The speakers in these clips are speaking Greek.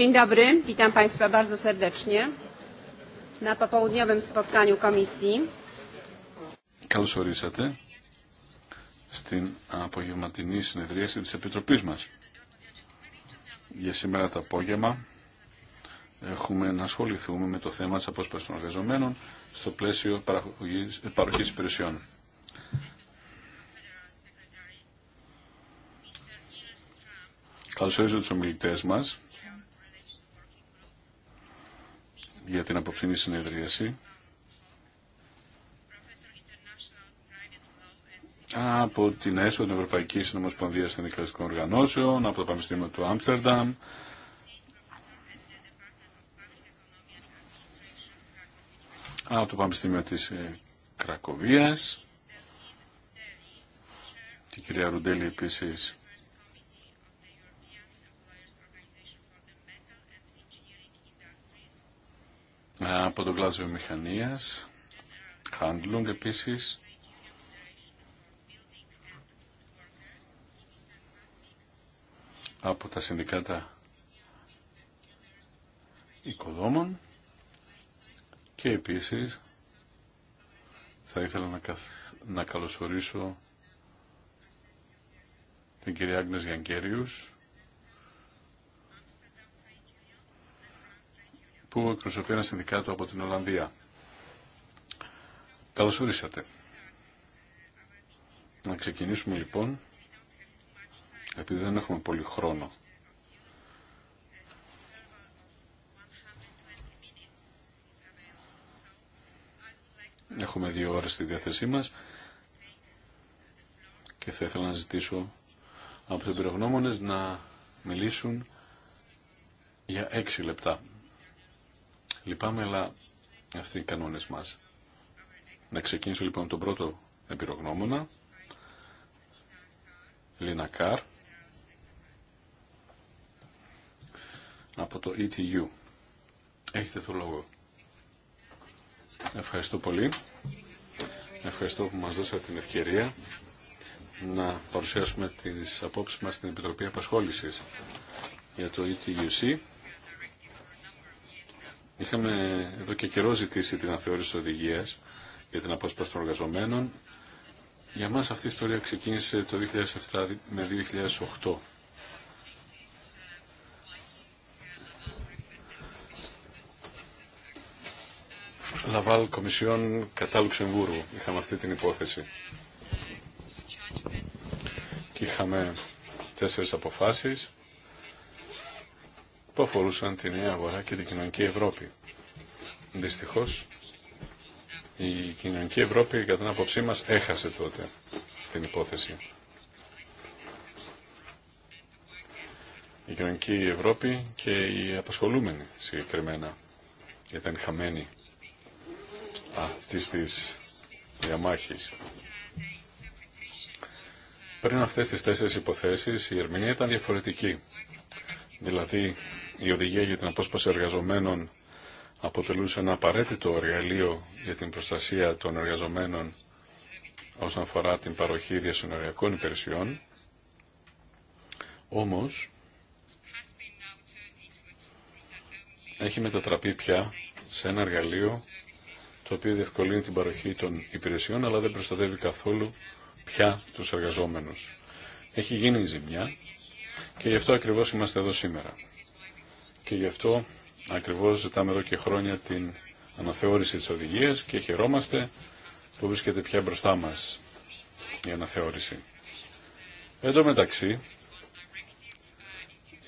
Dzień dobry, witam Państwa bardzo serdecznie na popołudniowym spotkaniu komisji. Καλώς ορίσατε στην απογευματινή συνεδρίαση της Επιτροπής μας. Για σήμερα το απόγευμα έχουμε να ασχοληθούμε με το θέμα της απόσπασης των εργαζομένων στο πλαίσιο παροχής υπηρεσιών. Καλωσορίζω τους ομιλητές μας, για την απόψινή συνεδρίαση. από την ΕΣΟ, την Ευρωπαϊκή Συνομοσπονδία Συνδικαλιστικών Οργανώσεων, από το Πανεπιστήμιο του Άμστερνταμ, από το Πανεπιστήμιο της ε, Κρακοβίας, την κυρία Ρουντέλη επίσης από τον κλάδο βιομηχανία, handlung επίσης, από τα συνδικάτα οικοδόμων και επίσης θα ήθελα να, καθ... καλωσορίσω την κυρία Άγνες Γιανκέριους που εκπροσωπεί ένα συνδικάτο από την Ολλανδία. Καλώς ορίσατε. Να ξεκινήσουμε λοιπόν, επειδή δεν έχουμε πολύ χρόνο. Έχουμε δύο ώρες στη διάθεσή μας και θα ήθελα να ζητήσω από τους εμπειρογνώμονες να μιλήσουν για έξι λεπτά. Λυπάμαι, αλλά αυτοί οι κανόνες μας. Να ξεκινήσω λοιπόν τον πρώτο εμπειρογνώμονα, Λίνα Κάρ, από το ETU. Έχετε το λόγο. Ευχαριστώ πολύ. Ευχαριστώ που μας δώσατε την ευκαιρία να παρουσιάσουμε τις απόψεις μας στην Επιτροπή Απασχόλησης για το ETUC Είχαμε εδώ και καιρό ζητήσει την αθεώρηση οδηγία για την απόσπαση των εργαζομένων. Για μας αυτή η ιστορία ξεκίνησε το 2007 με 2008. Λαβάλ Κομισιόν κατά Λουξεμβούργου. Είχαμε αυτή την υπόθεση. Και είχαμε τέσσερις αποφάσεις που αφορούσαν την νέα αγορά και την κοινωνική Ευρώπη. Δυστυχώς, η κοινωνική Ευρώπη κατά την άποψή μα έχασε τότε την υπόθεση. Η κοινωνική Ευρώπη και οι απασχολούμενοι συγκεκριμένα ήταν χαμένοι αυτή τη διαμάχης. Πριν αυτές τις τέσσερις υποθέσεις η ερμηνεία ήταν διαφορετική. Δηλαδή η οδηγία για την απόσπαση εργαζομένων αποτελούσε ένα απαραίτητο εργαλείο για την προστασία των εργαζομένων όσον αφορά την παροχή διασυνοριακών υπηρεσιών, όμως έχει μετατραπεί πια σε ένα εργαλείο το οποίο διευκολύνει την παροχή των υπηρεσιών αλλά δεν προστατεύει καθόλου πια τους εργαζόμενους. Έχει γίνει η ζημιά και γι' αυτό ακριβώς είμαστε εδώ σήμερα. Και γι' αυτό ακριβώς ζητάμε εδώ και χρόνια την αναθεώρηση της οδηγίας και χαιρόμαστε που βρίσκεται πια μπροστά μας η αναθεώρηση. Εν τω μεταξύ,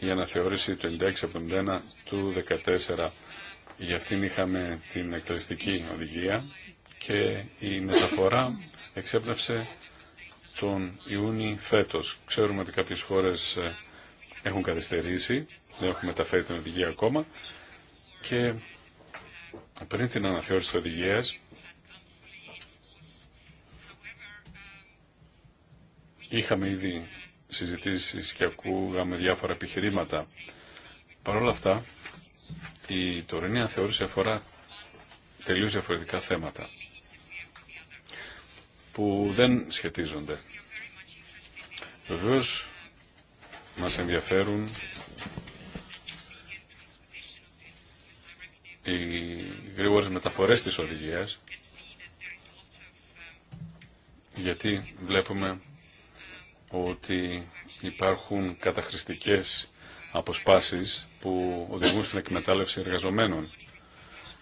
η αναθεώρηση του 96 γι' του 14 για αυτήν είχαμε την εκτελεστική οδηγία και η μεταφορά εξέπνευσε τον Ιούνιο φέτος. Ξέρουμε ότι κάποιες χώρες ε, έχουν καθυστερήσει, δεν έχουν μεταφέρει την οδηγία ακόμα και πριν την αναθεώρηση της οδηγίας είχαμε ήδη συζητήσεις και ακούγαμε διάφορα επιχειρήματα. Παρ' όλα αυτά, η τωρινή αναθεώρηση αφορά τελείως διαφορετικά θέματα που δεν σχετίζονται. Βεβαίως μας ενδιαφέρουν οι γρήγορες μεταφορές της οδηγίας γιατί βλέπουμε ότι υπάρχουν καταχρηστικές αποσπάσεις που οδηγούν στην εκμετάλλευση εργαζομένων.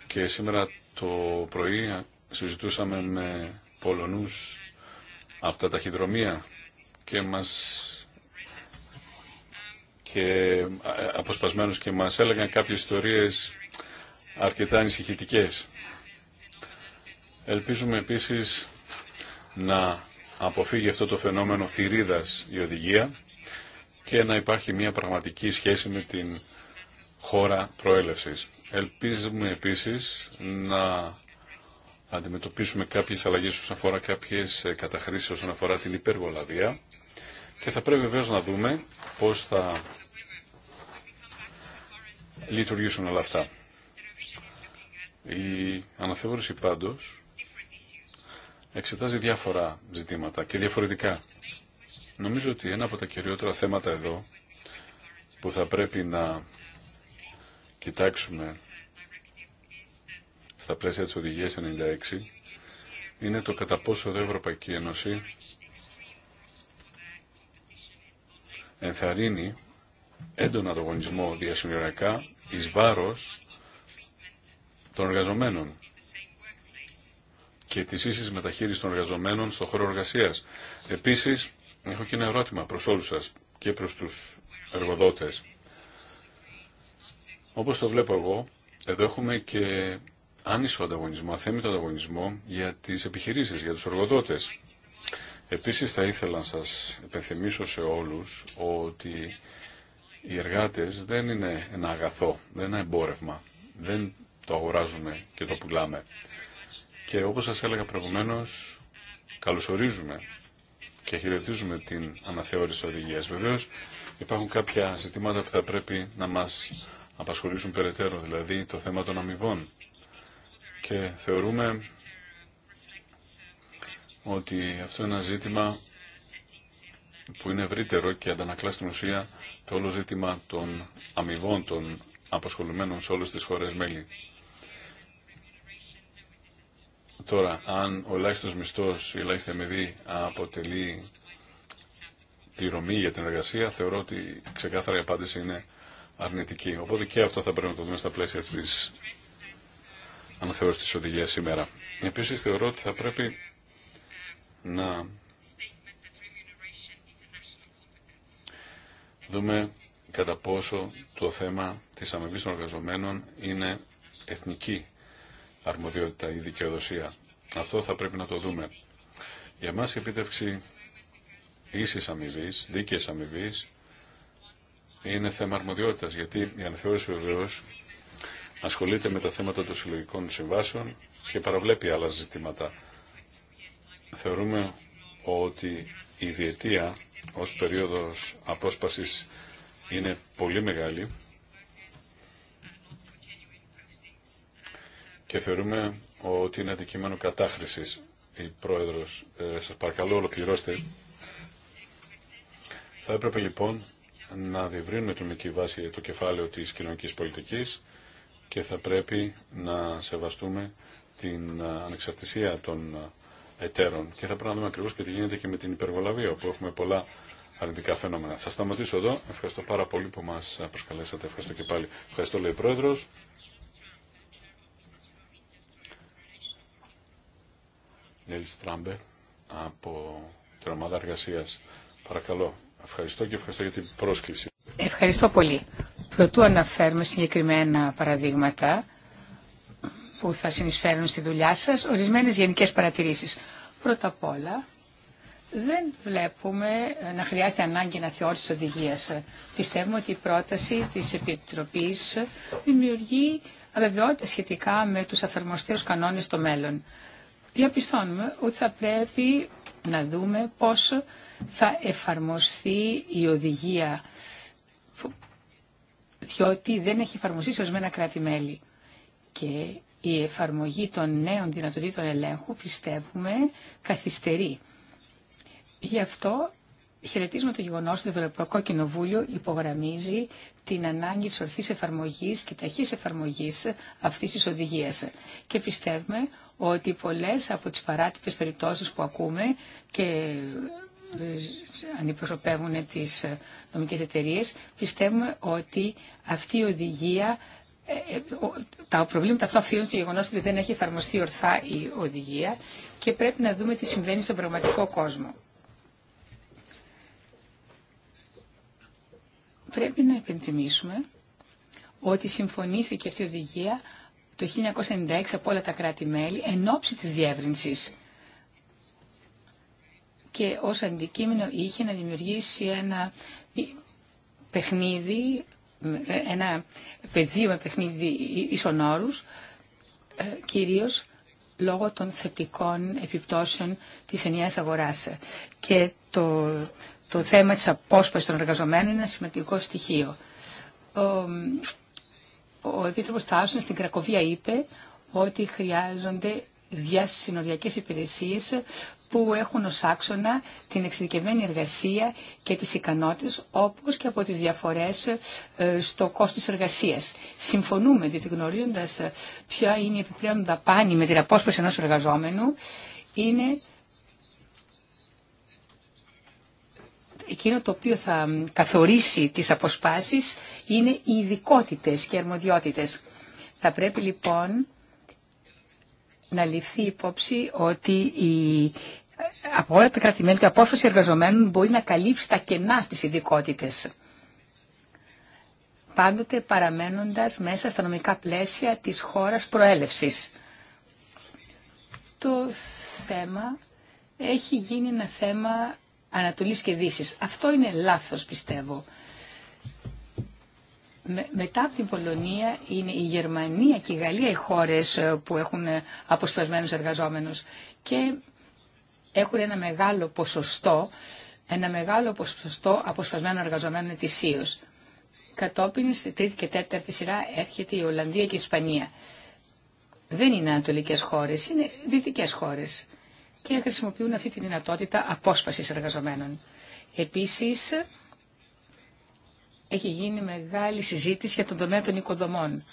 Και σήμερα το πρωί συζητούσαμε με Πολωνούς από τα ταχυδρομεία και μας και ε, αποσπασμένους και μας έλεγαν κάποιες ιστορίες αρκετά ανησυχητικέ. Ελπίζουμε επίσης να αποφύγει αυτό το φαινόμενο θηρίδας η οδηγία και να υπάρχει μια πραγματική σχέση με την χώρα προέλευσης. Ελπίζουμε επίσης να αντιμετωπίσουμε κάποιες αλλαγές όσον αφορά κάποιες ε, καταχρήσεις όσον αφορά την υπεργολαβία και θα πρέπει βεβαίως να δούμε πώς θα λειτουργήσουν όλα αυτά. Η αναθεώρηση πάντως εξετάζει διάφορα ζητήματα και διαφορετικά. Νομίζω ότι ένα από τα κυριότερα θέματα εδώ που θα πρέπει να κοιτάξουμε στα πλαίσια της οδηγίας 96 είναι το κατά πόσο η Ευρωπαϊκή Ένωση ενθαρρύνει έντονο ανταγωνισμό διασυνοριακά εις βάρος των εργαζομένων και τη ίση μεταχείριση των εργαζομένων στον χώρο εργασία. Επίσης, έχω και ένα ερώτημα προς όλους σας και προς τους εργοδότες. Όπως το βλέπω εγώ, εδώ έχουμε και άνισο ανταγωνισμό, αθέμητο ανταγωνισμό για τις επιχειρήσεις, για του εργοδότε. Επίση, θα ήθελα να σας υπενθυμίσω σε όλους ότι οι εργάτες δεν είναι ένα αγαθό, δεν είναι ένα εμπόρευμα. Δεν το αγοράζουμε και το πουλάμε. Και όπως σας έλεγα προηγουμένως, καλωσορίζουμε και χαιρετίζουμε την αναθεώρηση οδηγίας. Βεβαίως υπάρχουν κάποια ζητήματα που θα πρέπει να μας απασχολήσουν περαιτέρω, δηλαδή το θέμα των αμοιβών. Και θεωρούμε ότι αυτό είναι ένα ζήτημα που είναι ευρύτερο και αντανακλά στην ουσία το όλο ζήτημα των αμοιβών των απασχολουμένων σε όλες τις χώρες μέλη. Τώρα, αν ο ελάχιστο μισθό ή ελάχιστη αμοιβή αποτελεί ρομή για την εργασία, θεωρώ ότι ξεκάθαρα η απάντηση είναι αρνητική. Οπότε και αυτό θα πρέπει να το δούμε στα πλαίσια τη αναθεώρηση τη οδηγία σήμερα. Επίση, θεωρώ ότι θα πρέπει να δούμε κατά πόσο το θέμα της αμοιβή των εργαζομένων είναι εθνική αρμοδιότητα ή δικαιοδοσία. Αυτό θα πρέπει να το δούμε. Για μας η επίτευξη ίσης αμοιβή, δίκαιης αμοιβή είναι θέμα αρμοδιότητας, γιατί η ανθεώρηση βεβαίω ασχολείται με τα θέματα των συλλογικών συμβάσεων και παραβλέπει άλλα ζητήματα. Θεωρούμε ότι η διετία ως περίοδος απόσπασης είναι πολύ μεγάλη και θεωρούμε ότι είναι αντικείμενο κατάχρησης η Πρόεδρος. Ε, σας παρακαλώ ολοκληρώστε. Θα έπρεπε λοιπόν να διευρύνουμε την μικρή βάση το κεφάλαιο της κοινωνικής πολιτικής και θα πρέπει να σεβαστούμε την ανεξαρτησία των εταίρων. Και θα πρέπει να δούμε ακριβώ και τι γίνεται και με την υπεργολαβία, όπου έχουμε πολλά αρνητικά φαινόμενα. Θα σταματήσω εδώ. Ευχαριστώ πάρα πολύ που μα προσκαλέσατε. Ευχαριστώ και πάλι. Ευχαριστώ, λέει Πρόεδρο. Νέλη Στράμπε από την ομάδα εργασία. Παρακαλώ. Ευχαριστώ και ευχαριστώ για την πρόσκληση. Ευχαριστώ πολύ. Προτού αναφέρουμε συγκεκριμένα παραδείγματα, που θα συνεισφέρουν στη δουλειά σας. Ορισμένες γενικές παρατηρήσεις. Πρώτα απ' όλα, δεν βλέπουμε να χρειάζεται ανάγκη να θεώρηση οδηγία. Πιστεύουμε ότι η πρόταση της Επιτροπής δημιουργεί αβεβαιότητα σχετικά με τους αφαρμοστέους κανόνες στο μέλλον. Διαπιστώνουμε ότι θα πρέπει να δούμε πώς θα εφαρμοστεί η οδηγία, διότι δεν έχει εφαρμοστεί σε ορισμένα κράτη-μέλη. Και η εφαρμογή των νέων δυνατοτήτων ελέγχου, πιστεύουμε, καθυστερεί. Γι' αυτό χαιρετίζουμε το γεγονό ότι το Ευρωπαϊκό Κοινοβούλιο υπογραμμίζει την ανάγκη τη ορθή εφαρμογή και ταχής εφαρμογή αυτή τη οδηγία. Και πιστεύουμε ότι πολλέ από τι παράτυπε περιπτώσει που ακούμε και ε, αντιπροσωπεύουν τις νομικές εταιρείες, πιστεύουμε ότι αυτή η οδηγία τα προβλήματα αυτά οφείλουν στο γεγονό ότι δεν έχει εφαρμοστεί ορθά η οδηγία και πρέπει να δούμε τι συμβαίνει στον πραγματικό κόσμο. Πρέπει να υπενθυμίσουμε ότι συμφωνήθηκε αυτή η οδηγία το 1996 από όλα τα κράτη-μέλη εν ώψη της διεύρυνσης και ως αντικείμενο είχε να δημιουργήσει ένα παιχνίδι ένα πεδίο με παιχνίδι ισονόρους, όρους, ε, κυρίως λόγω των θετικών επιπτώσεων της ενιαίας αγοράς. Και το, το θέμα της απόσπασης των εργαζομένων είναι ένα σημαντικό στοιχείο. Ο, ο Επίτροπος στην Κρακοβία είπε ότι χρειάζονται διασυνοριακές υπηρεσίες που έχουν ως άξονα την εξειδικευμένη εργασία και τις ικανότητες, όπως και από τις διαφορές ε, στο κόστος εργασίας. Συμφωνούμε, διότι γνωρίζοντας ε, ποια είναι η επιπλέον δαπάνη με την απόσπαση ενός εργαζόμενου, είναι εκείνο το οποίο θα καθορίσει τις αποσπάσεις είναι οι ειδικότητε και αρμοδιότητες. Θα πρέπει λοιπόν να ληφθεί υπόψη ότι η, από όλα τα κράτη-μέλη και εργαζομένων μπορεί να καλύψει τα κενά στις ειδικότητε. Πάντοτε παραμένοντας μέσα στα νομικά πλαίσια της χώρας προέλευσης. Το θέμα έχει γίνει ένα θέμα Ανατολής και Δύσης. Αυτό είναι λάθος πιστεύω μετά από την Πολωνία είναι η Γερμανία και η Γαλλία οι χώρες ε, που έχουν ε, αποσπασμένους εργαζόμενους και έχουν ένα μεγάλο ποσοστό, ένα μεγάλο ποσοστό αποσπασμένων εργαζομένων ετησίως. Κατόπιν στη τρίτη και τέταρτη σειρά έρχεται η Ολλανδία και η Ισπανία. Δεν είναι ανατολικέ χώρες, είναι δυτικέ χώρε και χρησιμοποιούν αυτή τη δυνατότητα απόσπασης εργαζομένων. Επίσης, έχει γίνει μεγάλη συζήτηση για τον τομέα των οικοδομών.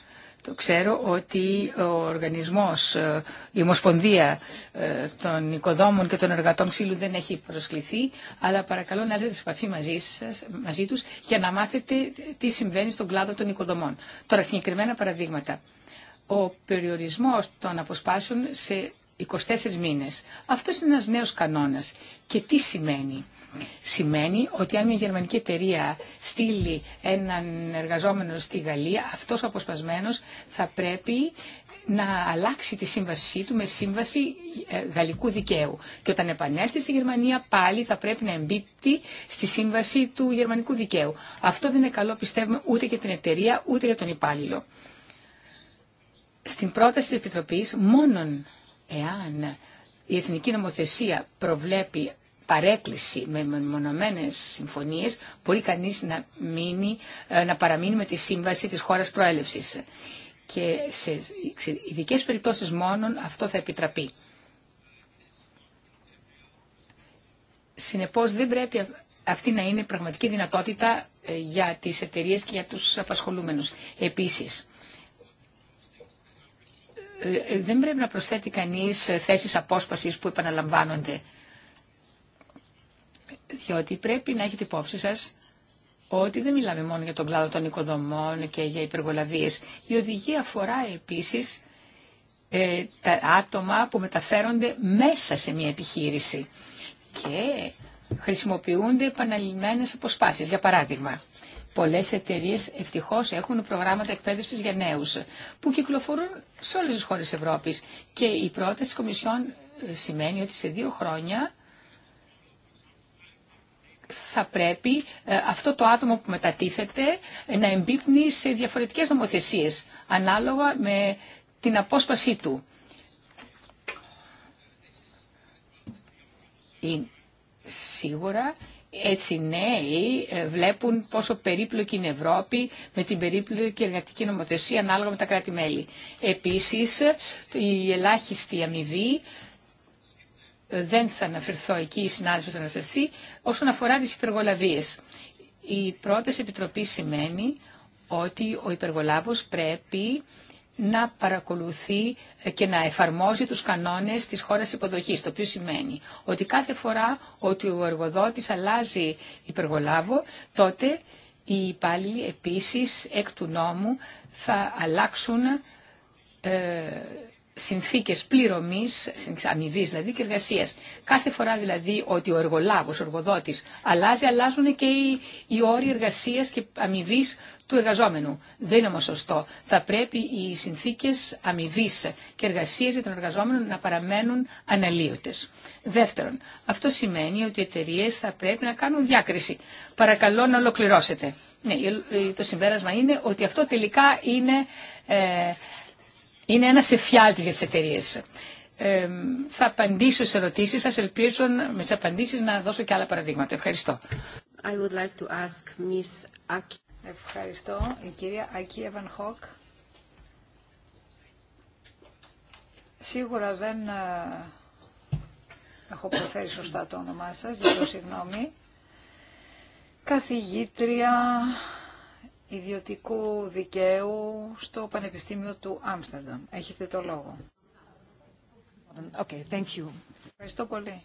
Το ξέρω ότι ο οργανισμός, ε, η Ομοσπονδία ε, των Οικοδόμων και των Εργατών Ξύλου δεν έχει προσκληθεί, αλλά παρακαλώ να έρθετε σε επαφή μαζί, σας, μαζί τους για να μάθετε τι συμβαίνει στον κλάδο των οικοδομών. Τώρα συγκεκριμένα παραδείγματα. Ο περιορισμός των αποσπάσεων σε 24 μήνες. Αυτός είναι ένας νέος κανόνας. Και τι σημαίνει. Σημαίνει ότι αν μια γερμανική εταιρεία στείλει έναν εργαζόμενο στη Γαλλία, αυτός ο αποσπασμένος θα πρέπει να αλλάξει τη σύμβασή του με σύμβαση ε, γαλλικού δικαίου. Και όταν επανέλθει στη Γερμανία πάλι θα πρέπει να εμπίπτει στη σύμβαση του γερμανικού δικαίου. Αυτό δεν είναι καλό πιστεύουμε ούτε για την εταιρεία ούτε για τον υπάλληλο. Στην πρόταση της Επιτροπής μόνον εάν η εθνική νομοθεσία προβλέπει παρέκκληση με μονομένες συμφωνίες μπορεί κανεί να, μείνει, ε, να παραμείνει με τη σύμβαση της χώρας προέλευση. Και σε ειδικέ περιπτώσεις μόνον αυτό θα επιτραπεί. Συνεπώς δεν πρέπει αυτή να είναι πραγματική δυνατότητα ε, για τις εταιρείες και για τους απασχολούμενους. Επίσης, ε, δεν πρέπει να προσθέτει κανείς θέσεις απόσπασης που επαναλαμβάνονται διότι πρέπει να έχετε υπόψη σας ότι δεν μιλάμε μόνο για τον κλάδο των οικοδομών και για υπεργολαβίες. Η οδηγία αφορά επίσης ε, τα άτομα που μεταφέρονται μέσα σε μια επιχείρηση και χρησιμοποιούνται επαναλημμένες αποσπάσεις. Για παράδειγμα, πολλές εταιρείες ευτυχώς έχουν προγράμματα εκπαίδευσης για νέους που κυκλοφορούν σε όλες τις χώρες Ευρώπης και η πρόταση της Κομισιόν ε, σημαίνει ότι σε δύο χρόνια θα πρέπει ε, αυτό το άτομο που μετατίθεται ε, να εμπίπνει σε διαφορετικές νομοθεσίες ανάλογα με την απόσπασή του. Σίγουρα έτσι νέοι ε, βλέπουν πόσο περίπλοκη είναι η Ευρώπη με την περίπλοκη εργατική νομοθεσία ανάλογα με τα κράτη-μέλη. Επίσης, η ελάχιστη αμοιβή ε, δεν θα αναφερθώ εκεί, η συνάδελφος θα αναφερθεί, όσον αφορά τις υπεργολαβίες. Η πρώτη επιτροπή σημαίνει ότι ο υπεργολάβος πρέπει να παρακολουθεί και να εφαρμόζει τους κανόνες της χώρας υποδοχής, το οποίο σημαίνει ότι κάθε φορά ότι ο εργοδότης αλλάζει υπεργολάβο, τότε οι υπάλληλοι επίσης εκ του νόμου θα αλλάξουν ε, συνθήκες πληρωμής, αμοιβή δηλαδή και εργασία. Κάθε φορά δηλαδή ότι ο εργολάβος, ο εργοδότης αλλάζει, αλλάζουν και οι, οι όροι εργασία και αμοιβή του εργαζόμενου. Δεν είναι όμως σωστό. Θα πρέπει οι συνθήκες αμοιβή και εργασία για τον εργαζόμενο να παραμένουν αναλύωτες. Δεύτερον, αυτό σημαίνει ότι οι εταιρείε θα πρέπει να κάνουν διάκριση. Παρακαλώ να ολοκληρώσετε. Ναι, το συμπέρασμα είναι ότι αυτό τελικά είναι ε, είναι ένας εφιάλτης για τις εταιρείε. θα απαντήσω σε ερωτήσεις σας, ελπίζω με τις απαντήσεις να δώσω και άλλα παραδείγματα. Ευχαριστώ. Ευχαριστώ. Η κυρία Ακή Εβανχόκ. Σίγουρα δεν ε, έχω προφέρει σωστά το όνομά σας, ζητώ συγγνώμη. Καθηγήτρια ιδιωτικού δικαίου στο Πανεπιστήμιο του Άμστερνταμ. Έχετε το λόγο. Okay, thank you. Ευχαριστώ πολύ.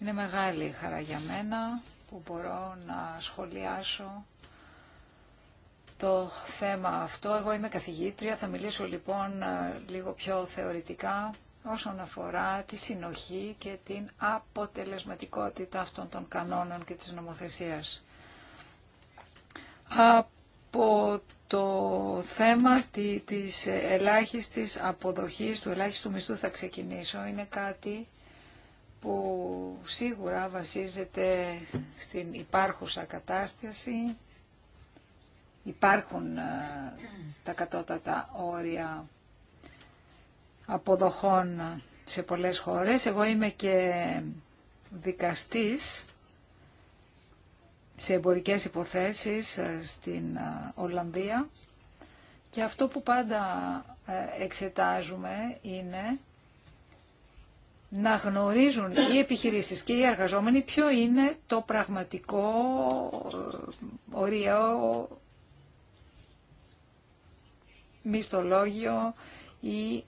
Είναι μεγάλη χαρά για μένα που μπορώ να σχολιάσω το θέμα αυτό. Εγώ είμαι καθηγήτρια, θα μιλήσω λοιπόν ε, λίγο πιο θεωρητικά όσον αφορά τη συνοχή και την αποτελεσματικότητα αυτών των κανόνων και της νομοθεσίας από το θέμα της ελάχιστης αποδοχής, του ελάχιστου μισθού θα ξεκινήσω. Είναι κάτι που σίγουρα βασίζεται στην υπάρχουσα κατάσταση. Υπάρχουν ε, τα κατώτατα όρια αποδοχών σε πολλές χώρες. Εγώ είμαι και δικαστής σε εμπορικές υποθέσεις ε, στην ε, Ολλανδία και αυτό που πάντα ε, εξετάζουμε είναι να γνωρίζουν οι επιχειρήσεις και οι εργαζόμενοι ποιο είναι το πραγματικό ωριο μισθολόγιο ή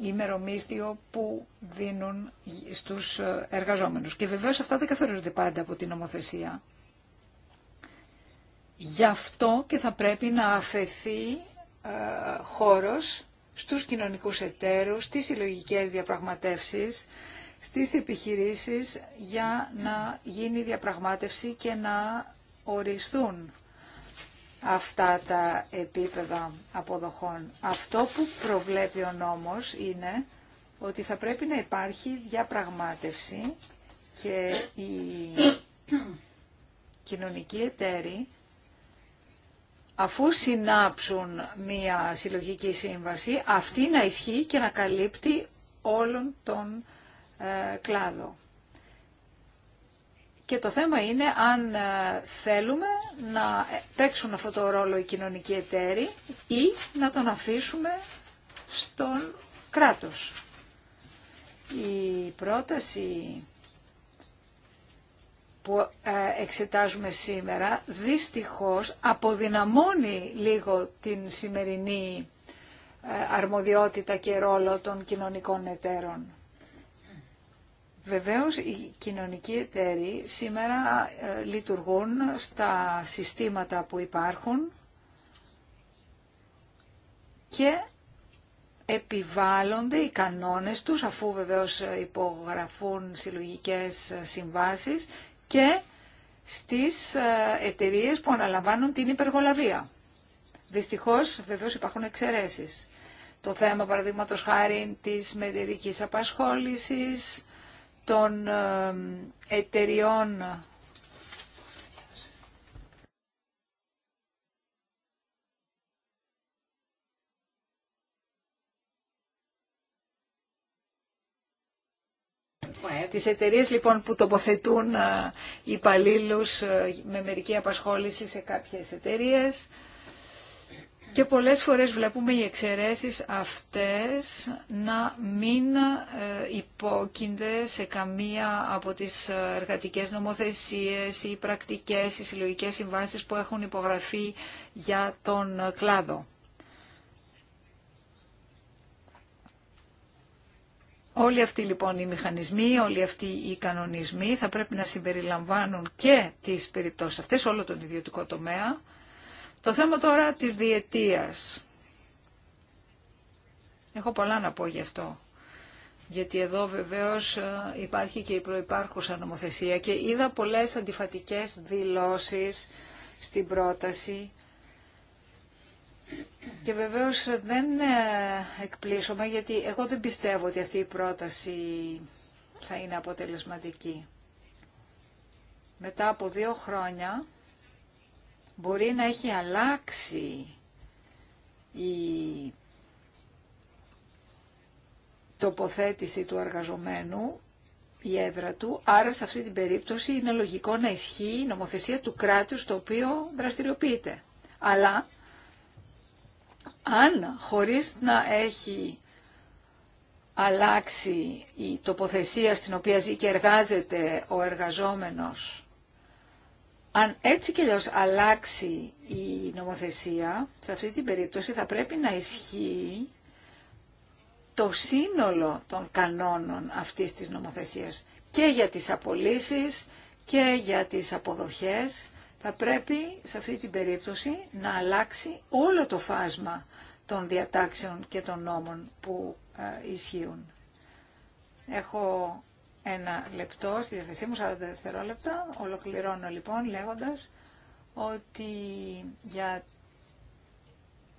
ημερομίστιο που δίνουν στους εργαζόμενους. Και βεβαίως αυτά δεν καθορίζονται πάντα από την νομοθεσία. Γι' αυτό και θα πρέπει να αφαιθεί ε, χώρος στους κοινωνικούς εταίρους, στις συλλογικέ διαπραγματεύσεις, στις επιχειρήσεις για να γίνει διαπραγμάτευση και να οριστούν αυτά τα επίπεδα αποδοχών. Αυτό που προβλέπει ο νόμος είναι ότι θα πρέπει να υπάρχει διαπραγμάτευση και οι κοινωνικοί εταίροι αφού συνάψουν μία συλλογική σύμβαση, αυτή να ισχύει και να καλύπτει όλον τον ε, κλάδο. Και το θέμα είναι αν ε, θέλουμε να ε, παίξουν αυτό το ρόλο οι κοινωνικοί εταίροι ή να τον αφήσουμε στον κράτος. Η πρόταση που ε, εξετάζουμε σήμερα δυστυχώς αποδυναμώνει λίγο την σημερινή αρμοδιότητα και ρόλο των κοινωνικών εταίρων. Βεβαίως οι κοινωνικοί εταίροι σήμερα ε, λειτουργούν στα συστήματα που υπάρχουν και επιβάλλονται οι κανόνες τους αφού βεβαίως ε, υπογραφούν συλλογικές ε, συμβάσεις και στις εταιρείε που αναλαμβάνουν την υπεργολαβία. Δυστυχώς βεβαίως υπάρχουν εξαιρέσεις. Το θέμα παραδείγματος χάρη της μετερικής απασχόλησης, των ε, εταιριών Τις εταιρείες λοιπόν που τοποθετούν ε, υπαλλήλου ε, με μερική απασχόληση σε κάποιες εταιρείες. Και πολλές φορές βλέπουμε οι εξαιρέσεις αυτές να μην ε, υπόκεινται σε καμία από τις ε, εργατικές νομοθεσίες ή πρακτικές ή συλλογικέ συμβάσεις που έχουν υπογραφεί για τον ε, κλάδο. Όλοι αυτοί λοιπόν οι μηχανισμοί, όλοι αυτοί οι κανονισμοί θα πρέπει να συμπεριλαμβάνουν και τις περιπτώσεις αυτές, όλο τον ιδιωτικό τομέα, το θέμα τώρα της διετίας. Έχω πολλά να πω γι' αυτό. Γιατί εδώ βεβαίως ε, υπάρχει και η προϋπάρχουσα νομοθεσία και είδα πολλές αντιφατικές δηλώσεις στην πρόταση και βεβαίως δεν ε, εκπλήσωμαι γιατί εγώ δεν πιστεύω ότι αυτή η πρόταση θα είναι αποτελεσματική. Μετά από δύο χρόνια μπορεί να έχει αλλάξει η τοποθέτηση του εργαζομένου, η έδρα του, άρα σε αυτή την περίπτωση είναι λογικό να ισχύει η νομοθεσία του κράτους το οποίο δραστηριοποιείται. Αλλά αν χωρίς να έχει αλλάξει η τοποθεσία στην οποία ζει και εργάζεται ο εργαζόμενος αν έτσι και αλλιώς αλλάξει η νομοθεσία, σε αυτή την περίπτωση θα πρέπει να ισχύει το σύνολο των κανόνων αυτής της νομοθεσίας και για τις απολύσεις και για τις αποδοχές θα πρέπει σε αυτή την περίπτωση να αλλάξει όλο το φάσμα των διατάξεων και των νόμων που ε, ισχύουν. Έχω ένα λεπτό στη διαθεσή μου, 40 δευτερόλεπτα. Ολοκληρώνω λοιπόν λέγοντας ότι για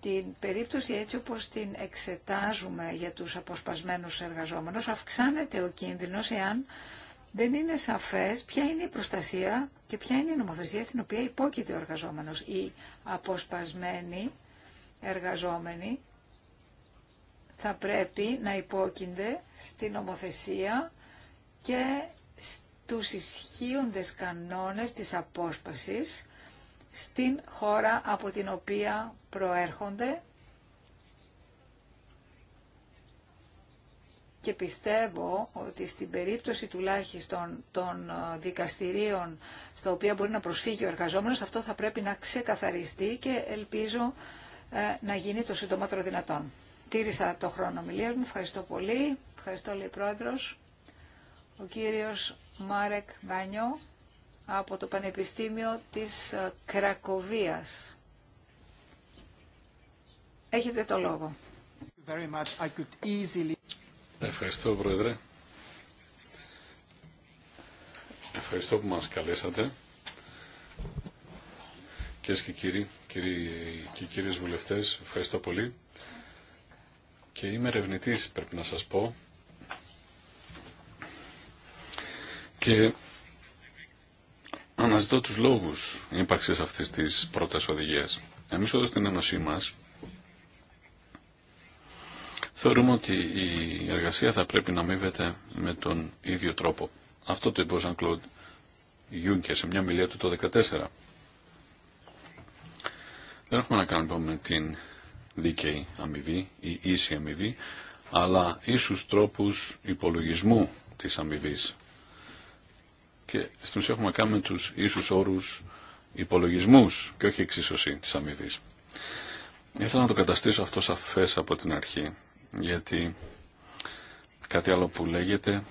την περίπτωση έτσι όπως την εξετάζουμε για τους αποσπασμένους εργαζόμενους αυξάνεται ο κίνδυνος εάν δεν είναι σαφές ποια είναι η προστασία και ποια είναι η νομοθεσία στην οποία υπόκειται ο εργαζόμενος. Οι αποσπασμένοι εργαζόμενοι θα πρέπει να υπόκεινται στην νομοθεσία και στους ισχύοντες κανόνες της απόσπασης στην χώρα από την οποία προέρχονται και πιστεύω ότι στην περίπτωση τουλάχιστον των ε, δικαστηρίων στα οποία μπορεί να προσφύγει ο εργαζόμενος αυτό θα πρέπει να ξεκαθαριστεί και ελπίζω ε, να γίνει το συντομότερο δυνατόν. Τήρησα το χρόνο μιλίας μου. Ευχαριστώ πολύ. Ευχαριστώ λέει Πρόεδρος ο κύριος Μάρεκ Μπανιό από το Πανεπιστήμιο της ε, Κρακοβίας. Έχετε το λόγο. Ευχαριστώ, Πρόεδρε. Ευχαριστώ που μας καλέσατε. Κυρίες και κύριοι, κύριοι και κύριες βουλευτές, ευχαριστώ πολύ. Και είμαι ερευνητή, πρέπει να σας πω, και αναζητώ τους λόγους ύπαρξης αυτής της πρώτης οδηγίας. Εμείς εδώ στην Ένωσή μας θεωρούμε ότι η εργασία θα πρέπει να αμείβεται με τον ίδιο τρόπο. Αυτό το είπε ο Ζαν Κλοντ σε μια μιλία του το 2014. Δεν έχουμε να κάνουμε με την δίκαιη αμοιβή ή ίση αμοιβή, αλλά ίσους τρόπους υπολογισμού της αμοιβή και ουσία έχουμε κάνει με τους ίσους όρους υπολογισμούς και όχι εξίσωση τη αμοιβή. Ήθελα να το καταστήσω αυτό σαφέ από την αρχή, γιατί κάτι άλλο που λέγεται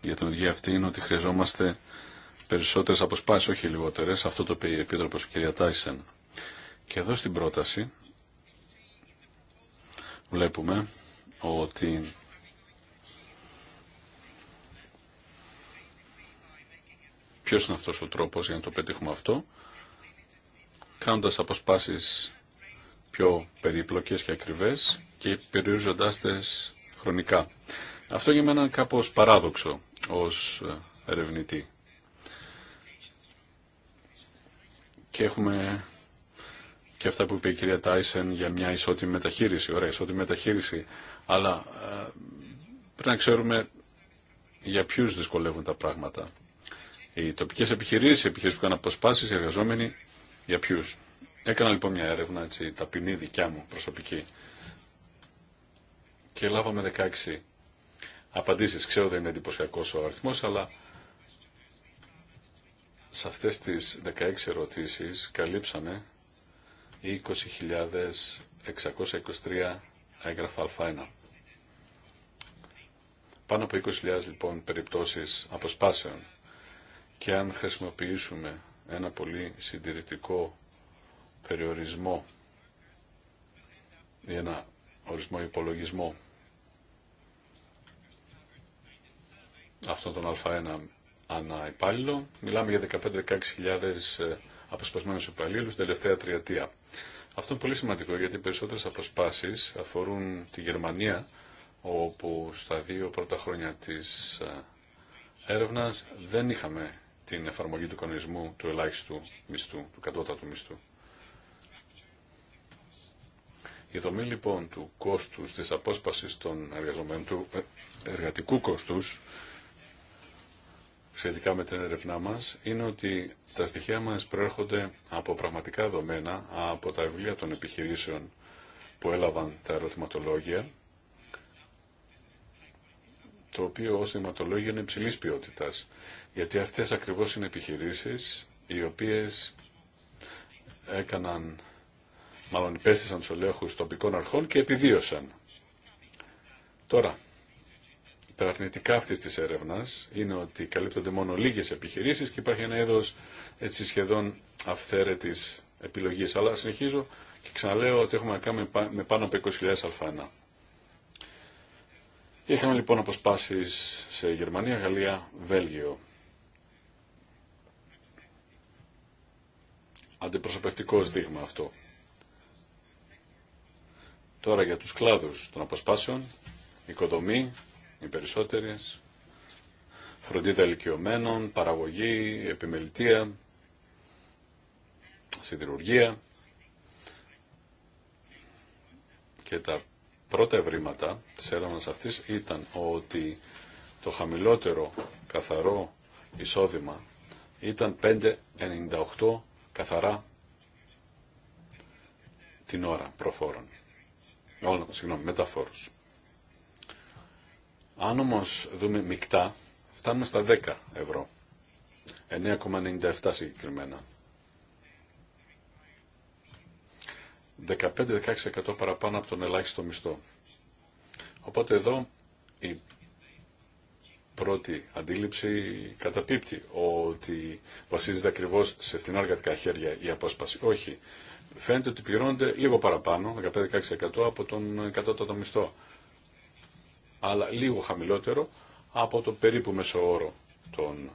για την οδηγία αυτή είναι ότι χρειαζόμαστε περισσότερες αποσπάσεις, όχι λιγότερε αυτό το είπε η Επίτροπο κυρία Τάισεν. Και εδώ στην πρόταση βλέπουμε ότι ποιος είναι αυτός ο τρόπος για να το πετύχουμε αυτό, κάνοντας αποσπάσεις πιο περίπλοκες και ακριβές και περιορίζοντάς τις χρονικά. Αυτό για μένα είναι κάπως παράδοξο ως ε, ερευνητή. Και έχουμε και αυτά που είπε η κυρία Τάισεν για μια ισότιμη μεταχείριση. Ωραία, ισότιμη μεταχείριση. Αλλά ε, πρέπει να ξέρουμε για ποιους δυσκολεύουν τα πράγματα. Οι τοπικέ επιχειρήσει, επιχειρήσει που κάνουν αποσπάσει, οι εργαζόμενοι, για ποιου. Έκανα λοιπόν μια έρευνα έτσι, ταπεινή δικιά μου προσωπική και λάβαμε 16 απαντήσεις. Ξέρω δεν είναι εντυπωσιακό ο αριθμός, αλλά σε αυτές τις 16 ερωτήσεις καλύψαμε 20.623 έγγραφα α1. Πάνω από 20.000 λοιπόν περιπτώσεις αποσπάσεων και αν χρησιμοποιήσουμε ένα πολύ συντηρητικό περιορισμό ή ένα ορισμό υπολογισμό αυτόν τον Α1 ανά υπάλληλο, μιλάμε για 15-16.000 ε, αποσπασμένους υπαλλήλους την τελευταία τριετία. Αυτό είναι πολύ σημαντικό γιατί οι περισσότερες αποσπάσεις αφορούν τη Γερμανία όπου στα δύο πρώτα χρόνια της ε, έρευνας δεν είχαμε την εφαρμογή του κανονισμού του ελάχιστου μισθού, του κατώτατου μισθού. Η δομή λοιπόν του κόστου, της απόσπασης των εργαζομένων του εργατικού κόστους σχετικά με την έρευνά μας είναι ότι τα στοιχεία μας προέρχονται από πραγματικά δομένα από τα βιβλία των επιχειρήσεων που έλαβαν τα ερωτηματολόγια το οποίο ως θεματολόγιο είναι υψηλής ποιότητας. Γιατί αυτές ακριβώς είναι επιχειρήσεις οι οποίες έκαναν, μάλλον υπέστησαν τους ελέγχους τοπικών αρχών και επιβίωσαν. Τώρα, τα αρνητικά αυτή τη έρευνα είναι ότι καλύπτονται μόνο λίγε επιχειρήσει και υπάρχει ένα είδο έτσι σχεδόν αυθαίρετη επιλογή. Αλλά συνεχίζω και ξαναλέω ότι έχουμε να κάνουμε με πάνω από 20.000 Α1. Είχαμε λοιπόν αποσπάσεις σε Γερμανία, Γαλλία, Βέλγιο. Αντιπροσωπευτικό δείγμα αυτό. Τώρα για τους κλάδους των αποσπάσεων, οικοδομή, οι περισσότερες, φροντίδα ηλικιωμένων, παραγωγή, επιμελητεία, συντηρουργία και τα πρώτα ευρήματα της έρευνας αυτής ήταν ότι το χαμηλότερο καθαρό εισόδημα ήταν 5,98 καθαρά την ώρα προφόρων. Όλα, συγγνώμη, μεταφόρους. Αν όμως δούμε μεικτά, φτάνουμε στα 10 ευρώ. 9,97 συγκεκριμένα. 15-16% παραπάνω από τον ελάχιστο μισθό. Οπότε εδώ η πρώτη αντίληψη καταπίπτει ότι βασίζεται ακριβώς σε φθηνά εργατικά χέρια η απόσπαση. Όχι. Φαίνεται ότι πληρώνονται λίγο παραπάνω, 15-16% από τον κατώτατο μισθό. Αλλά λίγο χαμηλότερο από το περίπου μέσο όρο των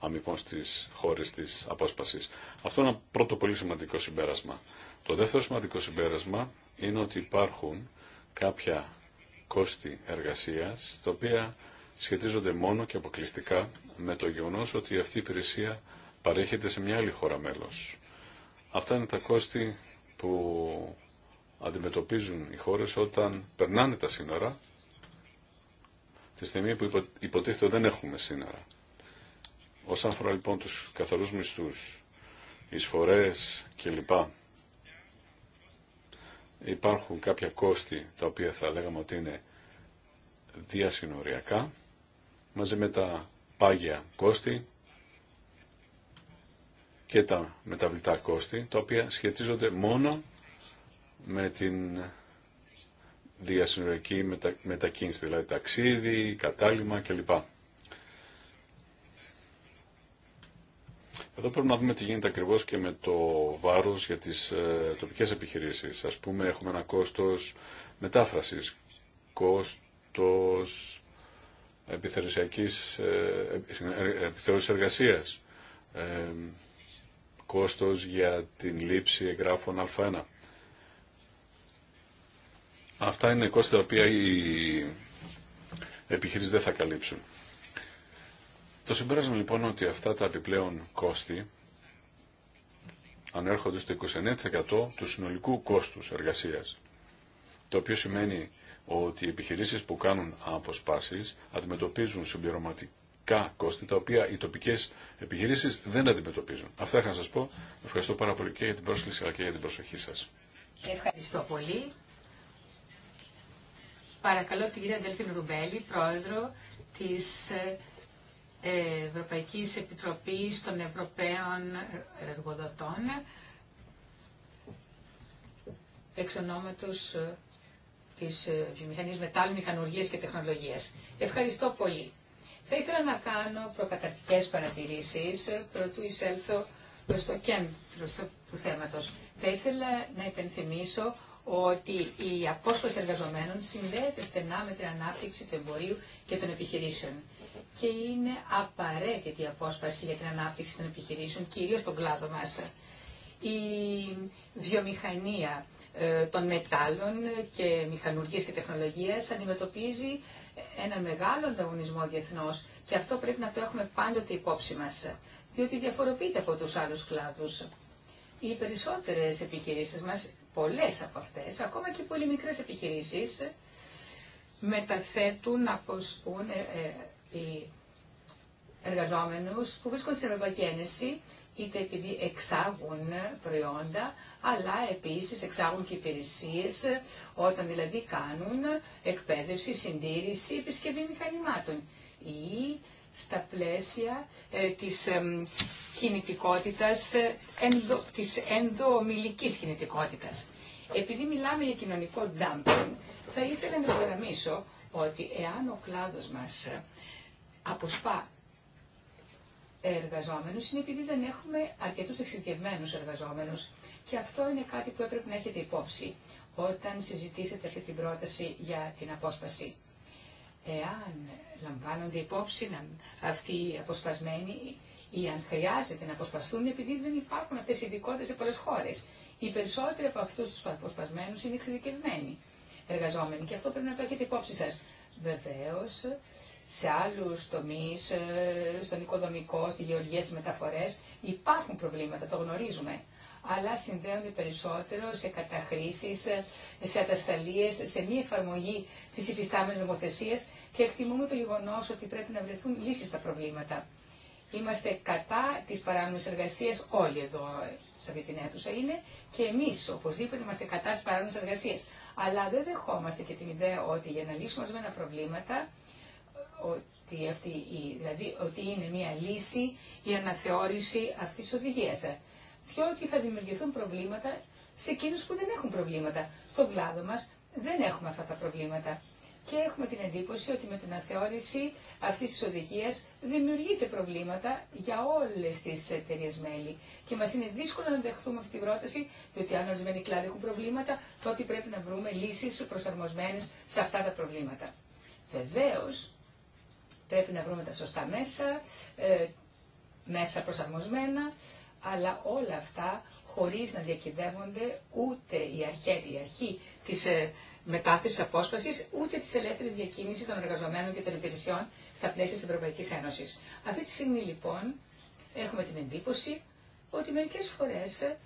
αμοιβών στις χώρες της απόσπασης. Αυτό είναι ένα πρώτο πολύ σημαντικό συμπέρασμα. Το δεύτερο σημαντικό συμπέρασμα είναι ότι υπάρχουν κάποια κόστη εργασίας, τα οποία σχετίζονται μόνο και αποκλειστικά με το γεγονός ότι αυτή η υπηρεσία παρέχεται σε μια άλλη χώρα μέλος. Αυτά είναι τα κόστη που αντιμετωπίζουν οι χώρες όταν περνάνε τα σύνορα, τη στιγμή που υποτίθεται δεν έχουμε σύνορα. Όσον αφορά λοιπόν τους καθαρούς μισθούς, εισφορές κλπ υπάρχουν κάποια κόστη τα οποία θα λέγαμε ότι είναι διασυνοριακά μαζί με τα πάγια κόστη και τα μεταβλητά κόστη τα οποία σχετίζονται μόνο με την διασυνοριακή μετα... μετακίνηση, δηλαδή ταξίδι, κατάλημα κλπ. Εδώ πρέπει να δούμε τι γίνεται ακριβώ και με το βάρο για τι ε, τοπικέ επιχειρήσει. Α πούμε, έχουμε ένα κόστο μετάφραση, κόστο επιθεωρησιακή ε, ε, ε εργασία, ε, κόστο για την λήψη εγγράφων Α1. Αυτά είναι κόστη τα οποία οι επιχειρήσει δεν θα καλύψουν. Το συμπέρασμα λοιπόν ότι αυτά τα επιπλέον κόστη ανέρχονται στο 29% του συνολικού κόστους εργασίας. Το οποίο σημαίνει ότι οι επιχειρήσεις που κάνουν αποσπάσεις αντιμετωπίζουν συμπληρωματικά κόστη τα οποία οι τοπικές επιχειρήσεις δεν αντιμετωπίζουν. Αυτά είχα να σας πω. Ευχαριστώ πάρα πολύ και για την πρόσκληση αλλά και για την προσοχή σας. Ευχαριστώ πολύ. Παρακαλώ την κυρία Ρουμπέλη, πρόεδρο της ε, Ευρωπαϊκής Επιτροπής των Ευρωπαίων Εργοδοτών εξ ονόματος ε, της ε, βιομηχανίας μετάλλων, μηχανουργίας και τεχνολογίας. Ευχαριστώ πολύ. Θα ήθελα να κάνω προκαταρκτικές παρατηρήσεις ε, προτού εισέλθω προς το κέντρο του θέματος. Θα ήθελα να υπενθυμίσω ότι η απόσπαση εργαζομένων συνδέεται στενά με την ανάπτυξη του εμπορίου και των επιχειρήσεων και είναι απαραίτητη η απόσπαση για την ανάπτυξη των επιχειρήσεων, κυρίως στον κλάδο μας. Η βιομηχανία ε, των μετάλλων και μηχανουργίας και τεχνολογίας αντιμετωπίζει ένα μεγάλο ανταγωνισμό διεθνώς και αυτό πρέπει να το έχουμε πάντοτε υπόψη μας, διότι διαφοροποιείται από τους άλλους κλάδους. Οι περισσότερες επιχειρήσεις μας, πολλές από αυτές, ακόμα και πολύ μικρές επιχειρήσεις, μεταθέτουν, αποσπούν, ε, ε, οι εργαζόμενους που βρίσκονται στην Ευρωπαϊκή Ένωση, είτε επειδή εξάγουν προϊόντα, αλλά επίσης εξάγουν και υπηρεσίες, όταν δηλαδή κάνουν εκπαίδευση, συντήρηση, επισκευή μηχανημάτων ή στα πλαίσια ε, της ε, κινητικότητας, ενδο, της ενδομιλικής κινητικότητας. Επειδή μιλάμε για κοινωνικό dumping, θα ήθελα να υπογραμμίσω ότι εάν ο κλάδος μας αποσπά εργαζόμενους είναι επειδή δεν έχουμε αρκετούς εξειδικευμένους εργαζόμενους. Και αυτό είναι κάτι που έπρεπε να έχετε υπόψη όταν συζητήσετε αυτή την πρόταση για την απόσπαση. Εάν λαμβάνονται υπόψη αυτοί οι αποσπασμένοι ή αν χρειάζεται να αποσπαστούν επειδή δεν υπάρχουν αυτές οι ειδικότητες σε πολλές χώρες. Οι περισσότεροι από αυτούς τους αποσπασμένους είναι εξειδικευμένοι εργαζόμενοι και αυτό πρέπει να το έχετε υπόψη σας. Βεβαίως, σε άλλου τομεί, ε, στον οικοδομικό, στη γεωργία, στι μεταφορές, υπάρχουν προβλήματα, το γνωρίζουμε αλλά συνδέονται περισσότερο σε καταχρήσει, σε ατασταλίε, σε μη εφαρμογή τη υφιστάμενη νομοθεσία και εκτιμούμε το γεγονό ότι πρέπει να βρεθούν λύσει στα προβλήματα. Είμαστε κατά τις παράνομη εργασία όλοι εδώ σε αυτή την αίθουσα είναι και εμεί, οπωσδήποτε είμαστε κατά τι παράνομη εργασία, Αλλά δεν δεχόμαστε και την ιδέα ότι για να λύσουμε ορισμένα προβλήματα ότι, αυτή, δηλαδή, ότι είναι μια λύση η αναθεώρηση αυτής της οδηγίας. Διότι θα δημιουργηθούν προβλήματα σε εκείνους που δεν έχουν προβλήματα. Στον κλάδο μας δεν έχουμε αυτά τα προβλήματα. Και έχουμε την εντύπωση ότι με την αναθεώρηση αυτή τη οδηγία δημιουργείται προβλήματα για όλες τις εταιρείες μέλη. Και μα είναι δύσκολο να δεχθούμε αυτή την πρόταση, διότι αν ορισμένοι κλάδοι έχουν προβλήματα, τότε πρέπει να βρούμε λύσεις προσαρμοσμένες σε αυτά τα προβλήματα. Βεβαίω, Πρέπει να βρούμε τα σωστά μέσα, ε, μέσα προσαρμοσμένα, αλλά όλα αυτά χωρίς να διακυβεύονται ούτε οι αρχές, η αρχή της ε, μετάθεσης απόσπασης, ούτε της ελεύθερης διακίνησης των εργαζομένων και των υπηρεσιών στα πλαίσια της Ευρωπαϊκής Ένωσης. Αυτή τη στιγμή λοιπόν έχουμε την εντύπωση ότι μερικές φορές ε,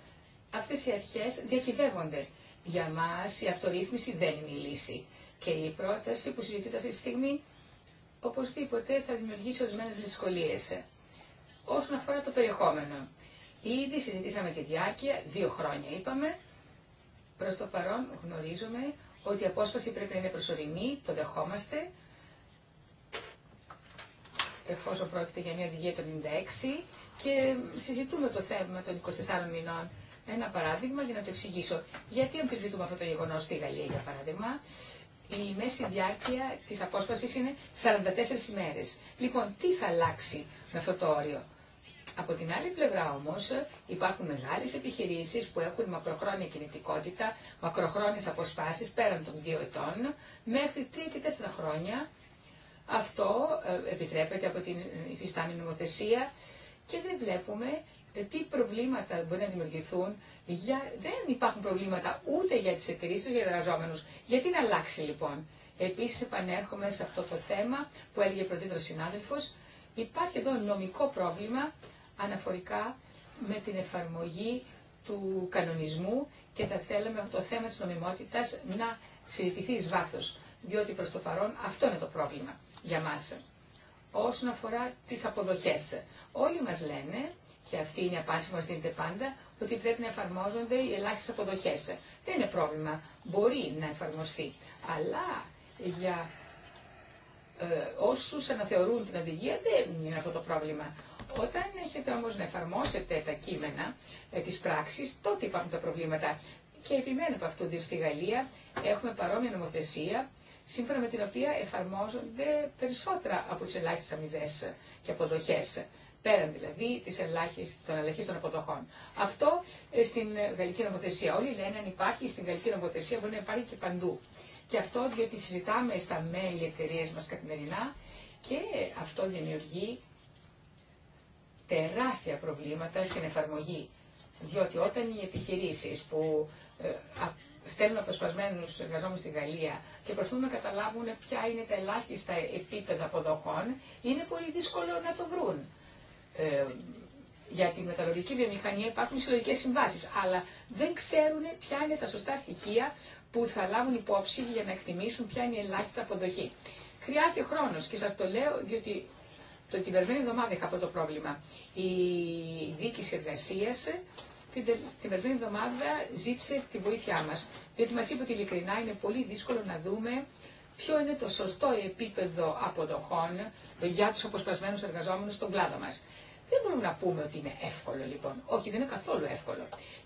αυτές οι αρχές διακυβεύονται. Για μας η αυτορύθμιση δεν είναι η λύση. Και η πρόταση που συζητείται αυτή τη στιγμή οπωσδήποτε θα δημιουργήσει ορισμένε δυσκολίε. Όσον αφορά το περιεχόμενο. Ήδη συζητήσαμε τη διάρκεια, δύο χρόνια είπαμε. Προ το παρόν γνωρίζουμε ότι η απόσπαση πρέπει να είναι προσωρινή, το δεχόμαστε. Εφόσον πρόκειται για μια οδηγία του 96 και συζητούμε το θέμα των 24 μηνών. Ένα παράδειγμα για να το εξηγήσω. Γιατί αμφισβητούμε αυτό το γεγονό στη Γαλλία, για παράδειγμα η μέση διάρκεια της απόσπασης είναι 44 ημέρες. Λοιπόν, τι θα αλλάξει με αυτό το όριο. Από την άλλη πλευρά όμως υπάρχουν μεγάλες επιχειρήσεις που έχουν μακροχρόνια κινητικότητα, μακροχρόνιες αποσπάσεις πέραν των δύο ετών, μέχρι τρία και τέσσερα χρόνια. Αυτό ε, επιτρέπεται από την υφιστάμενη νομοθεσία και δεν βλέπουμε ε, τι προβλήματα μπορεί να δημιουργηθούν. Για... Δεν υπάρχουν προβλήματα ούτε για τι εταιρείε ούτε για του Γιατί να αλλάξει λοιπόν. επίση επανέρχομαι σε αυτό το θέμα που έλεγε πρωτήτρο συνάδελφο, Υπάρχει εδώ νομικό πρόβλημα αναφορικά με την εφαρμογή του κανονισμού και θα θέλαμε αυτό το θέμα της νομιμότητας να συζητηθεί εις βάθος, διότι προς το παρόν αυτό είναι το πρόβλημα για μας. Όσον αφορά τις αποδοχές, όλοι μας λένε και αυτή είναι η απάντηση που μα δίνεται πάντα, ότι πρέπει να εφαρμόζονται οι ελάχιστε αποδοχέ. Δεν είναι πρόβλημα. Μπορεί να εφαρμοστεί. Αλλά για ε, όσου αναθεωρούν την οδηγία δεν είναι αυτό το πρόβλημα. Όταν έχετε όμω να εφαρμόσετε τα κείμενα ε, τη πράξη, τότε υπάρχουν τα προβλήματα. Και επιμένω από αυτό, διότι στη Γαλλία έχουμε παρόμοια νομοθεσία, σύμφωνα με την οποία εφαρμόζονται περισσότερα από τι ελάχιστε αμοιβέ και αποδοχέ πέραν δηλαδή της των ελαχίστων αποδοχών. Αυτό ε, στην γαλλική νομοθεσία. Όλοι λένε αν υπάρχει στην γαλλική νομοθεσία μπορεί να υπάρχει και παντού. Και αυτό διότι συζητάμε στα μέλη εταιρείε μας καθημερινά και αυτό δημιουργεί τεράστια προβλήματα στην εφαρμογή. Διότι όταν οι επιχειρήσεις που ε, στέλνουν αποσπασμένου εργαζόμενου στη Γαλλία και προσπαθούν να καταλάβουν ποια είναι τα ελάχιστα επίπεδα αποδοχών, είναι πολύ δύσκολο να το βρουν ε, για τη μεταλλογική βιομηχανία υπάρχουν συλλογικέ συμβάσει, αλλά δεν ξέρουν ποια είναι τα σωστά στοιχεία που θα λάβουν υπόψη για να εκτιμήσουν ποια είναι η ελάχιστη αποδοχή. Χρειάζεται χρόνο και σα το λέω διότι το την περμένη εβδομάδα είχα αυτό το πρόβλημα. Η δίκη εργασία την, την περμένη εβδομάδα ζήτησε τη βοήθειά μα. Διότι μα είπε ότι ειλικρινά είναι πολύ δύσκολο να δούμε ποιο είναι το σωστό επίπεδο αποδοχών για του αποσπασμένου εργαζόμενου στον κλάδο μα. Δεν μπορούμε να πούμε ότι είναι εύκολο λοιπόν. Όχι, δεν είναι καθόλου εύκολο.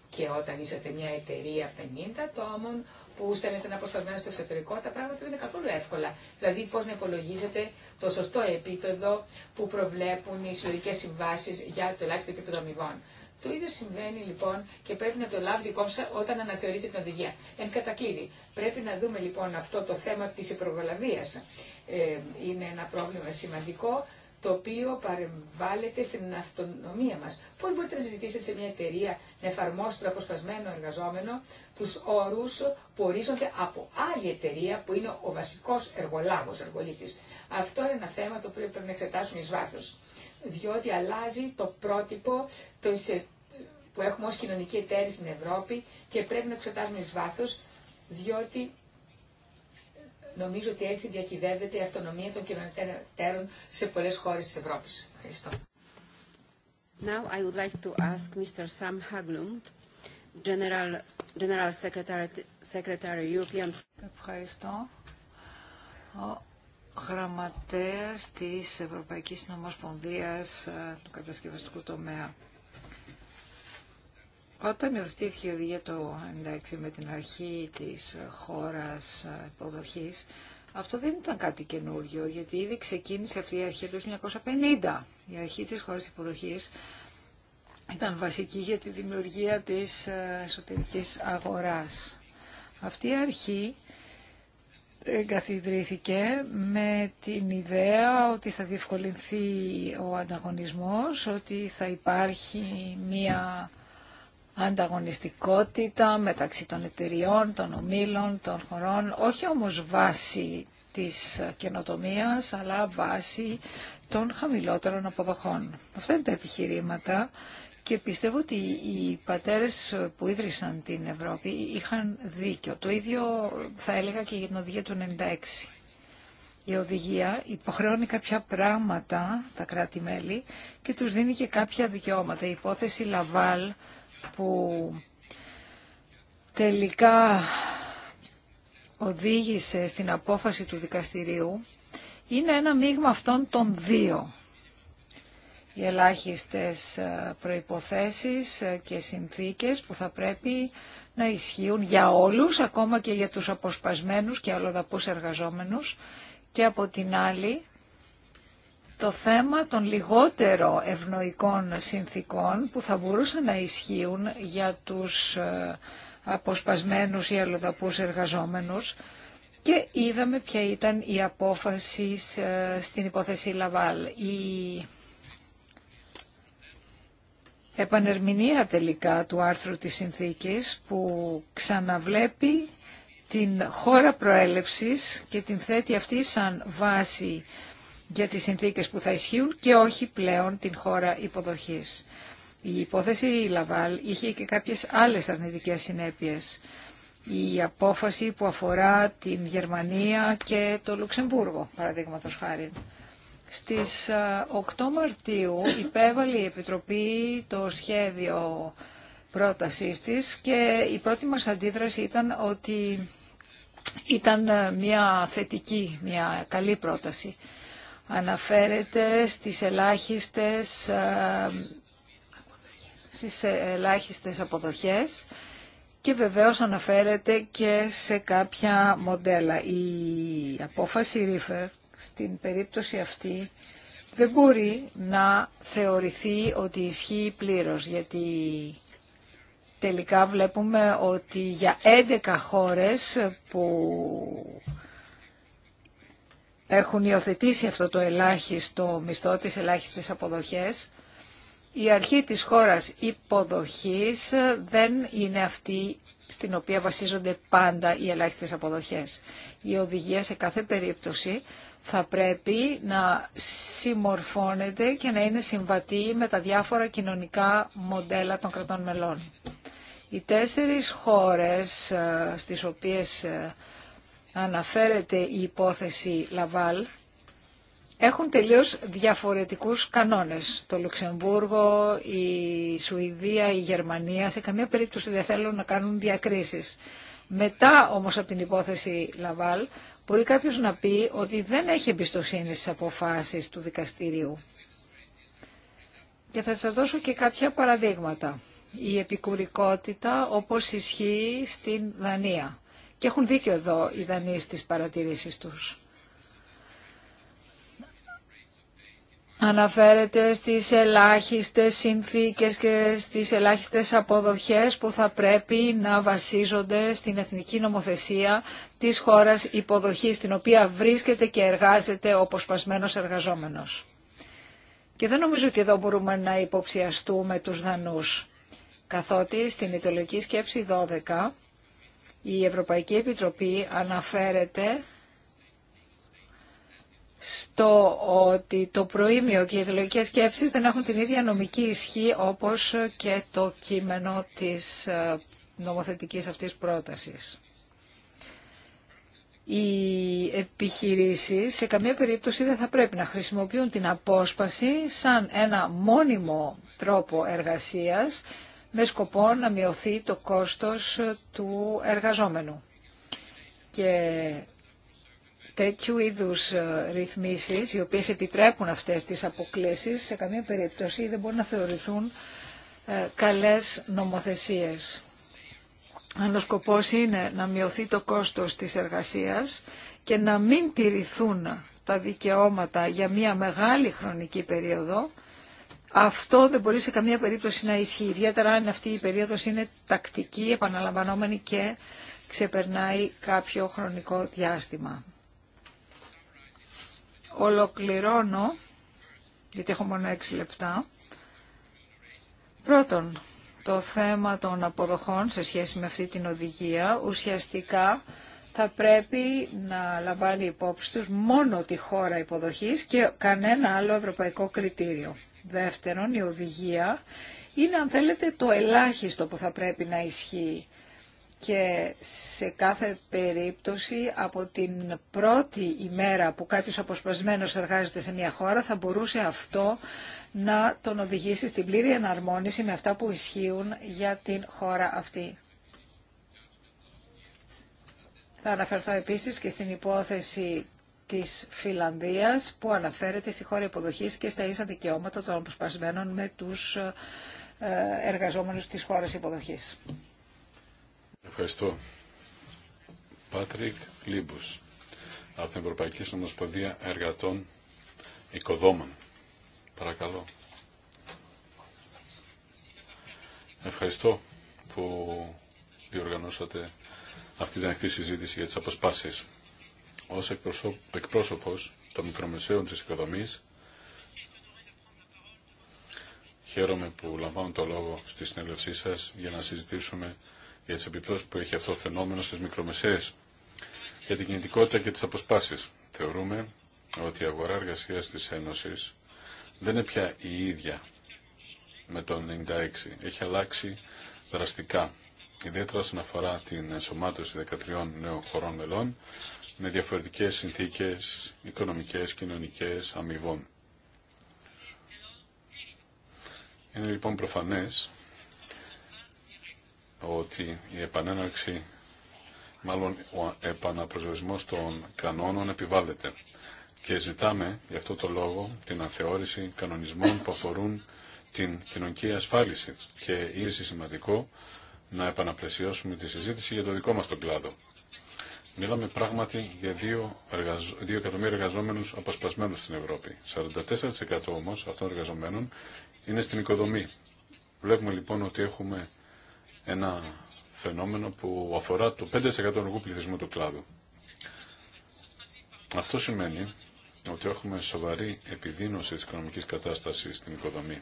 Και όταν είσαστε μια εταιρεία 50 ατόμων που στέλνετε ένα αποσπασμένο στο εξωτερικό, τα πράγματα δεν είναι καθόλου εύκολα. Δηλαδή, πώ να υπολογίζετε το σωστό επίπεδο που προβλέπουν οι συλλογικέ συμβάσει για το ελάχιστο επίπεδο αμοιβών. Το ίδιο συμβαίνει λοιπόν και πρέπει να το λάβετε υπόψη όταν αναθεωρείτε την οδηγία. Εν κατακλείδη, πρέπει να δούμε λοιπόν αυτό το θέμα τη υπεργολαβία. Ε, είναι ένα πρόβλημα σημαντικό το οποίο παρεμβάλλεται στην αυτονομία μας. Πώς μπορείτε να ζητήσετε σε μια εταιρεία να εφαρμόσετε το αποσπασμένο εργαζόμενο τους όρους που ορίζονται από άλλη εταιρεία που είναι ο βασικός εργολάβος, εργολήτης. Αυτό είναι ένα θέμα το οποίο πρέπει να εξετάσουμε εις βάθος, διότι αλλάζει το πρότυπο ε, που έχουμε ως κοινωνική εταίρη στην Ευρώπη και πρέπει να εξετάσουμε εις βάθος, διότι νομίζω ότι έτσι διακυβεύεται η αυτονομία των κοινωνικών σε πολλές χώρες της Ευρώπης. Ευχαριστώ. Now I would like to ask Mr. Sam Haglund, General, General Secretary, Secretary European... Ευχαριστώ. Ο γραμματέας της Ευρωπαϊκής Νομοσπονδίας ε, του κατασκευαστικού τομέα. Όταν υιοθετήθηκε η οδηγία το με την αρχή της χώρας υποδοχής, αυτό δεν ήταν κάτι καινούργιο, γιατί ήδη ξεκίνησε αυτή η αρχή το 1950. Η αρχή της χώρας υποδοχής ήταν βασική για τη δημιουργία της ε, εσωτερικής αγοράς. Αυτή η αρχή εγκαθιδρύθηκε με την ιδέα ότι θα διευκολυνθεί ο ανταγωνισμός, ότι θα υπάρχει μία ανταγωνιστικότητα μεταξύ των εταιριών, των ομίλων, των χωρών, όχι όμως βάση της καινοτομίας, αλλά βάση των χαμηλότερων αποδοχών. Αυτά είναι τα επιχειρήματα και πιστεύω ότι οι πατέρες που ίδρυσαν την Ευρώπη είχαν δίκιο. Το ίδιο θα έλεγα και για την οδηγία του 1996. Η οδηγία υποχρεώνει κάποια πράγματα, τα κράτη-μέλη, και τους δίνει και κάποια δικαιώματα. Η υπόθεση Λαβάλ που τελικά οδήγησε στην απόφαση του δικαστηρίου είναι ένα μείγμα αυτών των δύο. Οι ελάχιστες ε, προϋποθέσεις ε, και συνθήκες που θα πρέπει να ισχύουν για όλους, ακόμα και για τους αποσπασμένους και αλλοδαπούς εργαζόμενους και από την άλλη το θέμα των λιγότερο ευνοϊκών συνθήκων που θα μπορούσαν να ισχύουν για τους ε, αποσπασμένους ή αλλοδαπούς εργαζόμενους και είδαμε ποια ήταν η απόφαση ε, στην υπόθεση Λαβάλ. Η επανερμηνία τελικά του άρθρου της συνθήκης που ξαναβλέπει την χώρα προέλευσης και την θέτει αυτή σαν βάση για τις συνθήκες που θα ισχύουν και όχι πλέον την χώρα υποδοχής. Η υπόθεση Λαβάλ είχε και κάποιες άλλες αρνητικές συνέπειες. Η απόφαση που αφορά την Γερμανία και το Λουξεμβούργο, παραδείγματος χάρη. Στις 8 Μαρτίου υπέβαλε η Επιτροπή το σχέδιο πρότασής της και η πρώτη μας αντίδραση ήταν ότι ήταν μια θετική, μια καλή πρόταση αναφέρεται στις ελάχιστες, στις ελάχιστες αποδοχές και βεβαίως αναφέρεται και σε κάποια μοντέλα. Η απόφαση Ρίφερ στην περίπτωση αυτή δεν μπορεί να θεωρηθεί ότι ισχύει πλήρως, γιατί τελικά βλέπουμε ότι για 11 χώρες που έχουν υιοθετήσει αυτό το ελάχιστο μισθό, τις ελάχιστες αποδοχές, η αρχή της χώρας υποδοχής δεν είναι αυτή στην οποία βασίζονται πάντα οι ελάχιστες αποδοχές. Η οδηγία σε κάθε περίπτωση θα πρέπει να συμμορφώνεται και να είναι συμβατή με τα διάφορα κοινωνικά μοντέλα των κρατών μελών. Οι τέσσερις χώρες ε, στις οποίες ε, αναφέρεται η υπόθεση Λαβάλ έχουν τελείως διαφορετικούς κανόνες. Το Λουξεμβούργο, η Σουηδία, η Γερμανία σε καμία περίπτωση δεν θέλουν να κάνουν διακρίσεις. Μετά όμως από την υπόθεση Λαβάλ μπορεί κάποιος να πει ότι δεν έχει εμπιστοσύνη στις αποφάσεις του δικαστηρίου. Και θα σας δώσω και κάποια παραδείγματα. Η επικουρικότητα όπως ισχύει στην Δανία. Και έχουν δίκιο εδώ οι Δανείς στις παρατηρήσεις τους. Αναφέρεται στις ελάχιστες συνθήκες και στις ελάχιστες αποδοχές που θα πρέπει να βασίζονται στην εθνική νομοθεσία της χώρας υποδοχής, στην οποία βρίσκεται και εργάζεται ο αποσπασμένο εργαζόμενος. Και δεν νομίζω ότι εδώ μπορούμε να υποψιαστούμε τους δανούς, καθότι στην ιτολογική σκέψη 12 η Ευρωπαϊκή Επιτροπή αναφέρεται στο ότι το προήμιο και οι ιδεολογικές σκέψεις δεν έχουν την ίδια νομική ισχύ όπως και το κείμενο της ε, νομοθετικής αυτής πρότασης. Οι επιχειρήσεις σε καμία περίπτωση δεν θα πρέπει να χρησιμοποιούν την απόσπαση σαν ένα μόνιμο τρόπο εργασίας με σκοπό να μειωθεί το κόστος του εργαζόμενου. Και τέτοιου είδους ε, ρυθμίσεις, οι οποίες επιτρέπουν αυτές τις αποκλήσεις, σε καμία περίπτωση δεν μπορούν να θεωρηθούν ε, καλές νομοθεσίες. Αν ο σκοπός είναι να μειωθεί το κόστος της εργασίας και να μην τηρηθούν τα δικαιώματα για μια μεγάλη χρονική περίοδο, αυτό δεν μπορεί σε καμία περίπτωση να ισχύει, ιδιαίτερα αν αυτή η περίοδος είναι τακτική, επαναλαμβανόμενη και ξεπερνάει κάποιο χρονικό διάστημα. Ολοκληρώνω, γιατί έχω μόνο έξι λεπτά. Πρώτον, το θέμα των αποδοχών σε σχέση με αυτή την οδηγία ουσιαστικά θα πρέπει να λαμβάνει υπόψη τους μόνο τη χώρα υποδοχής και κανένα άλλο ευρωπαϊκό κριτήριο. Δεύτερον, η οδηγία είναι αν θέλετε το ελάχιστο που θα πρέπει να ισχύει και σε κάθε περίπτωση από την πρώτη ημέρα που κάποιος αποσπασμένος εργάζεται σε μια χώρα θα μπορούσε αυτό να τον οδηγήσει στην πλήρη εναρμόνιση με αυτά που ισχύουν για την χώρα αυτή. Θα αναφερθώ επίσης και στην υπόθεση της Φιλανδίας που αναφέρεται στη χώρα υποδοχής και στα ίσα δικαιώματα των αποσπασμένων με τους ε, εργαζόμενους της χώρας υποδοχής. Ευχαριστώ. Πάτρικ Λίμπους από την Ευρωπαϊκή Συνομοσπονδία Εργατών Οικοδόμων. Παρακαλώ. Ευχαριστώ που διοργανώσατε αυτή την ανοιχτή συζήτηση για τις αποσπάσεις ως εκπρόσωπος των μικρομεσαίων της οικοδομής Χαίρομαι που λαμβάνω το λόγο στη συνέλευσή σας για να συζητήσουμε για τις επιπτώσεις που έχει αυτό το φαινόμενο στις μικρομεσαίες, για την κινητικότητα και τις αποσπάσεις. Θεωρούμε ότι η αγορά εργασίας της Ένωσης δεν είναι πια η ίδια με το 96. Έχει αλλάξει δραστικά, ιδιαίτερα όσον αφορά την ενσωμάτωση 13 νέων χωρών μελών, με διαφορετικές συνθήκες οικονομικές, κοινωνικές, αμοιβών. Είναι λοιπόν προφανές ότι η επανέναρξη, μάλλον ο επαναπροσδιορισμός των κανόνων επιβάλλεται και ζητάμε γι' αυτό το λόγο την αθεώρηση κανονισμών που αφορούν την κοινωνική ασφάλιση και ίση σημαντικό να επαναπλαισιώσουμε τη συζήτηση για το δικό μας τον κλάδο. Μιλάμε πράγματι για 2 εκατομμύρια εργαζόμενου αποσπασμένου στην Ευρώπη. 44% όμω αυτών των εργαζομένων είναι στην οικοδομή. Βλέπουμε λοιπόν ότι έχουμε ένα φαινόμενο που αφορά το 5% του πληθυσμού του κλάδου. Αυτό σημαίνει ότι έχουμε σοβαρή επιδείνωση της οικονομικής κατάστασης στην οικοδομή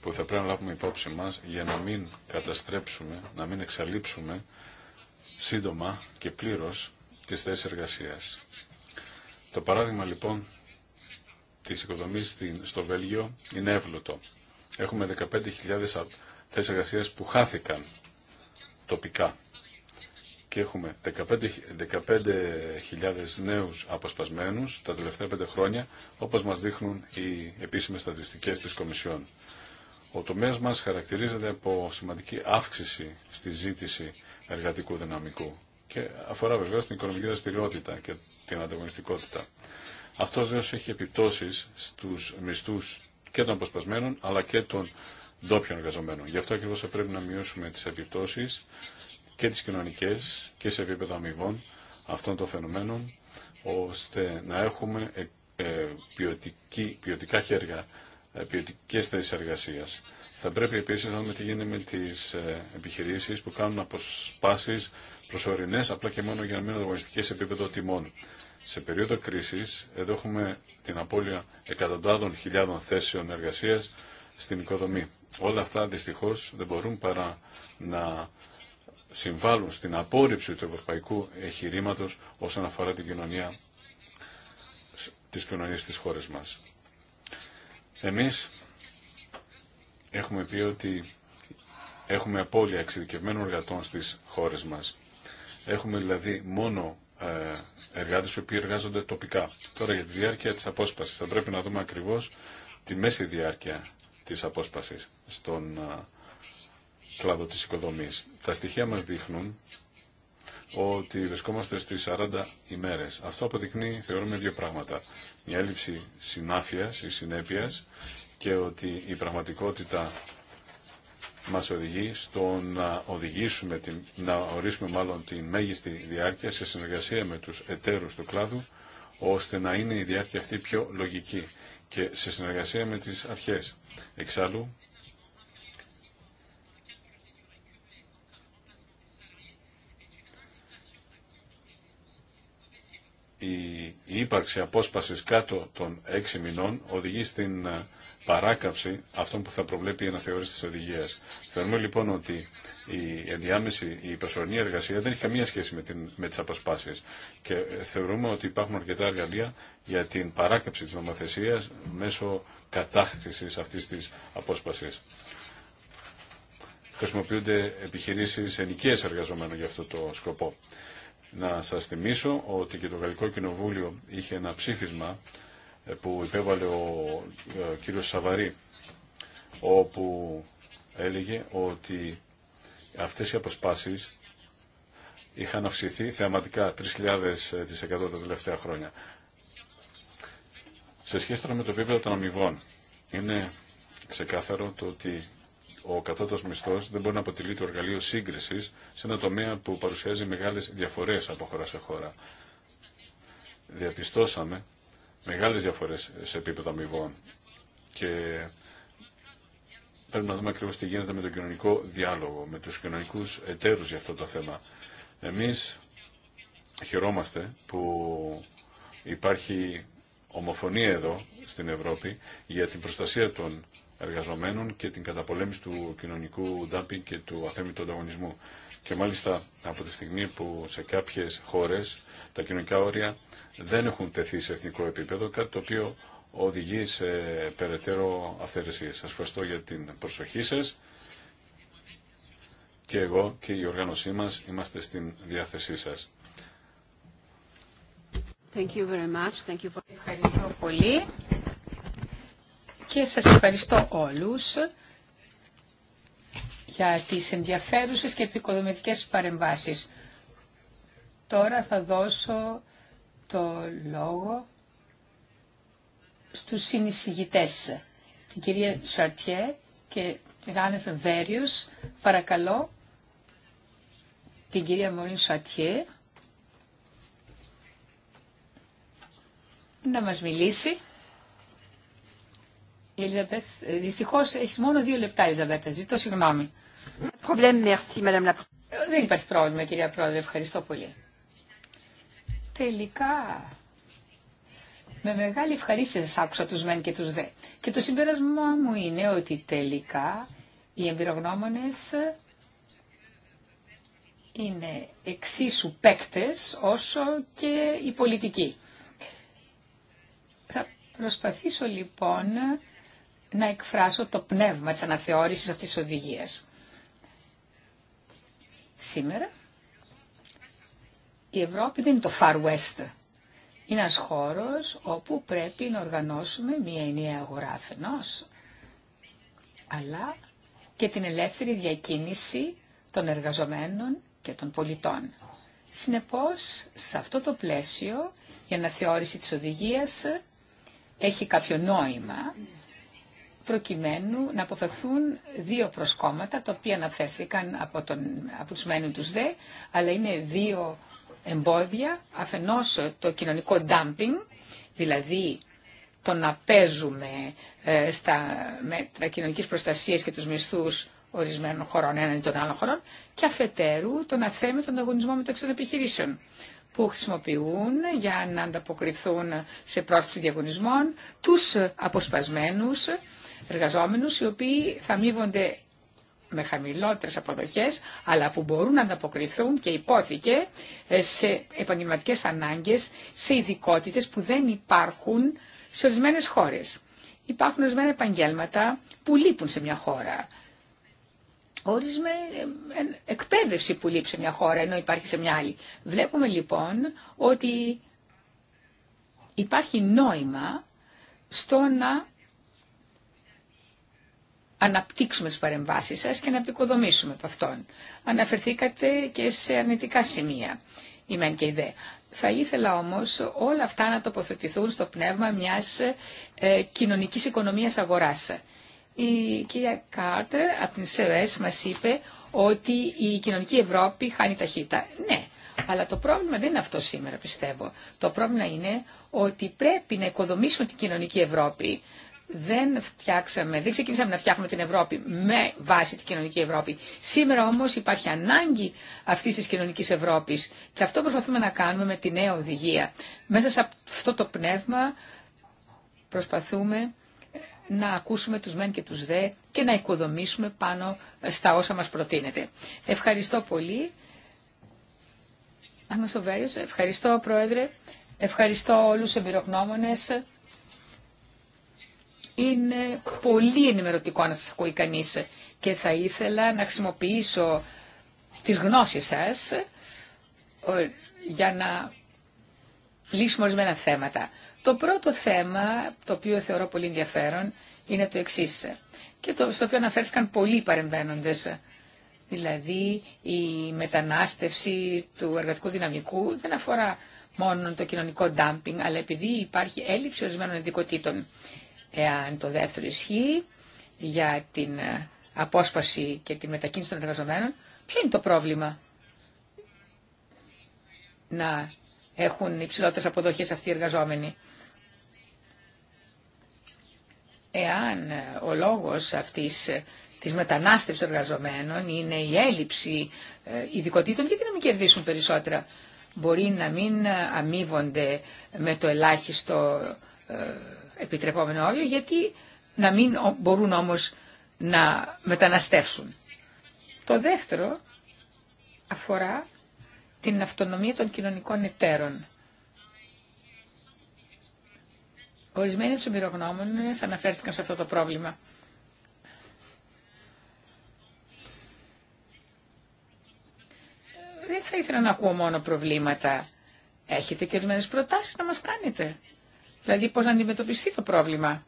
που θα πρέπει να λάβουμε υπόψη μας για να μην καταστρέψουμε, να μην εξαλείψουμε σύντομα και πλήρως τις θέσεις εργασίας. Το παράδειγμα λοιπόν της οικοδομής στο Βέλγιο είναι εύλοτο. Έχουμε 15.000 θέσεις εργασίας που χάθηκαν τοπικά και έχουμε 15.000 νέους αποσπασμένους τα τελευταία πέντε χρόνια, όπως μας δείχνουν οι επίσημες στατιστικές της Κομισιόν. Ο τομέας μας χαρακτηρίζεται από σημαντική αύξηση στη ζήτηση εργατικού δυναμικού και αφορά βεβαίως την οικονομική δραστηριότητα και την ανταγωνιστικότητα. Αυτό βεβαίω έχει επιπτώσεις στους μισθού και των αποσπασμένων αλλά και των ντόπιων εργαζομένων. Γι' αυτό ακριβώ θα πρέπει να μειώσουμε τις επιπτώσεις και τις κοινωνικές και σε επίπεδο αμοιβών αυτών των φαινομένων ώστε να έχουμε ε, ε, ποιοτικά χέρια ε, ποιοτικέ θέσει εργασία. Θα πρέπει επίσης να δούμε τι γίνεται με τις ε, επιχειρήσεις που κάνουν αποσπάσεις προσωρινές απλά και μόνο για να μείνουν αγωνιστικές σε επίπεδο τιμών. Σε περίοδο κρίσης, εδώ έχουμε την απώλεια εκατοντάδων χιλιάδων θέσεων εργασίας στην οικοδομή. Όλα αυτά δυστυχώς δεν μπορούν παρά να συμβάλλουν στην απόρριψη του ευρωπαϊκού εγχειρήματο όσον αφορά την κοινωνία, της κοινωνίας της χώρας μας. Εμείς έχουμε πει ότι έχουμε απώλεια εξειδικευμένων εργατών στις χώρες μας. Έχουμε δηλαδή μόνο ε, εργάτες οι οποίοι εργάζονται τοπικά. Τώρα για τη διάρκεια της απόσπασης θα πρέπει να δούμε ακριβώς τη μέση διάρκεια της απόσπασης στον ε, κλάδο της οικοδομής. Τα στοιχεία μας δείχνουν ότι βρισκόμαστε στις 40 ημέρες. Αυτό αποδεικνύει, θεωρούμε, δύο πράγματα. Μια έλλειψη συνάφειας ή συνέπειας και ότι η πραγματικότητα μας οδηγεί στο να οδηγήσουμε, την, να ορίσουμε μάλλον τη μέγιστη διάρκεια σε συνεργασία με τους εταίρους του κλάδου, ώστε να είναι η διάρκεια αυτή πιο λογική και σε συνεργασία με τις αρχές. Εξάλλου, η ύπαρξη απόσπασης κάτω των έξι μηνών οδηγεί στην παράκαψη αυτών που θα προβλέπει η αναθεώρηση της οδηγίας. Θεωρούμε λοιπόν ότι η ενδιάμεση, η προσωρινή εργασία δεν έχει καμία σχέση με, την, με τις αποσπάσεις και ε, θεωρούμε ότι υπάρχουν αρκετά εργαλεία για την παράκαψη της νομοθεσίας μέσω κατάχρησης αυτής της απόσπασης. Χρησιμοποιούνται επιχειρήσεις ενοικίες εργαζομένων για αυτό το σκοπό. Να σας θυμίσω ότι και το Γαλλικό Κοινοβούλιο είχε ένα ψήφισμα που υπέβαλε ο κύριος Σαβαρή όπου έλεγε ότι αυτές οι αποσπάσεις είχαν αυξηθεί θεαματικά 3.000% τα τελευταία χρόνια. Σε σχέση με το επίπεδο των αμοιβών, είναι ξεκάθαρο το ότι ο κατώτατος μισθός δεν μπορεί να αποτελεί το εργαλείο σύγκρισης σε ένα τομέα που παρουσιάζει μεγάλες διαφορές από χώρα σε χώρα. Διαπιστώσαμε μεγάλες διαφορές σε επίπεδο αμοιβών και πρέπει να δούμε ακριβώ τι γίνεται με τον κοινωνικό διάλογο, με τους κοινωνικούς εταίρους για αυτό το θέμα. Εμείς χαιρόμαστε που υπάρχει ομοφωνία εδώ στην Ευρώπη για την προστασία των εργαζομένων και την καταπολέμηση του κοινωνικού ντάμπινγκ και του αθέμητου ανταγωνισμού. Και μάλιστα από τη στιγμή που σε κάποιες χώρες τα κοινωνικά όρια δεν έχουν τεθεί σε εθνικό επίπεδο, κάτι το οποίο οδηγεί σε περαιτέρω αυθαιρεσίε. Σα ευχαριστώ για την προσοχή σας και εγώ και η οργάνωσή μα είμαστε στην διάθεσή σας. Ευχαριστώ πολύ και σας ευχαριστώ όλους για τις ενδιαφέρουσες και επικοδομητικές παρεμβάσεις. Τώρα θα δώσω το λόγο στους συνεισηγητές. Την κυρία Σαρτιέ και την Άννες Βέριους. Παρακαλώ την κυρία Μωρίν Σαρτιέ να μας μιλήσει. Η έχει ε, δυστυχώς έχεις μόνο δύο λεπτά, Ελιζαπέθ. Ζητώ συγγνώμη. Δεν υπάρχει πρόβλημα, κυρία Πρόεδρε. Ευχαριστώ πολύ. Τελικά, με μεγάλη ευχαρίστηση σας άκουσα τους μεν και τους δε. Και το συμπέρασμά μου είναι ότι τελικά οι εμπειρογνώμονες είναι εξίσου παίκτε όσο και οι πολιτικοί. Θα προσπαθήσω λοιπόν να εκφράσω το πνεύμα της αναθεώρησης αυτής της οδηγίας. Σήμερα η Ευρώπη δεν είναι το Far West. Είναι ένας χώρος όπου πρέπει να οργανώσουμε μια ενιαία αγορά αφενός, αλλά και την ελεύθερη διακίνηση των εργαζομένων και των πολιτών. Συνεπώς, σε αυτό το πλαίσιο, η αναθεώρηση της οδηγίας έχει κάποιο νόημα προκειμένου να αποφευθούν δύο προσκόμματα, τα οποία αναφέρθηκαν από, τον, από τους μένους τους δε, αλλά είναι δύο εμπόδια, αφενός το κοινωνικό dumping, δηλαδή το να παίζουμε ε, στα μέτρα κοινωνικής προστασίας και τους μισθούς ορισμένων χωρών ή των άλλων χωρών και αφετέρου το να θέμε τον αγωνισμό μεταξύ των επιχειρήσεων που χρησιμοποιούν για να ανταποκριθούν σε πρόσκληση διαγωνισμών τους αποσπασμένους εργαζόμενου οι οποίοι θα αμείβονται με χαμηλότερε αποδοχές, αλλά που μπορούν να ανταποκριθούν και υπόθηκε ε, σε επαγγελματικέ ανάγκες, σε ειδικότητε που δεν υπάρχουν σε ορισμένε χώρες. Υπάρχουν ορισμένα επαγγέλματα που λείπουν σε μια χώρα. Ορισμένη ε, εκπαίδευση που λείπει σε μια χώρα ενώ υπάρχει σε μια άλλη. Βλέπουμε λοιπόν ότι υπάρχει νόημα στο να αναπτύξουμε τις παρεμβάσεις σας και να επικοδομήσουμε από αυτόν. Αναφερθήκατε και σε αρνητικά σημεία, η μεν και η δε. Θα ήθελα όμως όλα αυτά να τοποθετηθούν στο πνεύμα μιας ε, κοινωνικής οικονομίας αγοράς. Η κυρία Κάρτερ από την ΣΕΡΕΣ μας είπε ότι η κοινωνική Ευρώπη χάνει ταχύτητα. Ναι, αλλά το πρόβλημα δεν είναι αυτό σήμερα πιστεύω. Το πρόβλημα είναι ότι πρέπει να οικοδομήσουμε την κοινωνική Ευρώπη δεν φτιάξαμε, δεν ξεκινήσαμε να φτιάχνουμε την Ευρώπη με βάση την κοινωνική Ευρώπη. Σήμερα όμως υπάρχει ανάγκη αυτής της κοινωνικής Ευρώπης και αυτό προσπαθούμε να κάνουμε με τη νέα οδηγία. Μέσα σε αυτό το πνεύμα προσπαθούμε να ακούσουμε τους μεν και τους δε και να οικοδομήσουμε πάνω στα όσα μας προτείνεται. Ευχαριστώ πολύ. ευχαριστώ Πρόεδρε, ευχαριστώ όλους τους εμπειρογνώμονες. Είναι πολύ ενημερωτικό να σας ακούει κανείς και θα ήθελα να χρησιμοποιήσω τις γνώσεις σας για να λύσουμε ορισμένα θέματα. Το πρώτο θέμα, το οποίο θεωρώ πολύ ενδιαφέρον, είναι το εξή. και το, στο οποίο αναφέρθηκαν πολλοί παρεμβαίνοντες. Δηλαδή, η μετανάστευση του εργατικού δυναμικού δεν αφορά μόνο το κοινωνικό ντάμπινγκ, αλλά επειδή υπάρχει έλλειψη ορισμένων ειδικοτήτων. Εάν το δεύτερο ισχύει για την ε, απόσπαση και τη μετακίνηση των εργαζομένων, ποιο είναι το πρόβλημα να έχουν υψηλότερε αποδοχέ αυτοί οι εργαζόμενοι. Εάν ε, ο λόγο αυτής ε, της μετανάστευση των εργαζομένων είναι η έλλειψη ειδικοτήτων, γιατί να μην κερδίσουν περισσότερα. Μπορεί να μην αμείβονται με το ελάχιστο επιτρεπόμενο όριο, γιατί να μην μπορούν όμως να μεταναστεύσουν. Το δεύτερο αφορά την αυτονομία των κοινωνικών εταίρων. Ορισμένοι ψωμυρογνώμονες αναφέρθηκαν σε αυτό το πρόβλημα. Δεν θα ήθελα να ακούω μόνο προβλήματα. Έχετε και ορισμένε προτάσεις να μας κάνετε. Δηλαδή πώς να αντιμετωπιστεί το πρόβλημα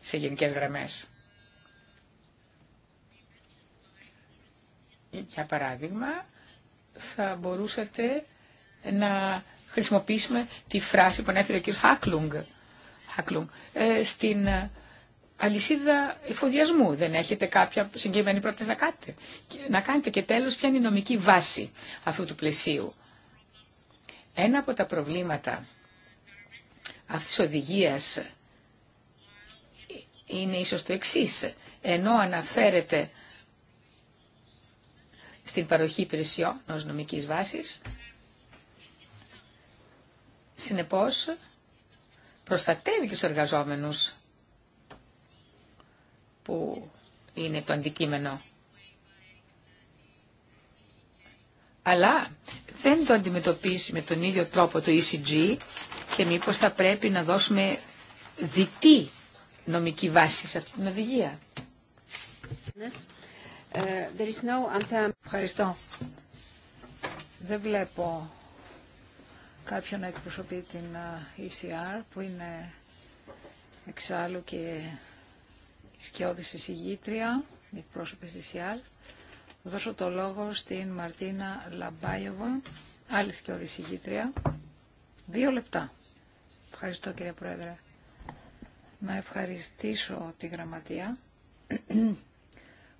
σε γενικές γραμμές. Για παράδειγμα, θα μπορούσατε να χρησιμοποιήσουμε τη φράση που ανέφερε ο κ. Χάκλουγκ, ε, στην αλυσίδα εφοδιασμού. Δεν έχετε κάποια συγκεκριμένη πρόταση να κάνετε. Να κάνετε και τέλος ποια είναι η νομική βάση αυτού του πλαισίου. Ένα από τα προβλήματα αυτής της οδηγίας είναι ίσως το εξής. Ενώ αναφέρεται στην παροχή υπηρεσιών ως νομικής βάσης, συνεπώς προστατεύει και τους εργαζόμενους που είναι το αντικείμενο αλλά δεν το αντιμετωπίσει με τον ίδιο τρόπο το ECG και μήπως θα πρέπει να δώσουμε διτή νομική βάση σε αυτή την οδηγία. Ευχαριστώ. Δεν βλέπω κάποιον να εκπροσωπεί την ECR που είναι εξάλλου και σκιώδης εισηγήτρια, εκπρόσωπες της ECR δώσω το λόγο στην Μαρτίνα Λαμπάιοβα, άλλη και οδησηγήτρια. Δύο λεπτά. Ευχαριστώ κύριε Πρόεδρε. Να ευχαριστήσω τη Γραμματεία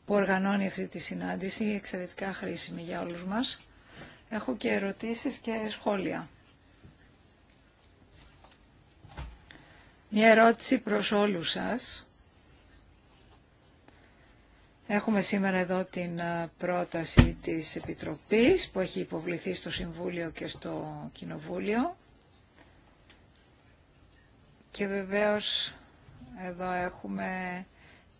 που οργανώνει αυτή τη συνάντηση, εξαιρετικά χρήσιμη για όλους μας. Έχω και ερωτήσεις και σχόλια. Μια ερώτηση προς όλους σας. Έχουμε σήμερα εδώ την ε, πρόταση της Επιτροπής που έχει υποβληθεί στο Συμβούλιο και στο Κοινοβούλιο. Και βεβαίως εδώ έχουμε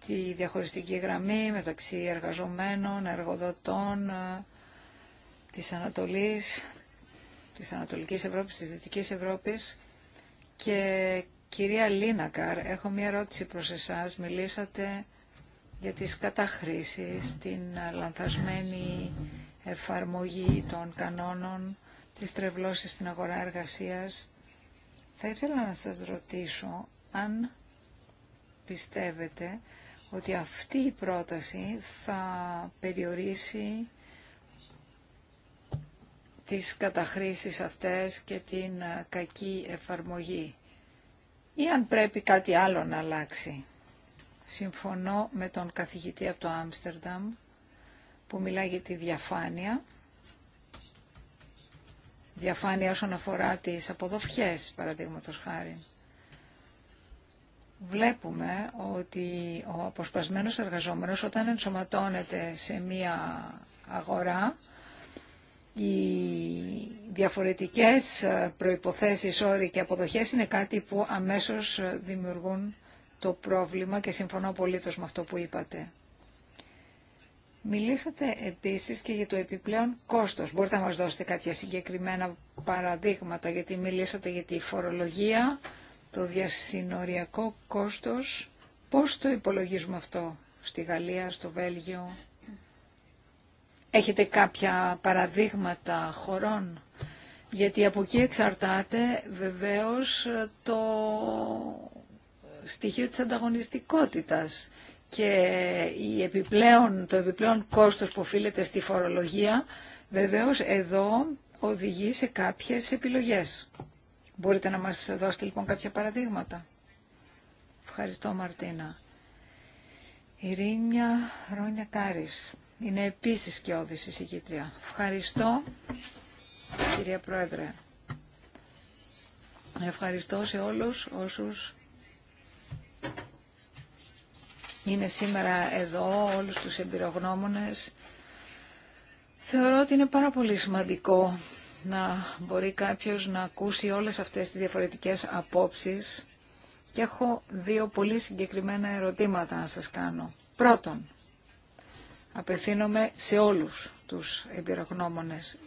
τη διαχωριστική γραμμή μεταξύ εργαζομένων, εργοδοτών ε, της Ανατολής, της Ανατολικής Ευρώπης, της Δυτικής Ευρώπης και κυρία Λίνακαρ, έχω μία ερώτηση προς εσάς. Μιλήσατε για τις καταχρήσεις, την λανθασμένη εφαρμογή των κανόνων, τις τρευλώσεις στην αγορά εργασίας. Θα ήθελα να σας ρωτήσω αν πιστεύετε ότι αυτή η πρόταση θα περιορίσει τις καταχρήσεις αυτές και την κακή εφαρμογή ή αν πρέπει κάτι άλλο να αλλάξει. Συμφωνώ με τον καθηγητή από το Άμστερνταμ που μιλάει για τη διαφάνεια. Διαφάνεια όσον αφορά τις αποδοφιές, παραδείγματος χάρη. Βλέπουμε ότι ο αποσπασμένος εργαζόμενος όταν ενσωματώνεται σε μία αγορά, οι διαφορετικές προϋποθέσεις, όροι και αποδοχές είναι κάτι που αμέσως δημιουργούν το πρόβλημα και συμφωνώ πολύ με αυτό που είπατε. Μιλήσατε επίσης και για το επιπλέον κόστος. Μπορείτε να μας δώσετε κάποια συγκεκριμένα παραδείγματα, γιατί μιλήσατε για τη φορολογία, το διασυνοριακό κόστος. Πώς το υπολογίζουμε αυτό στη Γαλλία, στο Βέλγιο. Έχετε κάποια παραδείγματα χωρών. Γιατί από εκεί εξαρτάται βεβαίως το στοιχείο της ανταγωνιστικότητας και η επιπλέον, το επιπλέον κόστος που οφείλεται στη φορολογία βεβαίως εδώ οδηγεί σε κάποιες επιλογές. Μπορείτε να μας δώσετε λοιπόν κάποια παραδείγματα. Ευχαριστώ Μαρτίνα. Ειρήνια Ρόνια Κάρης είναι επίσης και όδηση εισηγήτρια. Ευχαριστώ κυρία Πρόεδρε. Ευχαριστώ σε όλους όσους είναι σήμερα εδώ όλους τους εμπειρογνώμονες. Θεωρώ ότι είναι πάρα πολύ σημαντικό να μπορεί κάποιος να ακούσει όλες αυτές τις διαφορετικές απόψεις και έχω δύο πολύ συγκεκριμένα ερωτήματα να σας κάνω. Πρώτον, απευθύνομαι σε όλους τους εμπειρογνώμονες.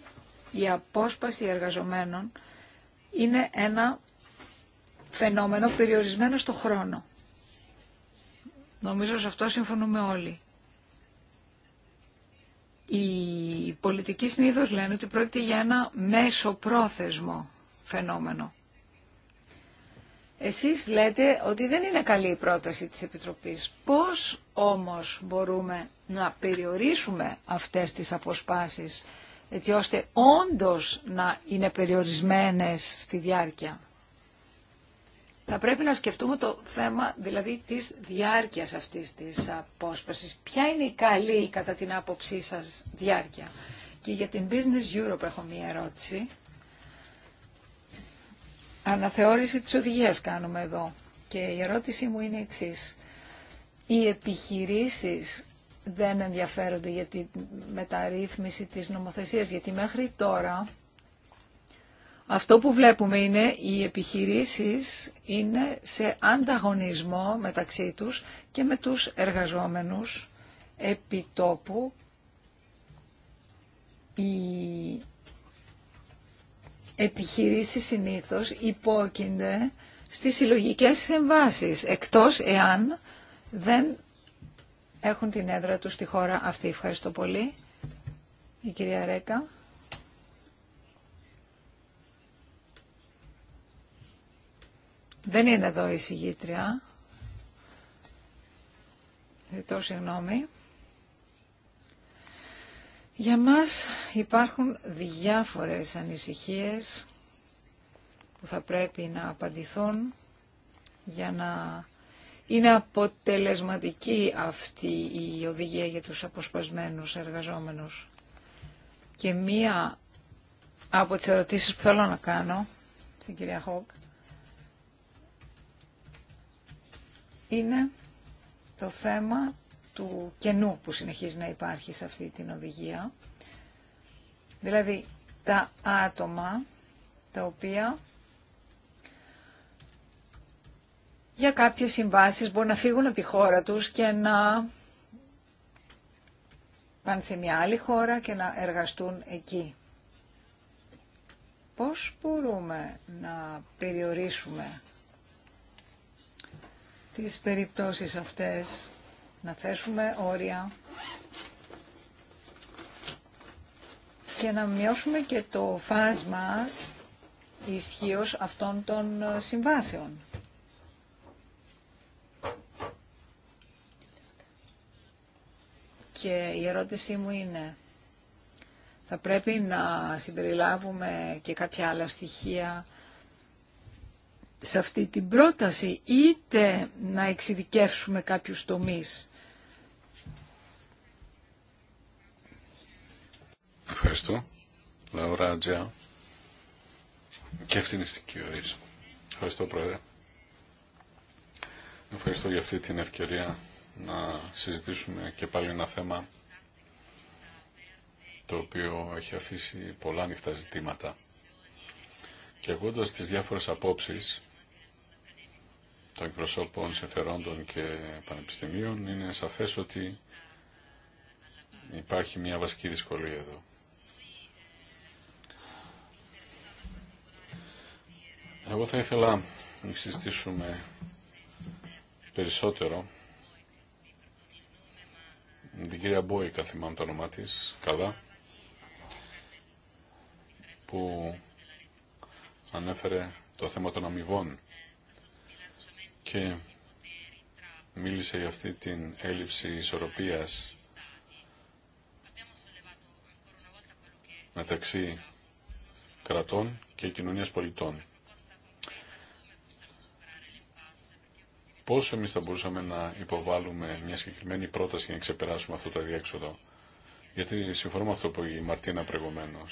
Η απόσπαση εργαζομένων είναι ένα φαινόμενο περιορισμένο στο χρόνο. Νομίζω σε αυτό συμφωνούμε όλοι. Οι πολιτικοί συνήθω λένε ότι πρόκειται για ένα μέσο πρόθεσμο φαινόμενο. Εσείς λέτε ότι δεν είναι καλή η πρόταση της Επιτροπής. Πώς όμως μπορούμε να περιορίσουμε αυτές τις αποσπάσεις έτσι ώστε όντως να είναι περιορισμένες στη διάρκεια. Θα πρέπει να σκεφτούμε το θέμα δηλαδή της διάρκειας αυτής της απόσπασης. Ποια είναι η καλή κατά την άποψή σας διάρκεια. Και για την Business Europe έχω μία ερώτηση. Αναθεώρηση της οδηγίας κάνουμε εδώ. Και η ερώτησή μου είναι εξή: Οι επιχειρήσεις δεν ενδιαφέρονται για τη μεταρρύθμιση της νομοθεσίας, γιατί μέχρι τώρα αυτό που βλέπουμε είναι οι επιχειρήσεις είναι σε ανταγωνισμό μεταξύ τους και με τους εργαζόμενους επιτόπου οι επιχειρήσεις συνήθως υπόκεινται στις συλλογικές συμβάσεις, εκτός εάν δεν έχουν την έδρα τους στη χώρα αυτή. Ευχαριστώ πολύ. Η κυρία Ρέκα. Δεν είναι εδώ η συγγήτρια. Ζητώ συγγνώμη. Για μας υπάρχουν διάφορες ανησυχίες που θα πρέπει να απαντηθούν για να είναι αποτελεσματική αυτή η οδηγία για τους αποσπασμένους εργαζόμενους. Και μία από τις ερωτήσεις που θέλω να κάνω στην κυρία Χόκ είναι το θέμα του κενού που συνεχίζει να υπάρχει σε αυτή την οδηγία. Δηλαδή τα άτομα τα οποία για κάποιες συμβάσεις μπορούν να φύγουν από τη χώρα τους και να πάνε σε μια άλλη χώρα και να εργαστούν εκεί. Πώς μπορούμε να περιορίσουμε τις περιπτώσεις αυτές, να θέσουμε όρια και να μειώσουμε και το φάσμα ισχύω αυτών των συμβάσεων. Και η ερώτησή μου είναι, θα πρέπει να συμπεριλάβουμε και κάποια άλλα στοιχεία σε αυτή την πρόταση είτε να εξειδικεύσουμε κάποιους τομείς. Ευχαριστώ. Λαουρά Τζιά. Και αυτή είναι η Ευχαριστώ, Πρόεδρε. Ευχαριστώ για αυτή την ευκαιρία να συζητήσουμε και πάλι ένα θέμα το οποίο έχει αφήσει πολλά ανοιχτά ζητήματα. Και ακούγοντα τις διάφορες απόψεις των εκπροσώπων συμφερόντων και πανεπιστημίων είναι σαφές ότι υπάρχει μια βασική δυσκολία εδώ. Εγώ θα ήθελα να συζητήσουμε περισσότερο την κυρία Μπόη, θυμάμαι το όνομά της, καλά, που ανέφερε το θέμα των αμοιβών και μίλησε για αυτή την έλλειψη ισορροπίας μεταξύ κρατών και κοινωνίας πολιτών. Πώς εμείς θα μπορούσαμε να υποβάλουμε μια συγκεκριμένη πρόταση για να ξεπεράσουμε αυτό το διέξοδο. Γιατί συμφωνώ με αυτό που είπε η Μαρτίνα προηγουμένω.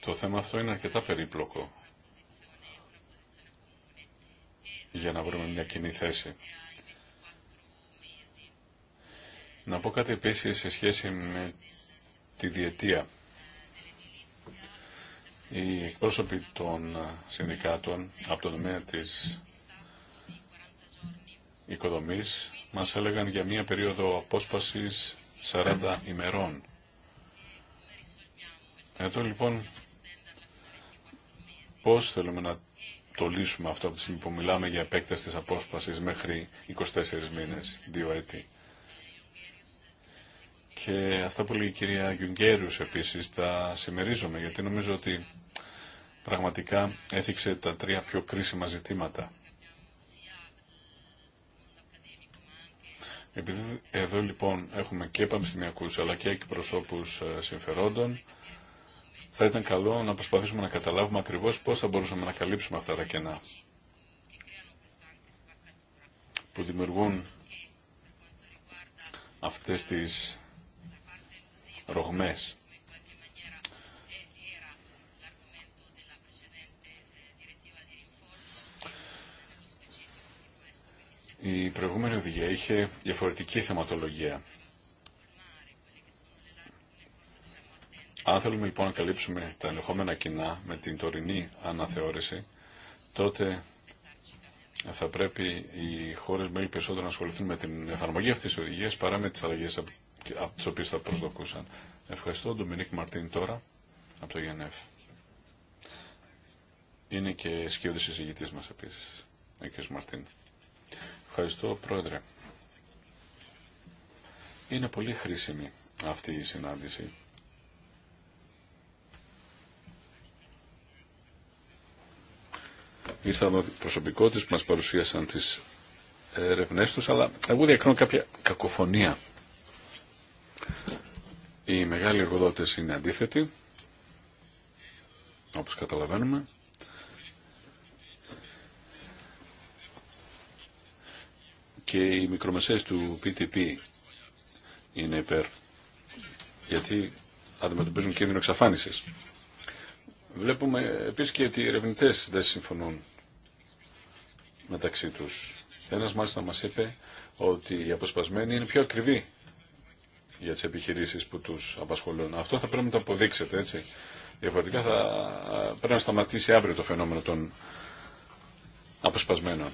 Το θέμα αυτό είναι αρκετά περίπλοκο για να βρούμε μια κοινή θέση. Να πω κάτι επίσης σε σχέση με τη διετία. Οι εκπρόσωποι των συνδικάτων από το νομέα της οικοδομής μας έλεγαν για μία περίοδο απόσπασης 40 ημερών. Εδώ λοιπόν πώς θέλουμε να το λύσουμε αυτό από τη στιγμή που μιλάμε για επέκταση της απόσπασης μέχρι 24 μήνες, δύο έτη. Και αυτά που λέει η κυρία Γιουγκέριους επίσης τα συμμερίζομαι, γιατί νομίζω ότι πραγματικά έθιξε τα τρία πιο κρίσιμα ζητήματα. Επειδή εδώ λοιπόν έχουμε και πανεπιστημιακούς αλλά και εκπροσώπους ε, συμφερόντων, θα ήταν καλό να προσπαθήσουμε να καταλάβουμε ακριβώς πώς θα μπορούσαμε να καλύψουμε αυτά τα κενά που δημιουργούν αυτές τις ρογμές. Η προηγούμενη οδηγία είχε διαφορετική θεματολογία Αν θέλουμε λοιπόν να καλύψουμε τα ενδεχόμενα κοινά με την τωρινή αναθεώρηση, τότε θα πρέπει οι χώρες μέλη περισσότερο να ασχοληθούν με την εφαρμογή αυτής της οδηγίας παρά με τις αλλαγές από τις οποίες θα προσδοκούσαν. Ευχαριστώ. Ντομινίκ Μαρτίν τώρα από το ΓΕΝΕΦ. Είναι και σκιώδης συζητητή μας επίσης, ο κ. Μαρτίν. Ευχαριστώ, Πρόεδρε. Είναι πολύ χρήσιμη αυτή η συνάντηση ήρθαν προσωπικότητες που μας παρουσίασαν τις ερευνές τους, αλλά εγώ διακρίνω κάποια κακοφωνία. Οι μεγάλοι εργοδότες είναι αντίθετοι, όπως καταλαβαίνουμε. Και οι μικρομεσαίες του PTP είναι υπέρ, γιατί αντιμετωπίζουν κίνδυνο εξαφάνισης. Βλέπουμε επίσης και ότι οι ερευνητές δεν συμφωνούν μεταξύ του. Ένας μάλιστα μας είπε ότι οι αποσπασμένοι είναι πιο ακριβοί για τις επιχειρήσεις που τους απασχολούν. Αυτό θα πρέπει να το αποδείξετε, έτσι. Διαφορετικά θα πρέπει να σταματήσει αύριο το φαινόμενο των αποσπασμένων.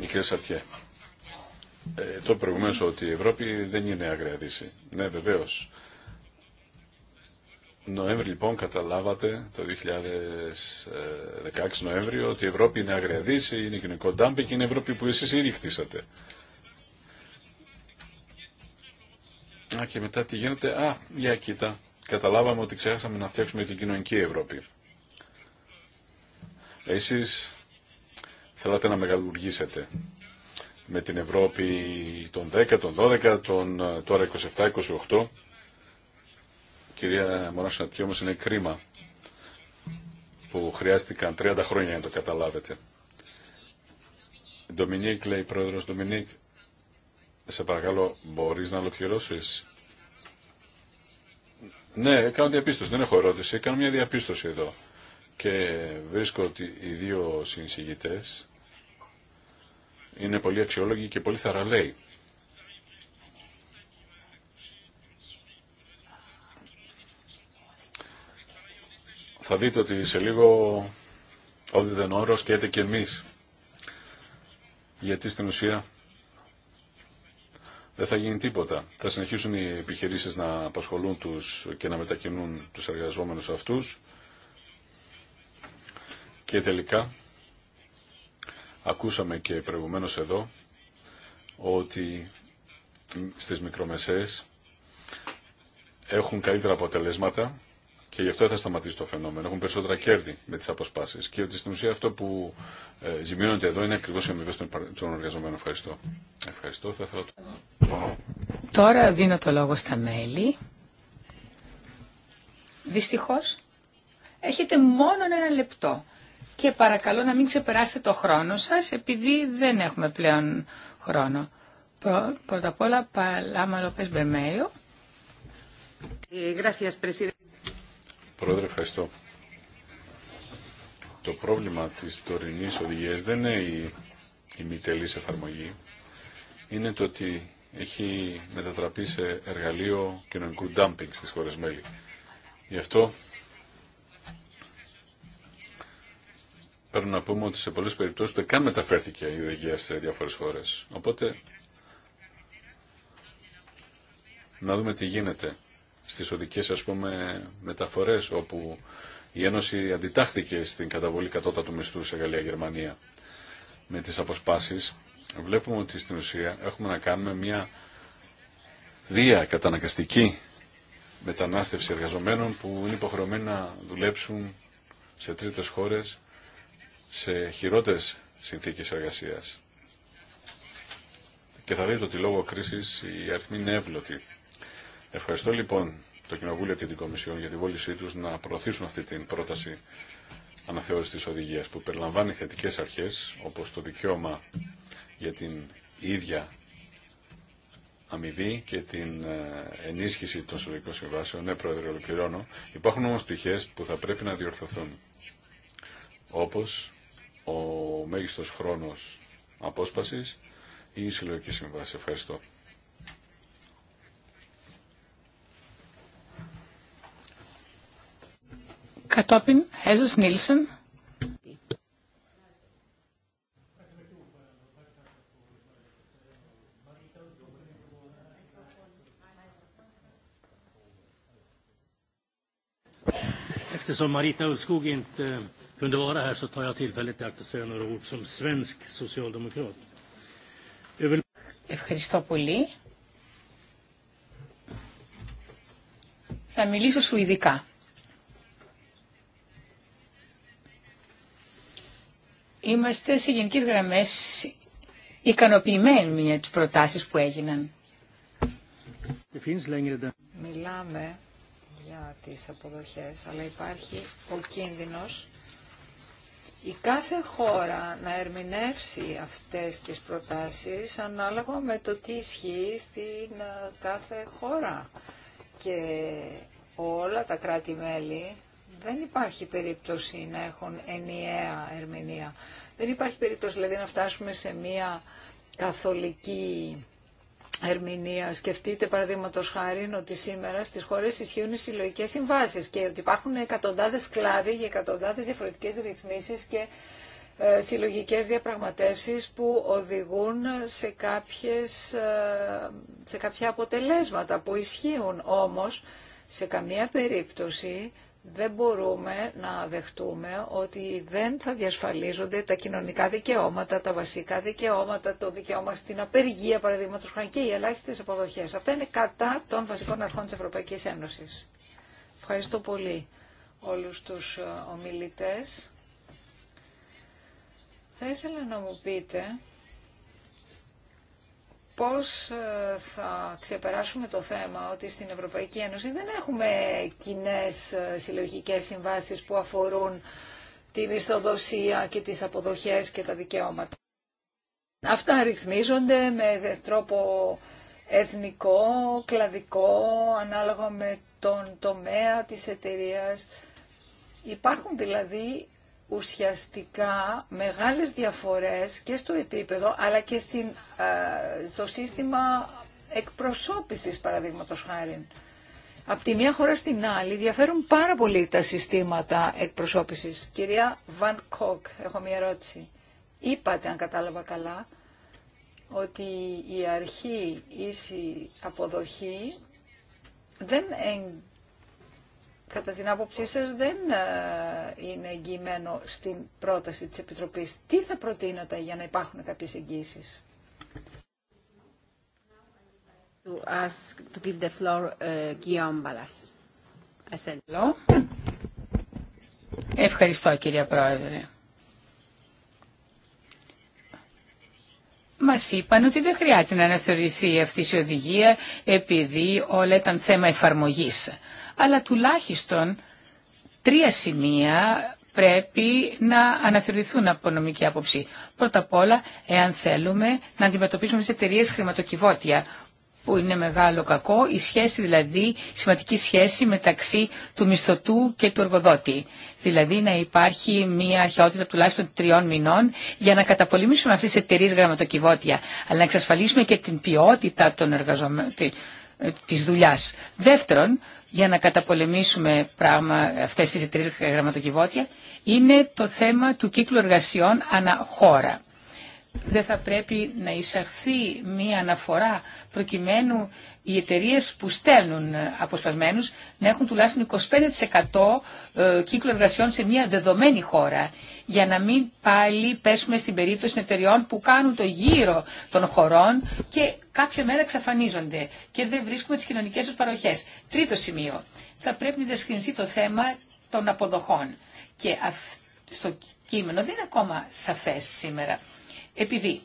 Η κυρία Σαρτιέ. Ε, το προηγουμένως ότι η Ευρώπη δεν είναι αγραία δύση. Ναι, βεβαίω. Νοέμβρη λοιπόν καταλάβατε το 2016 Νοέμβριο ότι η Ευρώπη είναι αγριαδίση, είναι κοινωνικό ντάμπι και είναι η Ευρώπη που εσείς ήδη χτίσατε. Α, και μετά τι γίνεται. Α, για κοίτα. Καταλάβαμε ότι ξέχασαμε να φτιάξουμε την κοινωνική Ευρώπη. Εσείς θέλατε να μεγαλουργήσετε με την Ευρώπη των 10, των 12, των τώρα 27, 28 Κυρία Μωράσου όμως είναι κρίμα που χρειάστηκαν 30 χρόνια να το καταλάβετε. Ντομινίκ, λέει πρόεδρος Ντομινίκ, σε παρακαλώ μπορείς να ολοκληρώσεις. Ναι, κάνω διαπίστωση, δεν έχω ερώτηση, έκανα μια διαπίστωση εδώ. Και βρίσκω ότι οι δύο συνεισηγητές είναι πολύ αξιόλογοι και πολύ θαραλέοι. θα δείτε ότι σε λίγο όρος και έτε και εμείς. Γιατί στην ουσία δεν θα γίνει τίποτα. Θα συνεχίσουν οι επιχειρήσεις να απασχολούν τους και να μετακινούν τους εργαζόμενους αυτούς και τελικά ακούσαμε και προηγουμένως εδώ ότι στις μικρομεσαίες έχουν καλύτερα αποτελέσματα και γι' αυτό θα σταματήσει το φαινόμενο. Έχουν περισσότερα κέρδη με τι αποσπάσει. Και ότι στην ουσία αυτό που ε, εδώ είναι ακριβώ οι αμοιβέ των, εργαζομένων. Ευχαριστώ. Ευχαριστώ. Θα ήθελα... Τώρα δίνω το λόγο στα μέλη. Δυστυχώ έχετε μόνο ένα λεπτό. Και παρακαλώ να μην ξεπεράσετε το χρόνο σα, επειδή δεν έχουμε πλέον χρόνο. Πρώτα απ' όλα, Παλάμα Λοπέ Μπεμέιο. Ε, Πρόεδρε, Το πρόβλημα της τωρινής οδηγίας δεν είναι η, η μη εφαρμογή. Είναι το ότι έχει μετατραπεί σε εργαλείο κοινωνικού ντάμπινγκ στις χώρες μέλη. Γι' αυτό πρέπει να πούμε ότι σε πολλές περιπτώσεις δεν καν μεταφέρθηκε η οδηγία σε διάφορες χώρες. Οπότε να δούμε τι γίνεται στις οδικές ας πούμε μεταφορές όπου η Ένωση αντιτάχθηκε στην καταβολή κατώτατου μισθού σε Γαλλία-Γερμανία με τις αποσπάσεις βλέπουμε ότι στην ουσία έχουμε να κάνουμε μια δία κατανακαστική μετανάστευση εργαζομένων που είναι υποχρεωμένοι να δουλέψουν σε τρίτες χώρες σε χειρότερες συνθήκες εργασίας. Και θα δείτε ότι λόγω κρίσης οι αριθμοί είναι Ευχαριστώ λοιπόν το Κοινοβούλιο και την Κομισιόν για τη βόλησή του να προωθήσουν αυτή την πρόταση αναθεώρηση τη οδηγία, που περιλαμβάνει θετικέ αρχές όπως το δικαίωμα για την ίδια αμοιβή και την ε, ενίσχυση των συλλογικών συμβάσεων. Ναι, Πρόεδρε, ολοκληρώνω. Υπάρχουν όμω πτυχέ που θα πρέπει να διορθωθούν. όπω ο μέγιστο χρόνο απόσπαση ή η συλλογική συμβάση. Ευχαριστώ. Κατόπιν, Χέζος Νίλσον. Eftersom Marita Ulvskog inte kunde vara här så tar jag tillfället i akt att säga några ord som svensk socialdemokrat. Ευχαριστώ πολύ. Θα μιλήσω σου ειδικά. Είμαστε σε γενικέ γραμμέ ικανοποιημένοι με τι προτάσει που έγιναν. Μιλάμε για τις αποδοχές, αλλά υπάρχει ο κίνδυνο η κάθε χώρα να ερμηνεύσει αυτές τις προτάσεις ανάλογα με το τι ισχύει στην ε, κάθε χώρα. Και όλα τα κράτη-μέλη δεν υπάρχει περίπτωση να έχουν ενιαία ερμηνεία. Δεν υπάρχει περίπτωση δηλαδή να φτάσουμε σε μια καθολική ερμηνεία. Σκεφτείτε παραδείγματο χάρη ότι σήμερα στι χώρε ισχύουν οι συλλογικέ συμβάσει και ότι υπάρχουν εκατοντάδε κλάδοι για εκατοντάδε διαφορετικέ ρυθμίσει και ε, συλλογικέ διαπραγματεύσει που οδηγούν σε, κάποιες, ε, σε κάποια αποτελέσματα που ισχύουν όμω σε καμία περίπτωση δεν μπορούμε να δεχτούμε ότι δεν θα διασφαλίζονται τα κοινωνικά δικαιώματα, τα βασικά δικαιώματα, το δικαίωμα στην απεργία, παραδείγματο χάρη και οι ελάχιστε αποδοχέ. Αυτά είναι κατά των βασικών αρχών τη Ευρωπαϊκή Ένωση. Ευχαριστώ πολύ όλους τους ε, ομιλητές. Θα ήθελα να μου πείτε πώς ε, θα ξεπεράσουμε το θέμα ότι στην Ευρωπαϊκή Ένωση δεν έχουμε κοινέ ε, συλλογικές συμβάσεις που αφορούν τη μισθοδοσία και τις αποδοχές και τα δικαιώματα. Αυτά αριθμίζονται με τρόπο εθνικό, κλαδικό, ανάλογα με τον τομέα της εταιρείας. Υπάρχουν δηλαδή ουσιαστικά μεγάλες διαφορές και στο επίπεδο αλλά και στην, στο σύστημα εκπροσώπησης παραδείγματος χάρη. Από τη μία χώρα στην άλλη διαφέρουν πάρα πολύ τα συστήματα εκπροσώπησης. Κυρία Βαν Κόκ, έχω μία ερώτηση. Είπατε, αν κατάλαβα καλά, ότι η αρχή ίση αποδοχή δεν εγκρίνεται κατά την άποψή σας δεν ε, είναι εγγυημένο στην πρόταση της Επιτροπής. Τι θα προτείνατε για να υπάρχουν κάποιες εγγύησεις. give the floor, ε, Ευχαριστώ κυρία Πρόεδρε. Μα είπαν ότι δεν χρειάζεται να αναθεωρηθεί αυτή η οδηγία επειδή όλα ήταν θέμα εφαρμογής αλλά τουλάχιστον τρία σημεία πρέπει να αναθεωρηθούν από νομική άποψη. Πρώτα απ' όλα, εάν θέλουμε να αντιμετωπίσουμε τις εταιρείε χρηματοκιβώτια, που είναι μεγάλο κακό, η σχέση δηλαδή, σημαντική σχέση μεταξύ του μισθωτού και του εργοδότη. Δηλαδή να υπάρχει μια αρχαιότητα τουλάχιστον τριών μηνών για να καταπολεμήσουμε αυτές τις εταιρείε γραμματοκιβώτια, αλλά να εξασφαλίσουμε και την ποιότητα των εργαζομένων ε, της δουλειάς. Δεύτερον, για να καταπολεμήσουμε πράγμα, αυτές τις τρεις γραμματοκιβώτια είναι το θέμα του κύκλου εργασιών «Αναχώρα» δεν θα πρέπει να εισαχθεί μία αναφορά προκειμένου οι εταιρείε που στέλνουν αποσπασμένους να έχουν τουλάχιστον 25% ε, κύκλο εργασιών σε μία δεδομένη χώρα για να μην πάλι πέσουμε στην περίπτωση εταιρεών που κάνουν το γύρο των χωρών και κάποια μέρα εξαφανίζονται και δεν βρίσκουμε τις κοινωνικές τους παροχές. Τρίτο σημείο, θα πρέπει να διευθυνθεί το θέμα των αποδοχών και στο κείμενο δεν είναι ακόμα σαφές σήμερα. Επειδή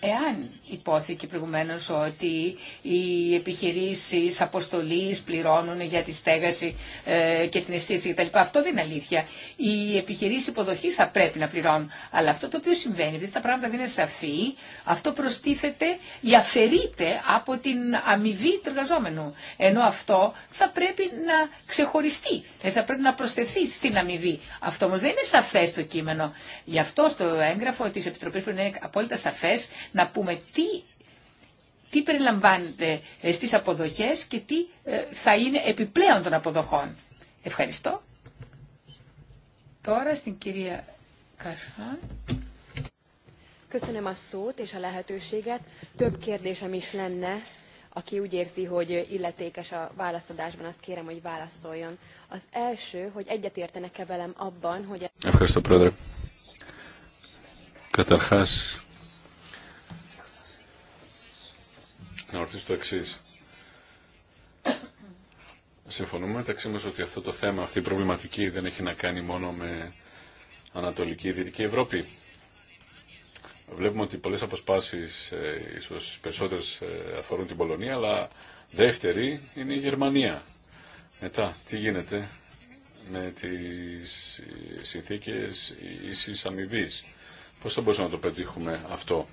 εάν υπόθηκε προηγουμένω ότι οι επιχειρήσει αποστολή πληρώνουν για τη στέγαση ε, και την αισθήση κτλ. Αυτό δεν είναι αλήθεια. Οι επιχειρήσει υποδοχή θα πρέπει να πληρώνουν. Αλλά αυτό το οποίο συμβαίνει, επειδή τα πράγματα δεν είναι σαφή, αυτό προστίθεται ή αφαιρείται από την αμοιβή του εργαζόμενου. Ενώ αυτό θα πρέπει να ξεχωριστεί, ε, θα πρέπει να προσθεθεί στην αμοιβή. Αυτό όμω δεν είναι σαφέ το κείμενο. Γι' αυτό στο έγγραφο τη Επιτροπή πρέπει να είναι απόλυτα σαφέ να πούμε τι, τι περιλαμβάνεται στις αποδοχές και τι θα είναι επιπλέον των αποδοχών. Ευχαριστώ. Τώρα στην κυρία Καρφά. Köszönöm a szót és a lehetőséget. Több kérdésem is lenne. Aki úgy érti, hogy illetékes a választodásban, azt kérem, hogy válaszoljon. Az első, hogy egyetértenek-e velem abban, hogy... Köszönöm, Πρόεδρε. Καταρχάς, να ρωτήσω το εξή. Συμφωνούμε μεταξύ μα ότι αυτό το θέμα, αυτή η προβληματική δεν έχει να κάνει μόνο με Ανατολική ή Δυτική Ευρώπη. Βλέπουμε ότι πολλές αποσπάσεις, ε, ίσως περισσότερες ε, αφορούν την Πολωνία, αλλά δεύτερη είναι η δυτικη ευρωπη βλεπουμε οτι πολλέ αποσπάσει ε ισως περισσοτερες Μετά, τι γίνεται με τις ε, συνθήκε ίση αμοιβή. Πώς θα μπορούσαμε να το πετύχουμε αυτό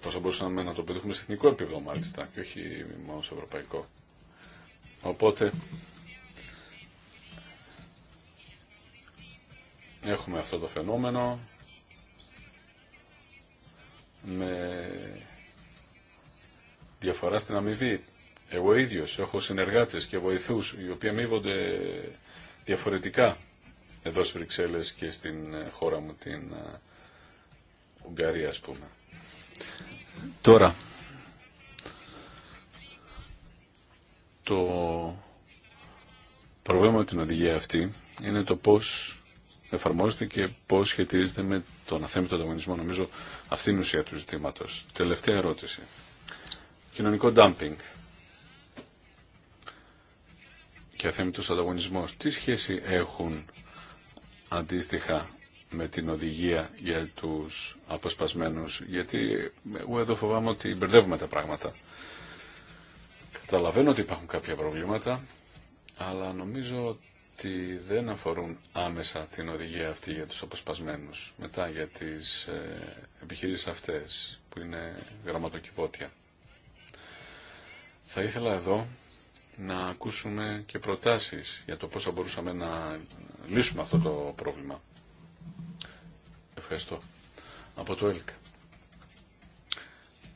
πώ θα μπορούσαμε να το πετύχουμε σε εθνικό επίπεδο μάλιστα και όχι μόνο σε ευρωπαϊκό. Οπότε έχουμε αυτό το φαινόμενο με διαφορά στην αμοιβή. Εγώ ίδιος έχω συνεργάτες και βοηθούς οι οποίοι αμείβονται διαφορετικά εδώ στις Βρυξέλλες και στην χώρα μου την ε, Ουγγαρία ας πούμε. Τώρα, το πρόβλημα με την οδηγία αυτή είναι το πώς εφαρμόζεται και πώς σχετίζεται με τον αθέμητο ανταγωνισμό. Νομίζω αυτή είναι η ουσία του ζητήματος. Τελευταία ερώτηση. Κοινωνικό dumping και αθέμητος ανταγωνισμός. Τι σχέση έχουν αντίστοιχα με την οδηγία για τους αποσπασμένους, γιατί εγώ εδώ φοβάμαι ότι μπερδεύουμε τα πράγματα. Καταλαβαίνω ότι υπάρχουν κάποια προβλήματα, αλλά νομίζω ότι δεν αφορούν άμεσα την οδηγία αυτή για τους αποσπασμένους. Μετά για τις ε, επιχειρήσεις αυτές που είναι γραμματοκιβώτια. Θα ήθελα εδώ να ακούσουμε και προτάσεις για το πώς θα μπορούσαμε να λύσουμε αυτό το πρόβλημα. Ευχαριστώ. Από το ΕΛΚ.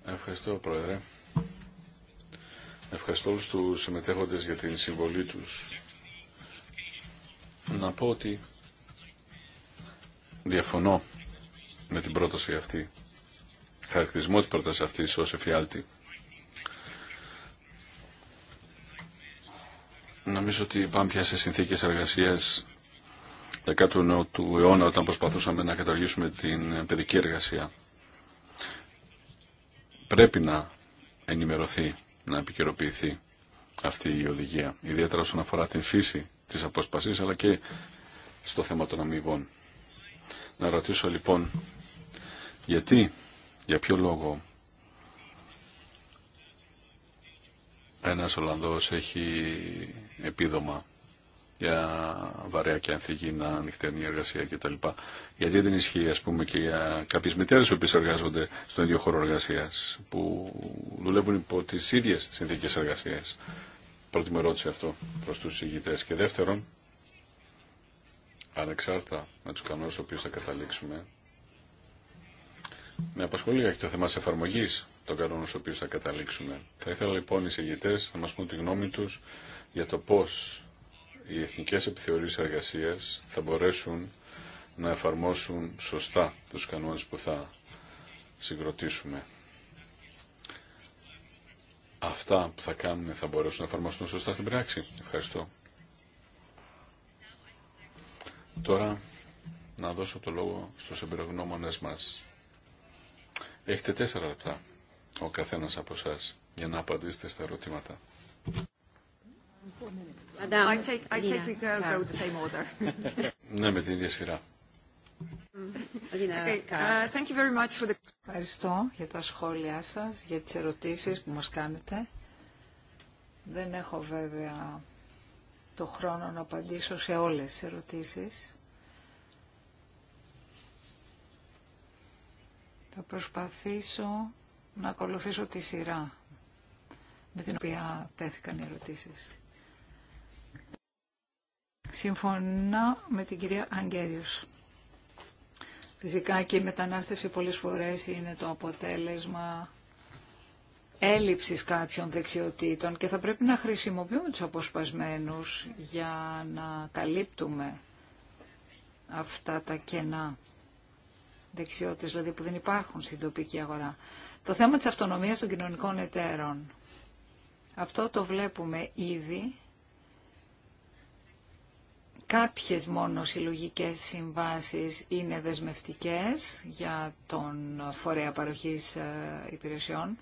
Ευχαριστώ, Πρόεδρε. Ευχαριστώ όλους τους συμμετέχοντες για την συμβολή τους. Να πω ότι διαφωνώ με την πρόταση αυτή. Χαρακτηρισμό της πρότασης αυτής ως εφιάλτη. Νομίζω ότι πάμε πια σε συνθήκες εργασίας Δεκάτου του αιώνα όταν προσπαθούσαμε να καταργήσουμε την παιδική εργασία. Πρέπει να ενημερωθεί, να επικαιροποιηθεί αυτή η οδηγία, ιδιαίτερα όσον αφορά την φύση της απόσπασης, αλλά και στο θέμα των αμοιβών. Να ρωτήσω λοιπόν, γιατί, για ποιο λόγο ένας Ολλανδός έχει επίδομα για βαρέα και ανθυγίνα, νυχτερινή εργασία κτλ. Γιατί δεν ισχύει, ας πούμε, και για κάποιε μητέρε οι οποίε εργάζονται στον ίδιο χώρο εργασία, που δουλεύουν υπό τι ίδιε συνθήκες εργασία. Πρώτη μου ερώτηση αυτό προ του ηγητές. Και δεύτερον, ανεξάρτητα με του κανόνε στου οποίου θα καταλήξουμε, με απασχολεί και το θέμα τη εφαρμογή των κανόνων στου οποίου θα καταλήξουμε. Θα ήθελα λοιπόν οι ηγητές να μα πούν τη γνώμη του για το πώς οι εθνικές επιθεωρήσεις εργασίας θα μπορέσουν να εφαρμόσουν σωστά τους κανόνες που θα συγκροτήσουμε. Αυτά που θα κάνουμε θα μπορέσουν να εφαρμόσουν σωστά στην πράξη. Ευχαριστώ. Τώρα να δώσω το λόγο στους εμπειρογνώμονες μας. Έχετε τέσσερα λεπτά ο καθένας από εσά για να απαντήσετε στα ερωτήματα ναι, με την ίδια σειρά. Uh, Ευχαριστώ για τα σχόλιά σας, για τις ερωτήσεις που μας κάνετε. Δεν έχω βέβαια το χρόνο να απαντήσω σε όλες τις ερωτήσεις. Θα προσπαθήσω να ακολουθήσω τη σειρά με την οποία τέθηκαν οι ερωτήσεις. Συμφωνώ με την κυρία Αγγέριος. Φυσικά και η μετανάστευση πολλές φορές είναι το αποτέλεσμα έλλειψης κάποιων δεξιοτήτων και θα πρέπει να χρησιμοποιούμε τους αποσπασμένους για να καλύπτουμε αυτά τα κενά δεξιότητες, δηλαδή που δεν υπάρχουν στην τοπική αγορά. Το θέμα της αυτονομίας των κοινωνικών εταίρων. Αυτό το βλέπουμε ήδη Κάποιες μόνο συλλογικέ συμβάσεις είναι δεσμευτικές για τον φορέα παροχής ε, υπηρεσιών,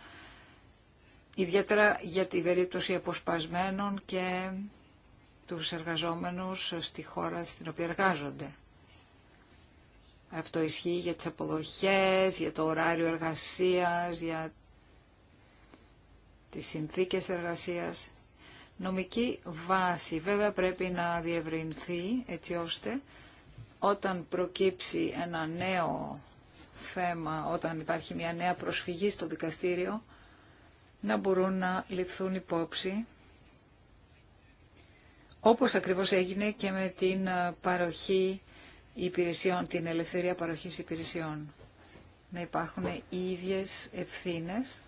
ιδιαίτερα για την περίπτωση αποσπασμένων και τους εργαζόμενους στη χώρα στην οποία εργάζονται. Αυτό ισχύει για τις αποδοχές, για το ωράριο εργασίας, για τις συνθήκες εργασίας νομική βάση. Βέβαια πρέπει να διευρυνθεί έτσι ώστε όταν προκύψει ένα νέο θέμα, όταν υπάρχει μια νέα προσφυγή στο δικαστήριο, να μπορούν να ληφθούν υπόψη, όπως ακριβώς έγινε και με την παροχή υπηρεσιών, την ελευθερία παροχής υπηρεσιών. Να υπάρχουν οι ίδιες ευθύνες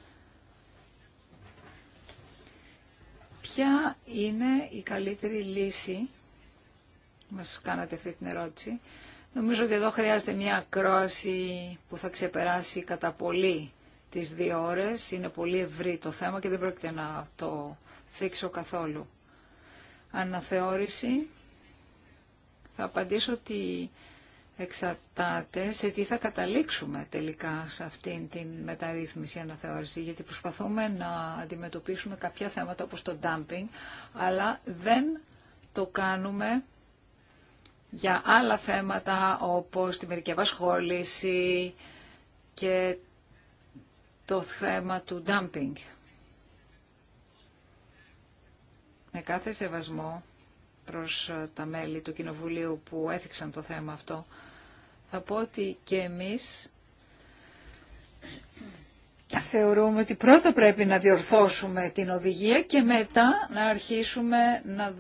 Ποια είναι η καλύτερη λύση, μας κάνατε αυτή την ερώτηση, νομίζω ότι εδώ χρειάζεται μια ακρόαση που θα ξεπεράσει κατά πολύ τις δύο ώρες, είναι πολύ ευρύ το θέμα και δεν πρόκειται να το θίξω καθόλου. Αναθεώρηση, θα απαντήσω ότι εξαρτάται σε τι θα καταλήξουμε τελικά σε αυτήν την μεταρρύθμιση αναθεώρηση, γιατί προσπαθούμε να αντιμετωπίσουμε κάποια θέματα όπως το dumping, αλλά δεν το κάνουμε για άλλα θέματα όπως τη μερική απασχόληση και το θέμα του dumping. Με κάθε σεβασμό προς τα μέλη του Κοινοβουλίου που έθιξαν το θέμα αυτό, θα πω ότι και εμείς θεωρούμε ότι πρώτα πρέπει να διορθώσουμε την οδηγία και μετά να αρχίσουμε να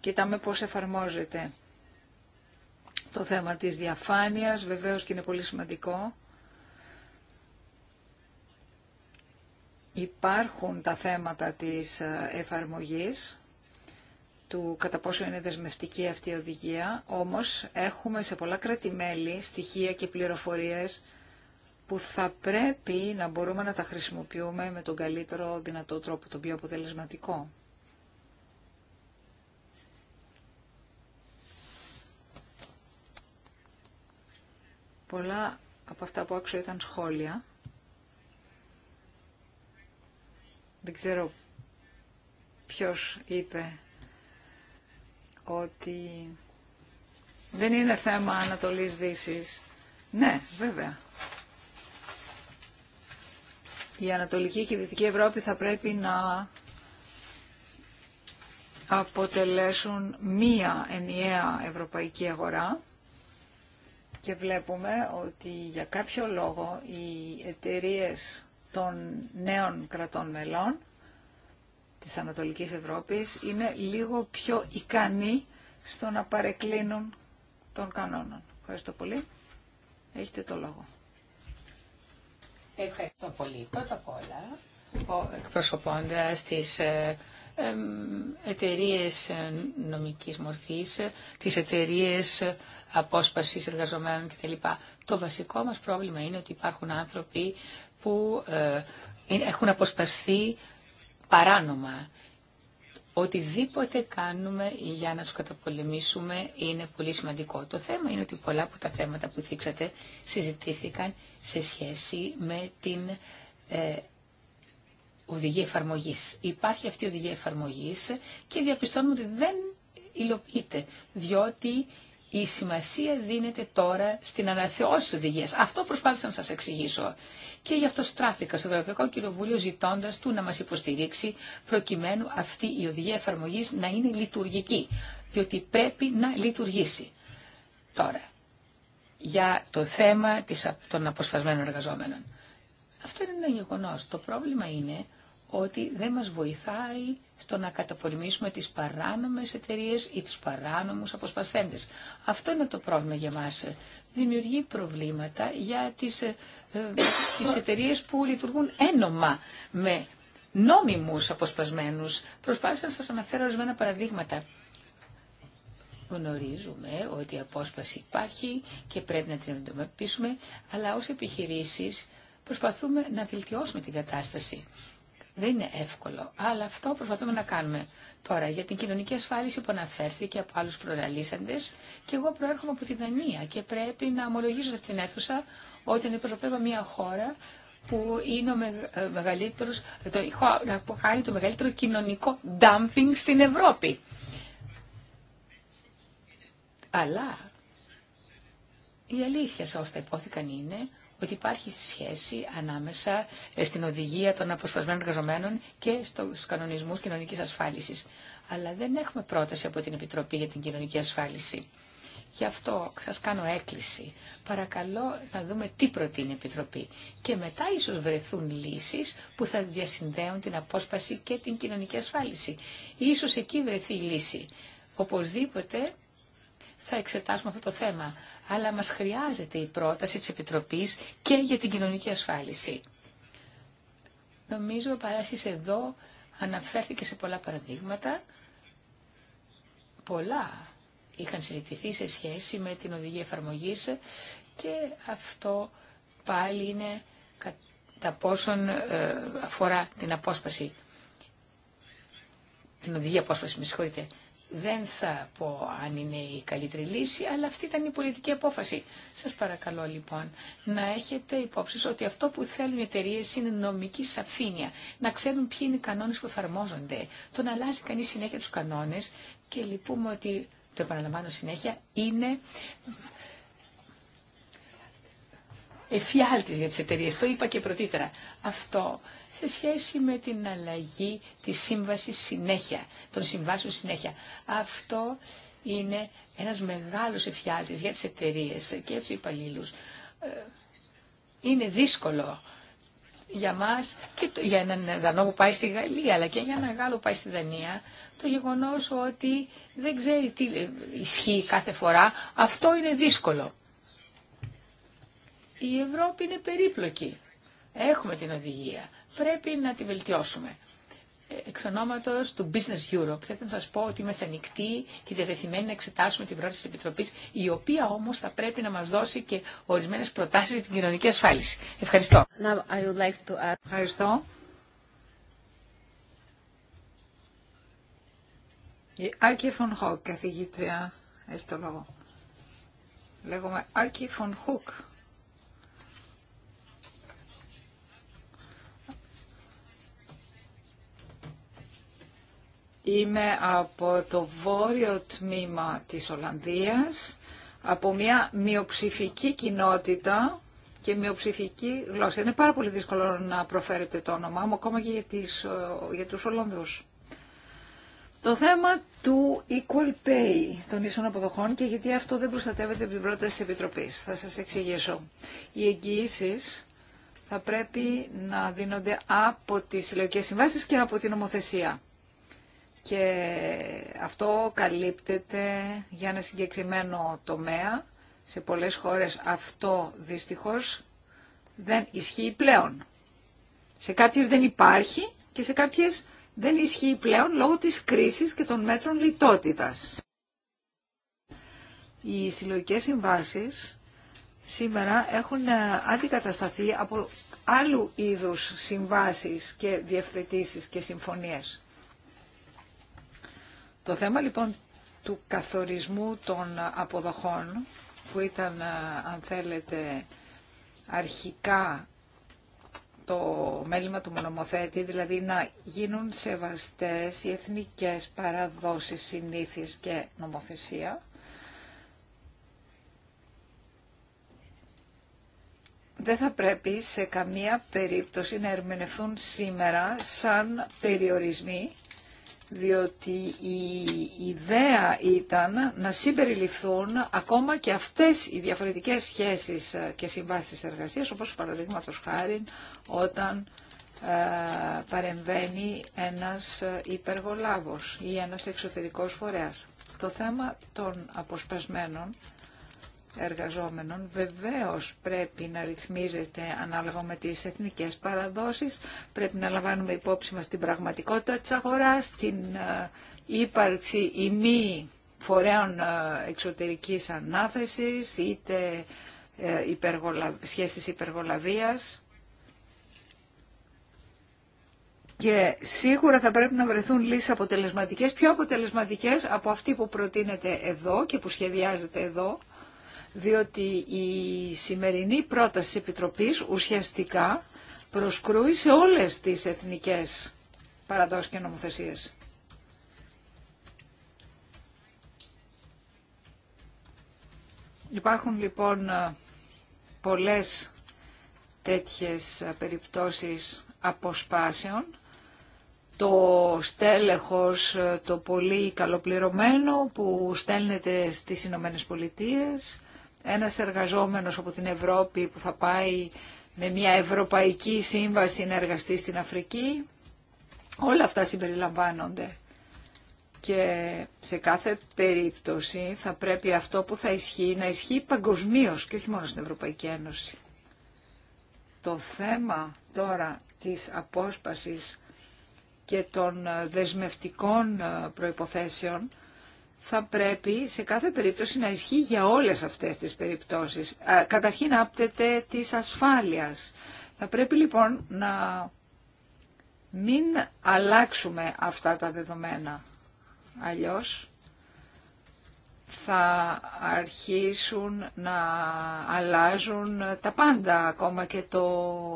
κοιτάμε πώς εφαρμόζεται. Το θέμα της διαφάνειας βεβαίως και είναι πολύ σημαντικό. Υπάρχουν τα θέματα της ε, εφαρμογής του κατά πόσο είναι δεσμευτική αυτή η οδηγία, όμως έχουμε σε πολλά κρατημέλη στοιχεία και πληροφορίες που θα πρέπει να μπορούμε να τα χρησιμοποιούμε με τον καλύτερο δυνατό τρόπο, τον πιο αποτελεσματικό. Πολλά από αυτά που άκουσα ήταν σχόλια. Δεν ξέρω ποιος είπε ότι δεν είναι θέμα Ανατολής Δύσης. Ναι, βέβαια. Η Ανατολική και η Δυτική Ευρώπη θα πρέπει να αποτελέσουν μία ενιαία ευρωπαϊκή αγορά και βλέπουμε ότι για κάποιο λόγο οι εταιρείες των νέων κρατών μελών της Ανατολικής Ευρώπης είναι λίγο πιο ικανή στο να παρεκκλίνουν των κανόνων. Ευχαριστώ πολύ. Έχετε το λόγο. Ευχαριστώ πολύ. Πρώτα απ' όλα, εκπροσωπώντας τις ε, εταιρείε ε, νομικής μορφής, ε, τις εταιρείε απόσπασης εργαζομένων κτλ. Το βασικό μας πρόβλημα είναι ότι υπάρχουν άνθρωποι που έχουν αποσπαστεί παράνομα. Οτιδήποτε κάνουμε για να τους καταπολεμήσουμε είναι πολύ σημαντικό. Το θέμα είναι ότι πολλά από τα θέματα που θίξατε συζητήθηκαν σε σχέση με την ε, οδηγία εφαρμογής. Υπάρχει αυτή η οδηγία εφαρμογής και διαπιστώνουμε ότι δεν υλοποιείται, διότι η σημασία δίνεται τώρα στην αναθεώρηση τη οδηγία. Αυτό προσπάθησα να σα εξηγήσω. Και γι' αυτό στράφηκα στο Ευρωπαϊκό Κοινοβούλιο ζητώντα του να μα υποστηρίξει προκειμένου αυτή η οδηγία εφαρμογή να είναι λειτουργική. Διότι πρέπει να λειτουργήσει. Τώρα, για το θέμα των αποσπασμένων εργαζόμενων. Αυτό είναι ένα γεγονό. Το πρόβλημα είναι ότι δεν μας βοηθάει στο να καταπολεμήσουμε τις παράνομες εταιρείε ή τους παράνομους αποσπασθέντες. Αυτό είναι το πρόβλημα για μας. Δημιουργεί προβλήματα για τις, ε, ε τις εταιρείε που λειτουργούν ένομα με νόμιμους αποσπασμένους. Προσπάθησα να σας αναφέρω ορισμένα παραδείγματα. Γνωρίζουμε ότι η απόσπαση υπάρχει και πρέπει να την αντιμετωπίσουμε, αλλά ως επιχειρήσεις προσπαθούμε να βελτιώσουμε την κατάσταση. Δεν είναι εύκολο, αλλά αυτό προσπαθούμε να κάνουμε. Τώρα, για την κοινωνική ασφάλιση που αναφέρθηκε από άλλου προλαλήσαντε, και εγώ προέρχομαι από τη Δανία και πρέπει να ομολογήσω σε αυτήν την αίθουσα ότι αντιπροσωπεύω μια χώρα που είναι ο ε, το, που χάνει το μεγαλύτερο κοινωνικό dumping στην Ευρώπη. Αλλά η αλήθεια σε όσα υπόθηκαν είναι ότι υπάρχει σχέση ανάμεσα ε, στην οδηγία των αποσπασμένων εργαζομένων και στους κανονισμούς κοινωνικής ασφάλισης. Αλλά δεν έχουμε πρόταση από την Επιτροπή για την Κοινωνική Ασφάλιση. Γι' αυτό σας κάνω έκκληση. Παρακαλώ να δούμε τι προτείνει η Επιτροπή. Και μετά ίσως βρεθούν λύσεις που θα διασυνδέουν την απόσπαση και την κοινωνική ασφάλιση. Ίσως εκεί βρεθεί η λύση. Οπωσδήποτε θα εξετάσουμε αυτό το θέμα αλλά μας χρειάζεται η πρόταση της Επιτροπής και για την κοινωνική ασφάλιση. Νομίζω παράσεις εδώ αναφέρθηκε σε πολλά παραδείγματα. Πολλά είχαν συζητηθεί σε σχέση με την οδηγία εφαρμογής και αυτό πάλι είναι κατά πόσον ε, αφορά την απόσπαση, την οδηγία απόσπαση, με συγχωρείτε. Δεν θα πω αν είναι η καλύτερη λύση, αλλά αυτή ήταν η πολιτική απόφαση. Σας παρακαλώ λοιπόν να έχετε υπόψη ότι αυτό που θέλουν οι εταιρείε είναι νομική σαφήνεια. Να ξέρουν ποιοι είναι οι κανόνες που εφαρμόζονται. Το να αλλάζει κανείς συνέχεια τους κανόνες και λυπούμε ότι, το επαναλαμβάνω συνέχεια, είναι εφιάλτης για τις εταιρείε. Το είπα και πρωτήτερα. Αυτό σε σχέση με την αλλαγή της σύμβασης συνέχεια, των συμβάσεων συνέχεια. Αυτό είναι ένας μεγάλος εφιάλτης για τις εταιρείε και τους υπαλλήλους. Ε, είναι δύσκολο για μας και για έναν Δανό που πάει στη Γαλλία αλλά και για έναν Γάλλο που πάει στη Δανία το γεγονός ότι δεν ξέρει τι ισχύει κάθε φορά αυτό είναι δύσκολο. Η Ευρώπη είναι περίπλοκη. Έχουμε την οδηγία πρέπει να τη βελτιώσουμε. Ε, εξ ονόματος του Business Europe, θέλω να σας πω ότι είμαστε ανοιχτοί και διαδεθειμένοι να εξετάσουμε την πρόταση της Επιτροπής, η οποία όμως θα πρέπει να μας δώσει και ορισμένες προτάσεις για την κοινωνική ασφάλιση. Ευχαριστώ. Ευχαριστώ. Η Άκη Φων καθηγήτρια, έχει το λόγο. Λέγομαι Άκη Είμαι από το βόρειο τμήμα της Ολλανδίας, από μια μειοψηφική κοινότητα και μειοψηφική γλώσσα. Είναι πάρα πολύ δύσκολο να προφέρετε το όνομά μου, ακόμα και για, τις, για τους Ολλανδούς. Το θέμα του equal pay των ίσων αποδοχών και γιατί αυτό δεν προστατεύεται από την πρόταση της Επιτροπής. Θα σας εξηγήσω. Οι εγγυήσει θα πρέπει να δίνονται από τις συλλογικές συμβάσεις και από την νομοθεσία και αυτό καλύπτεται για ένα συγκεκριμένο τομέα. Σε πολλές χώρες αυτό δυστυχώς δεν ισχύει πλέον. Σε κάποιες δεν υπάρχει και σε κάποιες δεν ισχύει πλέον λόγω της κρίσης και των μέτρων λιτότητας. Οι συλλογικές συμβάσεις σήμερα έχουν ε, αντικατασταθεί από άλλου είδους συμβάσεις και διευθετήσεις και συμφωνίες. Το θέμα λοιπόν του καθορισμού των αποδοχών που ήταν αν θέλετε αρχικά το μέλημα του μονομοθέτη, δηλαδή να γίνουν σεβαστές οι εθνικές παραδόσεις, συνήθειες και νομοθεσία. Δεν θα πρέπει σε καμία περίπτωση να ερμηνευθούν σήμερα σαν περιορισμοί διότι η ιδέα ήταν να συμπεριληφθούν ακόμα και αυτές οι διαφορετικές σχέσεις ε, και συμβάσεις εργασίας, όπως παραδείγματος χάρη όταν ε, παρεμβαίνει ένας ε, υπεργολάβος ή ένας εξωτερικός φορέας. Το θέμα των αποσπασμένων εργαζόμενων βεβαίως πρέπει να ρυθμίζεται ανάλογα με τις εθνικές παραδόσεις, πρέπει να λαμβάνουμε υπόψη μας την πραγματικότητα της αγοράς, την ε, ύπαρξη ημί φορέων ε, εξωτερικής ανάθεσης, είτε ε, υπεργολα... σχέσεις υπεργολαβίας. Και σίγουρα θα πρέπει να βρεθούν λύσεις αποτελεσματικές, πιο αποτελεσματικές από αυτή που προτείνεται εδώ και που σχεδιάζεται εδώ, διότι η σημερινή πρόταση Επιτροπής ουσιαστικά προσκρούει σε όλες τις εθνικές παραδόσεις και νομοθεσίες. Υπάρχουν λοιπόν πολλές τέτοιες περιπτώσεις αποσπάσεων. Το στέλεχος το πολύ καλοπληρωμένο που στέλνεται στις Ηνωμένε Πολιτείες, ένας εργαζόμενος από την Ευρώπη που θα πάει με μια ευρωπαϊκή σύμβαση να εργαστεί στην Αφρική. Όλα αυτά συμπεριλαμβάνονται. Και σε κάθε περίπτωση θα πρέπει αυτό που θα ισχύει να ισχύει παγκοσμίω και όχι μόνο στην Ευρωπαϊκή Ένωση. Το θέμα τώρα της απόσπασης και των δεσμευτικών ε, προϋποθέσεων θα πρέπει σε κάθε περίπτωση να ισχύει για όλες αυτές τις περιπτώσεις. Καταρχήν άπτεται της ασφάλειας. Θα πρέπει λοιπόν να μην αλλάξουμε αυτά τα δεδομένα. Αλλιώς θα αρχίσουν να αλλάζουν τα πάντα, ακόμα και το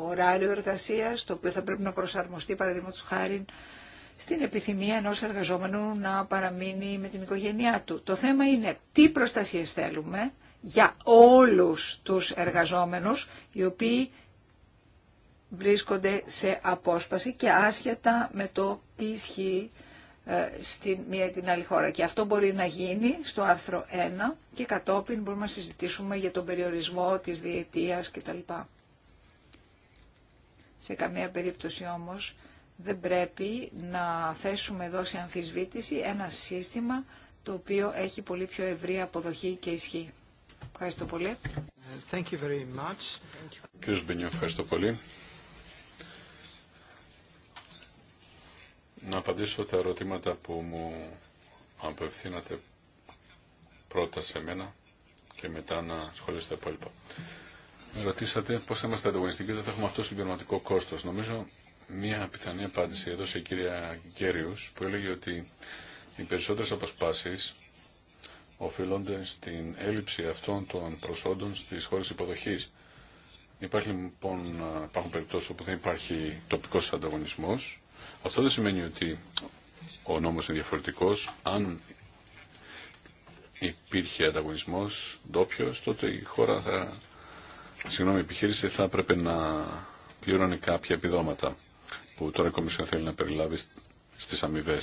ωράριο εργασίας, το οποίο θα πρέπει να προσαρμοστεί, παραδείγματος χάρη, στην επιθυμία ενό εργαζόμενου να παραμείνει με την οικογένειά του. Το θέμα είναι τι προστασίες θέλουμε για όλους τους εργαζόμενους οι οποίοι βρίσκονται σε απόσπαση και άσχετα με το τι ισχύει ε, στην μία την άλλη χώρα. Και αυτό μπορεί να γίνει στο άρθρο 1 και κατόπιν μπορούμε να συζητήσουμε για τον περιορισμό της διετία κτλ. Σε καμία περίπτωση όμως δεν πρέπει να θέσουμε εδώ σε αμφισβήτηση ένα σύστημα το οποίο έχει πολύ πιο ευρύ αποδοχή και ισχύ. Ευχαριστώ πολύ. Thank you very much. Μπενιό, ευχαριστώ πολύ. Να απαντήσω τα ερωτήματα που μου απευθύνατε πρώτα σε μένα και μετά να σχολιάσετε τα υπόλοιπα. ρωτήσατε πώς θα είμαστε ανταγωνιστικοί Δεν θα έχουμε αυτό συμπληρωματικό κόστος. Νομίζω μία πιθανή απάντηση έδωσε η κυρία Κέριους που έλεγε ότι οι περισσότερες αποσπάσεις οφείλονται στην έλλειψη αυτών των προσόντων στις χώρες υποδοχής. Υπάρχει λοιπόν, υπάρχουν περιπτώσεις όπου δεν υπάρχει τοπικός ανταγωνισμός. Αυτό δεν σημαίνει ότι ο νόμος είναι διαφορετικός. Αν υπήρχε ανταγωνισμός ντόπιο, τότε η χώρα θα, συγγνώμη, επιχείρηση θα έπρεπε να πληρώνει κάποια επιδόματα που τώρα η Κομισιόν θέλει να περιλάβει στις αμοιβέ.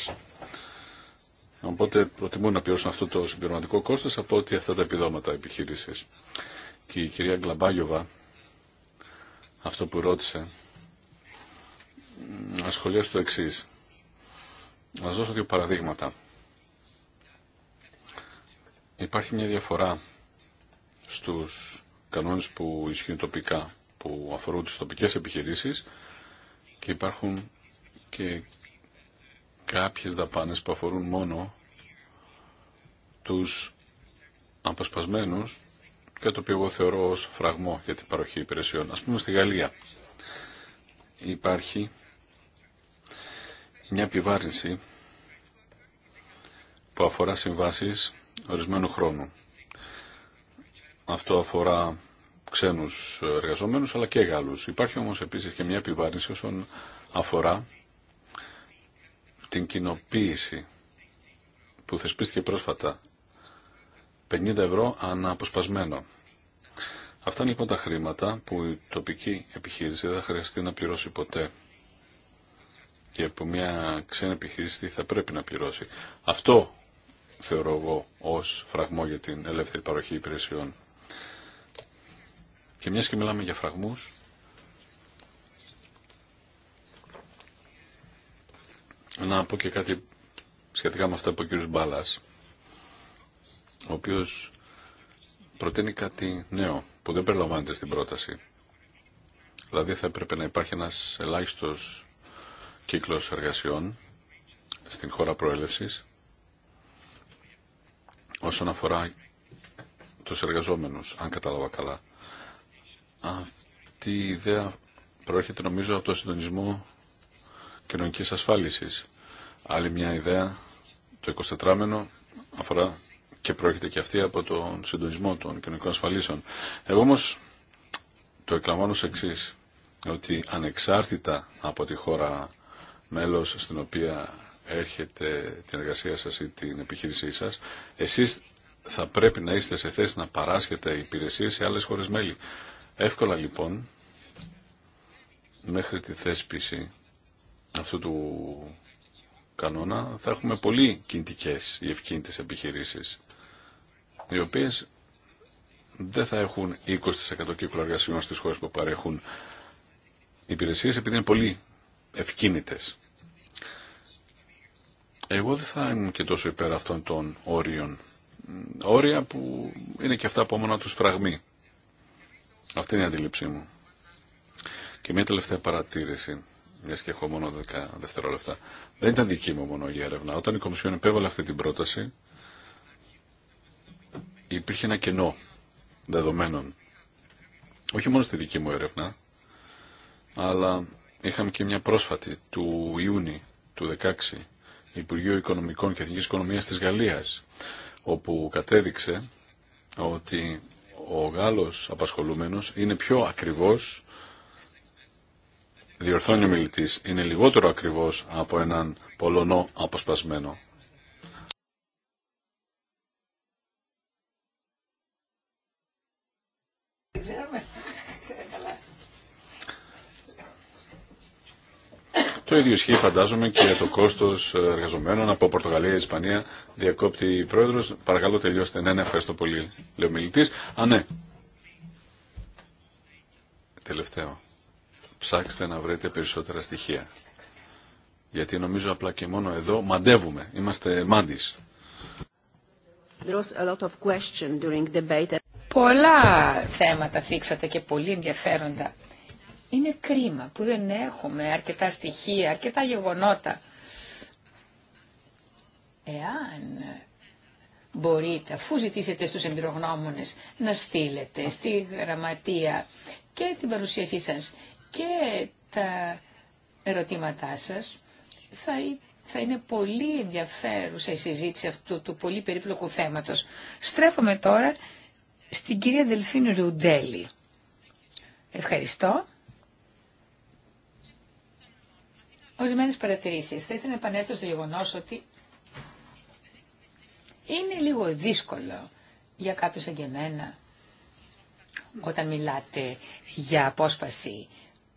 Οπότε προτιμούν να πληρώσουν αυτό το συμπληρωματικό κόστος από ότι αυτά τα επιδόματα επιχείρηση. Και η κυρία Γκλαμπάγιοβα αυτό που ρώτησε ασχολείται στο εξή. Να δώσω δύο παραδείγματα. Υπάρχει μια διαφορά στους κανόνες που ισχύουν τοπικά, που αφορούν τις τοπικές επιχειρήσεις και υπάρχουν και κάποιες δαπάνες που αφορούν μόνο τους αποσπασμένους και το οποίο εγώ θεωρώ ως φραγμό για την παροχή υπηρεσιών. Ας πούμε στη Γαλλία υπάρχει μια επιβάρυνση που αφορά συμβάσεις ορισμένου χρόνου. Αυτό αφορά Ξένου εργαζόμενου, αλλά και Γάλλου. Υπάρχει όμως επίσης και μια επιβάρυνση όσον αφορά την κοινοποίηση που θεσπίστηκε πρόσφατα 50 ευρώ αναποσπασμένο. Αυτά είναι λοιπόν τα χρήματα που η τοπική επιχείρηση δεν θα χρειαστεί να πληρώσει ποτέ και που μια ξένη επιχείρηση θα πρέπει να πληρώσει. Αυτό θεωρώ εγώ ως φραγμό για την ελεύθερη παροχή υπηρεσιών. Και μιας και μιλάμε για φραγμούς, να πω και κάτι σχετικά με αυτά που ο κύριος Μπάλας, ο οποίος προτείνει κάτι νέο που δεν περιλαμβάνεται στην πρόταση. Δηλαδή θα έπρεπε να υπάρχει ένας ελάχιστος κύκλος εργασιών στην χώρα προέλευσης όσον αφορά τους εργαζόμενους, αν κατάλαβα καλά. Αυτή η ιδέα προέρχεται νομίζω από το συντονισμό κοινωνικής ασφάλισης. Άλλη μια ιδέα, το 24μενο, αφορά και προέρχεται και αυτή από τον συντονισμό των κοινωνικών ασφαλίσεων. Εγώ όμως το εκλαμβάνω σε εξή ότι ανεξάρτητα από τη χώρα μέλος στην οποία έρχεται την εργασία σας ή την επιχείρησή σας, εσείς θα πρέπει να είστε σε θέση να παράσχετε υπηρεσίες σε άλλες χώρες μέλη. Εύκολα λοιπόν, μέχρι τη θέσπιση αυτού του κανόνα, θα έχουμε πολύ κινητικές ή ευκίνητες επιχειρήσεις, οι οποίες δεν θα έχουν 20% κύκλο εργασιών στις χώρες που παρέχουν υπηρεσίες, επειδή είναι πολύ ευκίνητες. Εγώ δεν θα ήμουν και τόσο υπέρ αυτών των όριων. Όρια που είναι και αυτά από μόνο τους φραγμοί. Αυτή είναι η αντίληψή μου. Και μια τελευταία παρατήρηση, μια και έχω μόνο 10 δευτερόλεπτα. Δεν ήταν δική μου μόνο η έρευνα. Όταν η Κομισιόν επέβαλε αυτή την πρόταση, υπήρχε ένα κενό δεδομένων. Όχι μόνο στη δική μου έρευνα, αλλά είχαμε και μια πρόσφατη του Ιούνιου του 2016 Υπουργείο Οικονομικών και Εθνικής Οικονομίας της Γαλλίας, όπου κατέδειξε ότι ο Γάλλος απασχολούμενος είναι πιο ακριβώς, διορθώνει ο μιλητής, είναι λιγότερο ακριβώς από έναν Πολωνό αποσπασμένο. Το ίδιο ισχύει φαντάζομαι και το κόστος εργαζομένων από Πορτογαλία, Ισπανία. Διακόπτη η πρόεδρο. Παρακαλώ τελειώστε. Ναι, ναι, ευχαριστώ πολύ, λέει ο μιλητή. Α, ναι. Τελευταίο. Ψάξτε να βρείτε περισσότερα στοιχεία. Γιατί νομίζω απλά και μόνο εδώ μαντεύουμε. Είμαστε μάντις. Πολλά θέματα θίξατε και πολύ ενδιαφέροντα. Είναι κρίμα που δεν έχουμε αρκετά στοιχεία, αρκετά γεγονότα. Εάν μπορείτε, αφού ζητήσετε στους εμπειρογνώμονες, να στείλετε στη γραμματεία και την παρουσίασή σας και τα ερωτήματά σας, θα, θα είναι πολύ ενδιαφέρουσα η συζήτηση αυτού του πολύ περίπλοκου θέματος. Στρέφομαι τώρα στην κυρία Δελφίνου Ρουντέλη. Ευχαριστώ. Ορισμένε παρατηρήσει. Θα ήθελα να επανέλθω στο γεγονό ότι είναι λίγο δύσκολο για κάποιους σαν και εμένα όταν μιλάτε για απόσπαση.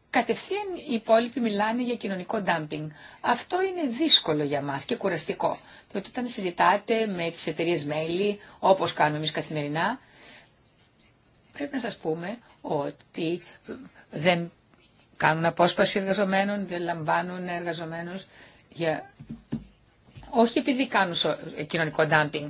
Κατευθείαν οι υπόλοιποι μιλάνε για κοινωνικό ντάμπινγκ. Αυτό είναι δύσκολο για μας και κουραστικό. Διότι όταν συζητάτε με τις εταιρείε μέλη, όπως κάνουμε εμείς καθημερινά, πρέπει να σας πούμε ότι δεν κάνουν απόσπαση εργαζομένων, δεν λαμβάνουν εργαζομένους, για... όχι επειδή κάνουν κοινωνικό ντάμπινγκ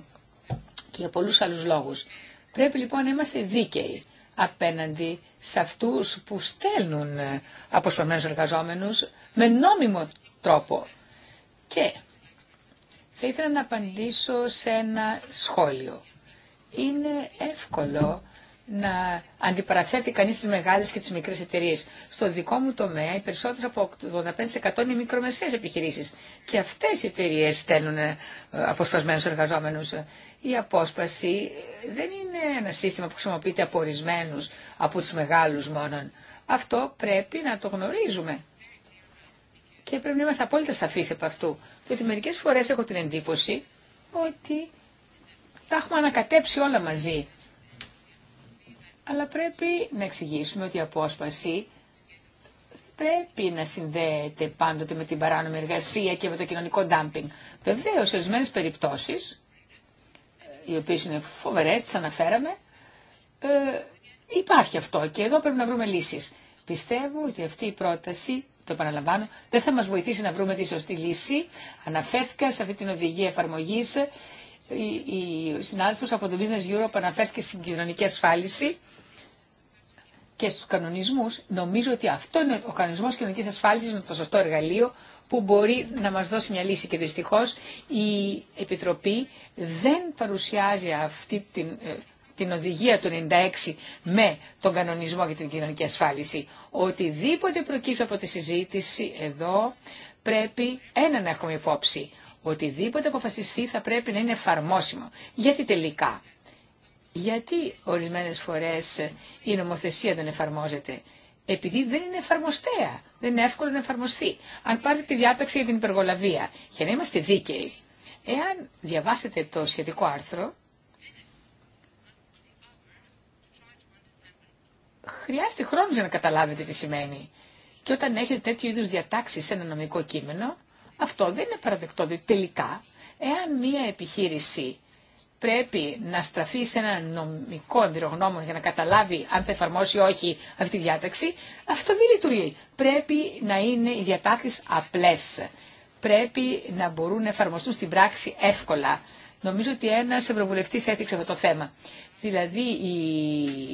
και για πολλούς άλλους λόγους. Πρέπει λοιπόν να είμαστε δίκαιοι απέναντι σε αυτούς που στέλνουν ε, αποσπασμένους εργαζόμενους με νόμιμο τρόπο. Και θα ήθελα να απαντήσω σε ένα σχόλιο. Είναι εύκολο να αντιπαραθέτει κανεί τι μεγάλε και τι μικρέ εταιρείε. Στο δικό μου τομέα, οι περισσότερε από 85% είναι μικρομεσαίε επιχειρήσει. Και αυτέ οι εταιρείε στέλνουν ε, αποσπασμένου εργαζόμενου. Η απόσπαση δεν είναι ένα σύστημα που χρησιμοποιείται από ορισμένου, από του μεγάλου μόνον. Αυτό πρέπει να το γνωρίζουμε. Και πρέπει να είμαστε απόλυτα σαφεί από αυτού. Διότι μερικέ φορέ έχω την εντύπωση ότι τα έχουμε ανακατέψει όλα μαζί αλλά πρέπει να εξηγήσουμε ότι η απόσπαση πρέπει να συνδέεται πάντοτε με την παράνομη εργασία και με το κοινωνικό ντάμπινγκ. Βεβαίω, σε ορισμένε περιπτώσει, οι οποίε είναι φοβερέ, τι αναφέραμε, ε, υπάρχει αυτό και εδώ πρέπει να βρούμε λύσει. Πιστεύω ότι αυτή η πρόταση, το παραλαμβάνω, δεν θα μα βοηθήσει να βρούμε τη σωστή λύση. Αναφέρθηκα σε αυτή την οδηγία εφαρμογή οι συνάδελφος από το Business Europe αναφέρθηκε στην κοινωνική ασφάλιση και στους κανονισμούς. Νομίζω ότι αυτό είναι ο κανονισμός κοινωνικής ασφάλισης είναι το σωστό εργαλείο που μπορεί να μας δώσει μια λύση και δυστυχώς η Επιτροπή δεν παρουσιάζει αυτή την, ε, την οδηγία του 96 με τον κανονισμό για την κοινωνική ασφάλιση. Οτιδήποτε προκύψει από τη συζήτηση εδώ πρέπει ένα να έχουμε υπόψη οτιδήποτε αποφασιστεί θα πρέπει να είναι εφαρμόσιμο. Γιατί τελικά. Γιατί ορισμένες φορές η νομοθεσία δεν εφαρμόζεται. Επειδή δεν είναι εφαρμοστέα. Δεν είναι εύκολο να εφαρμοστεί. Αν πάρετε τη διάταξη για την υπεργολαβία, για να είμαστε δίκαιοι, εάν διαβάσετε το σχετικό άρθρο, χρειάζεται χρόνο για να καταλάβετε τι σημαίνει. Και όταν έχετε τέτοιου είδους διατάξεις σε ένα νομικό κείμενο, αυτό δεν είναι παραδεκτό, διότι τελικά, εάν μία επιχείρηση πρέπει να στραφεί σε ένα νομικό εμπειρογνώμο για να καταλάβει αν θα εφαρμόσει ή όχι αυτή τη διάταξη, αυτό δεν λειτουργεί. Πρέπει να είναι οι διατάξεις απλές. Πρέπει να μπορούν να εφαρμοστούν στην πράξη εύκολα. Νομίζω ότι ένας ευρωβουλευτής έθιξε αυτό το θέμα. Δηλαδή η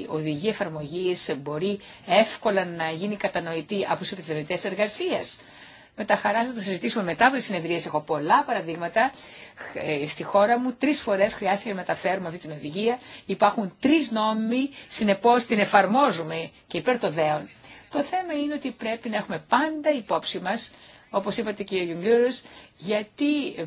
οδηγία εφαρμογής μπορεί εύκολα να ειναι οι διαταξει απλες πρεπει να μπορουν να εφαρμοστουν στην πραξη ευκολα νομιζω οτι ενας ευρωβουλευτή εθιξε αυτο το θεμα δηλαδη η οδηγια εφαρμογή μπορει ευκολα να γινει κατανοητη απο του επιθεωρητέ εργασία με τα χαρά να το συζητήσουμε μετά από τι συνεδρίε. Έχω πολλά παραδείγματα. Ε, στη χώρα μου τρει φορέ χρειάστηκε να μεταφέρουμε αυτή την οδηγία. Υπάρχουν τρει νόμοι, συνεπώ την εφαρμόζουμε και υπέρ των δέων. Το θέμα είναι ότι πρέπει να έχουμε πάντα υπόψη μα όπως είπατε κύριε Γιουγκύρος, γιατί ε,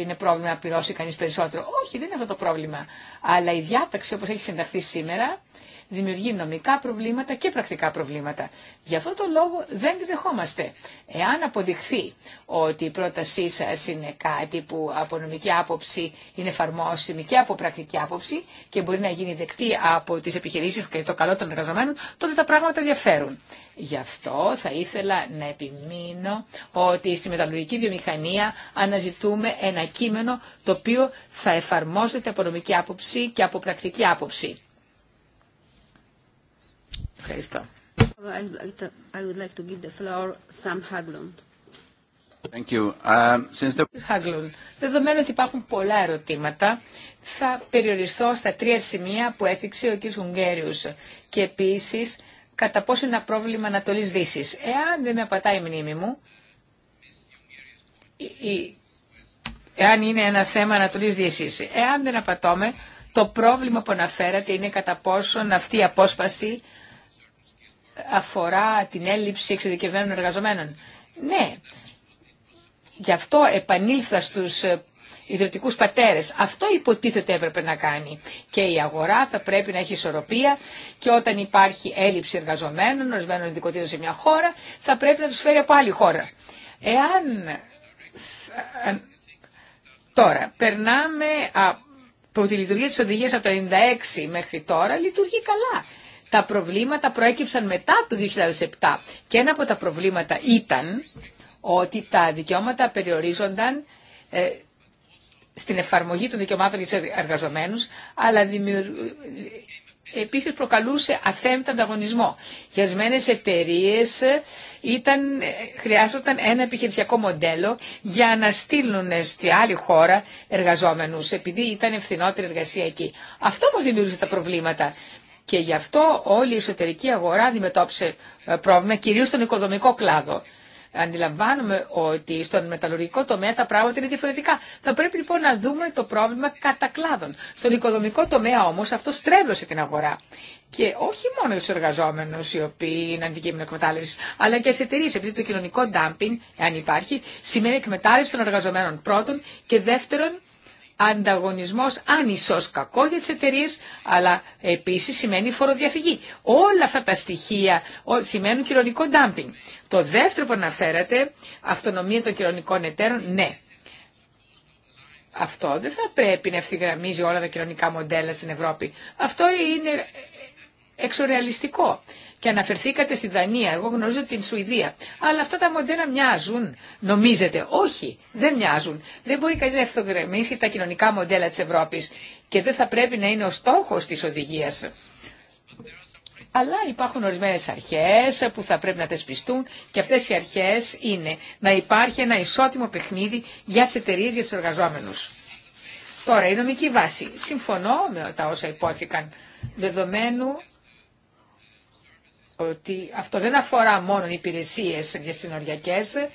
είναι πρόβλημα να πληρώσει κανεί περισσότερο. Όχι, δεν είναι αυτό το πρόβλημα. Αλλά η διάταξη όπω έχει συνταχθεί σήμερα δημιουργεί νομικά προβλήματα και πρακτικά προβλήματα. Γι' αυτό το λόγο δεν τη δεχόμαστε. Εάν αποδειχθεί ότι η πρότασή σα είναι κάτι που από νομική άποψη είναι εφαρμόσιμη και από πρακτική άποψη και μπορεί να γίνει δεκτή από τι επιχειρήσει και το καλό των εργαζομένων, τότε τα πράγματα διαφέρουν. Γι' αυτό θα ήθελα να επιμείνω ότι στη μεταλλουργική βιομηχανία αναζητούμε ένα κείμενο το οποίο θα εφαρμόζεται από νομική άποψη και από πρακτική άποψη. Ευχαριστώ. δεδομένου ότι υπάρχουν πολλά ερωτήματα, θα περιοριστώ στα τρία σημεία που έθιξε ο κ. Ουγγέριος και επίσης κατά πόσο είναι ένα πρόβλημα Ανατολής Δύσης. Εάν δεν με απατάει η μνήμη μου, εάν είναι ένα θέμα Ανατολής Δύσης, εάν δεν απατώμε, το πρόβλημα που αναφέρατε είναι κατά πόσο αυτή η απόσπαση αφορά την έλλειψη εξειδικευμένων εργαζομένων. Ναι, γι' αυτό επανήλθα στους ε, ιδρυτικού πατέρε. Αυτό υποτίθεται έπρεπε να κάνει. Και η αγορά θα πρέπει να έχει ισορροπία και όταν υπάρχει έλλειψη εργαζομένων, ορισμένων ειδικοτήτων σε μια χώρα, θα πρέπει να του φέρει από άλλη χώρα. Εάν. Ε, ε, τώρα, περνάμε από τη λειτουργία της οδηγίας από το 1996 μέχρι τώρα, λειτουργεί καλά. Τα προβλήματα προέκυψαν μετά το 2007 και ένα από τα προβλήματα ήταν ότι τα δικαιώματα περιορίζονταν ε, στην εφαρμογή των δικαιωμάτων για τους εργαζομένους, αλλά δημιουργ... επίσης προκαλούσε αθέμητο ανταγωνισμό. Για ορισμένε εταιρείε ε, ήταν... Ε, χρειάζονταν ένα επιχειρησιακό μοντέλο για να στείλουν στη άλλη χώρα εργαζόμενους, επειδή ήταν ευθυνότερη εργασία εκεί. Αυτό όμως δημιούργησε τα προβλήματα. Και γι' αυτό όλη η εσωτερική αγορά αντιμετώπισε ε, πρόβλημα, κυρίως στον οικοδομικό κλάδο. Αντιλαμβάνομαι ότι στον μεταλλουργικό τομέα τα πράγματα είναι διαφορετικά. Θα πρέπει λοιπόν να δούμε το πρόβλημα κατά κλάδων. Στον οικοδομικό τομέα όμω αυτό στρέβλωσε την αγορά. Και όχι μόνο στου εργαζόμενου οι οποίοι είναι αντικείμενο εκμετάλλευση, αλλά και στι εταιρείε. Επειδή το κοινωνικό ντάμπινγκ, αν υπάρχει, σημαίνει εκμετάλλευση των εργαζομένων πρώτον και δεύτερον ανταγωνισμός άνισος κακό για τις εταιρείε, αλλά επίσης σημαίνει φοροδιαφυγή. Όλα αυτά τα στοιχεία σημαίνουν κοινωνικό ντάμπινγκ. Το δεύτερο που αναφέρατε, αυτονομία των κοινωνικών εταίρων, ναι. Αυτό δεν θα πρέπει να ευθυγραμμίζει όλα τα κοινωνικά μοντέλα στην Ευρώπη. Αυτό είναι εξωρεαλιστικό και αναφερθήκατε στη Δανία, εγώ γνωρίζω την Σουηδία. Αλλά αυτά τα μοντέλα μοιάζουν, νομίζετε. Όχι, δεν μοιάζουν. Δεν μπορεί κανεί να ευθογραμμίσει τα κοινωνικά μοντέλα τη Ευρώπη και δεν θα πρέπει να είναι ο στόχο τη οδηγία. Αλλά υπάρχουν ορισμένε αρχέ που θα πρέπει να θεσπιστούν και αυτέ οι αρχέ είναι να υπάρχει ένα ισότιμο παιχνίδι για τι εταιρείε για του εργαζόμενου. Τώρα, η νομική βάση. Συμφωνώ με τα όσα υπόθηκαν δεδομένου ότι αυτό δεν αφορά μόνο υπηρεσίες διασυνοριακές,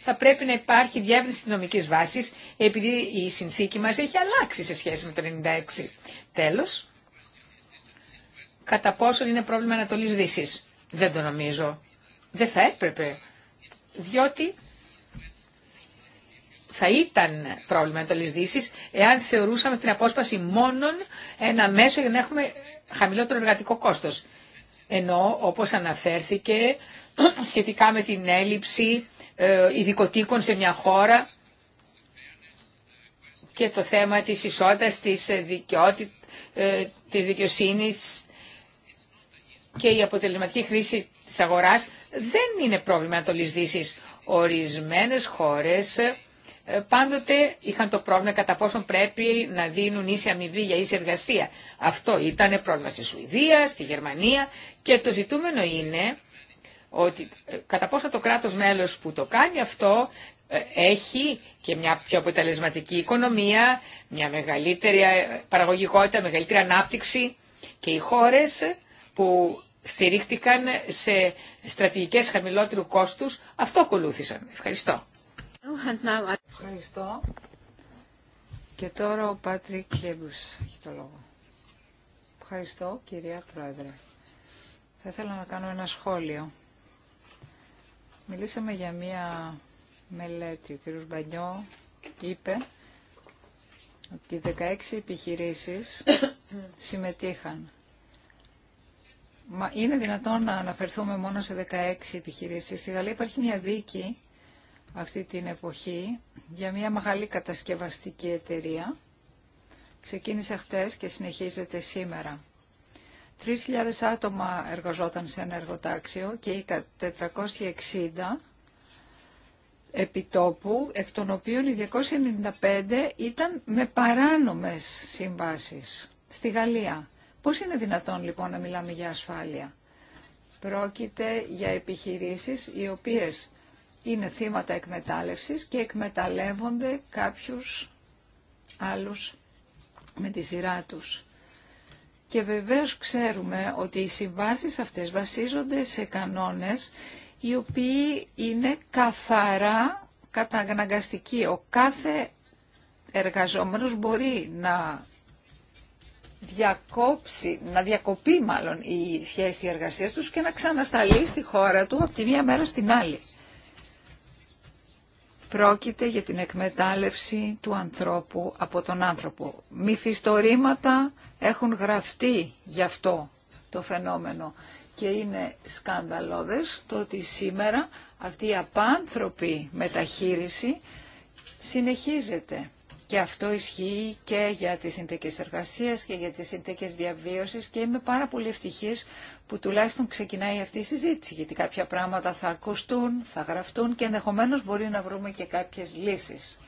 θα πρέπει να υπάρχει διεύρυνση τη νομική βάσης, επειδή η συνθήκη μα έχει αλλάξει σε σχέση με το 96. Τέλος, κατά πόσο είναι πρόβλημα ανατολή Δύση. Δεν το νομίζω. Δεν θα έπρεπε, διότι θα ήταν πρόβλημα ανατολή Δύση, εάν θεωρούσαμε την απόσπαση μόνον ένα μέσο για να έχουμε χαμηλότερο εργατικό κόστος ενώ όπως αναφέρθηκε σχετικά με την έλλειψη ε, ειδικοτήκων σε μια χώρα και το θέμα της ισότητας, της, ε, ε, της δικαιοσύνης και η αποτελεσματική χρήση της αγοράς δεν είναι πρόβλημα το Ορισμένες χώρες ε, πάντοτε είχαν το πρόβλημα κατά πόσον πρέπει να δίνουν ίση αμοιβή για ίση εργασία. Αυτό ήταν πρόβλημα στη Σουηδία, στη Γερμανία και το ζητούμενο είναι ότι ε, κατά πόσο το κράτος μέλος που το κάνει αυτό ε, έχει και μια πιο αποτελεσματική οικονομία, μια μεγαλύτερη παραγωγικότητα, μεγαλύτερη ανάπτυξη και οι χώρες που στηρίχτηκαν σε στρατηγικές χαμηλότερου κόστους αυτό ακολούθησαν. Ευχαριστώ. Ευχαριστώ. Και τώρα ο Πάτρικ Κλέμπους έχει το λόγο. Ευχαριστώ, κυρία Πρόεδρε. Θα ήθελα να κάνω ένα σχόλιο. Μιλήσαμε για μία μελέτη. Ο κύριος Μπανιό είπε ότι 16 επιχειρήσεις συμμετείχαν. είναι δυνατόν να αναφερθούμε μόνο σε 16 επιχειρήσεις. Στη Γαλλία υπάρχει μια δίκη αυτή την εποχή για μια μεγάλη κατασκευαστική εταιρεία. Ξεκίνησε χτες και συνεχίζεται σήμερα. 3.000 άτομα εργαζόταν σε ένα εργοτάξιο και 460 επιτόπου, εκ των οποίων οι 295 ήταν με παράνομες συμβάσεις στη Γαλλία. Πώς είναι δυνατόν λοιπόν να μιλάμε για ασφάλεια. Πρόκειται για επιχειρήσεις οι οποίες είναι θύματα εκμετάλλευσης και εκμεταλλεύονται κάποιους άλλους με τη σειρά τους. Και βεβαίως ξέρουμε ότι οι συμβάσεις αυτές βασίζονται σε κανόνες οι οποίοι είναι καθαρά καταναγκαστικοί. Ο κάθε εργαζόμενος μπορεί να διακόψει, να διακοπεί μάλλον η σχέση εργασίας τους και να ξανασταλεί στη χώρα του από τη μία μέρα στην άλλη. Πρόκειται για την εκμετάλλευση του ανθρώπου από τον άνθρωπο. Μυθιστορήματα έχουν γραφτεί γι' αυτό το φαινόμενο και είναι σκανδαλώδες το ότι σήμερα αυτή η απάνθρωπη μεταχείριση συνεχίζεται. Και αυτό ισχύει και για τις συνθήκε εργασίας και για τις συνθήκε διαβίωσης και είμαι πάρα πολύ ευτυχής που τουλάχιστον ξεκινάει αυτή η συζήτηση, γιατί κάποια πράγματα θα ακουστούν, θα γραφτούν και ενδεχομένως μπορεί να βρούμε και κάποιες λύσεις.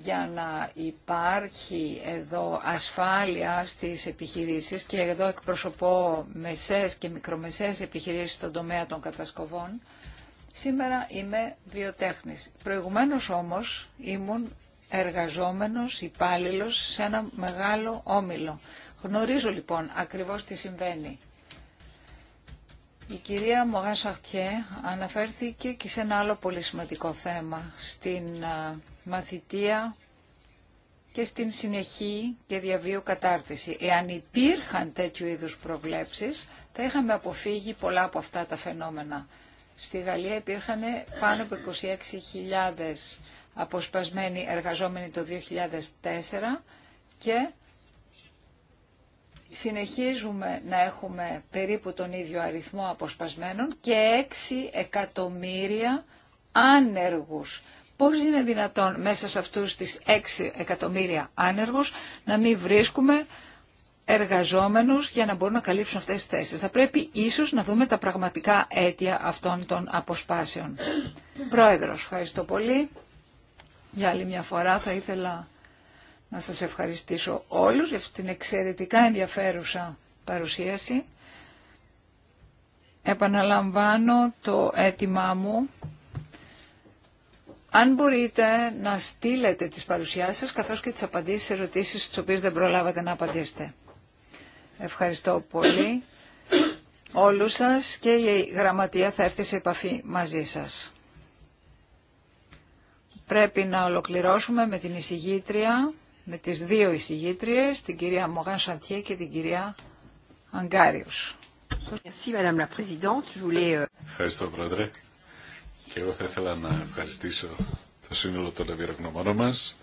Για να υπάρχει εδώ ασφάλεια στις επιχειρήσεις και εδώ εκπροσωπώ μεσές και μικρομεσές επιχειρήσεις στον τομέα των κατασκοβών. Σήμερα είμαι βιοτέχνης. Προηγουμένως όμως ήμουν εργαζόμενος, υπάλληλο σε ένα μεγάλο όμιλο. Γνωρίζω λοιπόν ακριβώς τι συμβαίνει. Η κυρία Μογά Σαχτιέ αναφέρθηκε και σε ένα άλλο πολύ σημαντικό θέμα, στην μαθητεία και στην συνεχή και διαβίου κατάρτιση. Εάν υπήρχαν τέτοιου είδους προβλέψεις, θα είχαμε αποφύγει πολλά από αυτά τα φαινόμενα. Στη Γαλλία υπήρχαν πάνω από 26.000 αποσπασμένοι εργαζόμενοι το 2004 και συνεχίζουμε να έχουμε περίπου τον ίδιο αριθμό αποσπασμένων και 6 εκατομμύρια άνεργους. Πώς είναι δυνατόν μέσα σε αυτούς τις 6 εκατομμύρια άνεργους να μην βρίσκουμε εργαζόμενους για να μπορούν να καλύψουν αυτές τις θέσεις. Θα πρέπει ίσως να δούμε τα πραγματικά αίτια αυτών των αποσπάσεων. Πρόεδρος, ευχαριστώ πολύ. Για άλλη μια φορά θα ήθελα να σας ευχαριστήσω όλους για την εξαιρετικά ενδιαφέρουσα παρουσίαση. Επαναλαμβάνω το αίτημά μου. Αν μπορείτε να στείλετε τις παρουσιάσεις σας καθώς και τις απαντήσεις σε ερωτήσεις στις οποίες δεν προλάβατε να απαντήσετε. Ευχαριστώ πολύ όλους σας και η γραμματεία θα έρθει σε επαφή μαζί σας. Πρέπει να ολοκληρώσουμε με την εισηγήτρια, με τις δύο εισηγήτριες, την κυρία Μογάν Σαντιέ και την κυρία Αγκάριος. Euh, Ευχαριστώ, Πρόεδρε. Και εγώ θα ήθελα να ευχαριστήσω το σύνολο των εμπειρογνωμόνων μας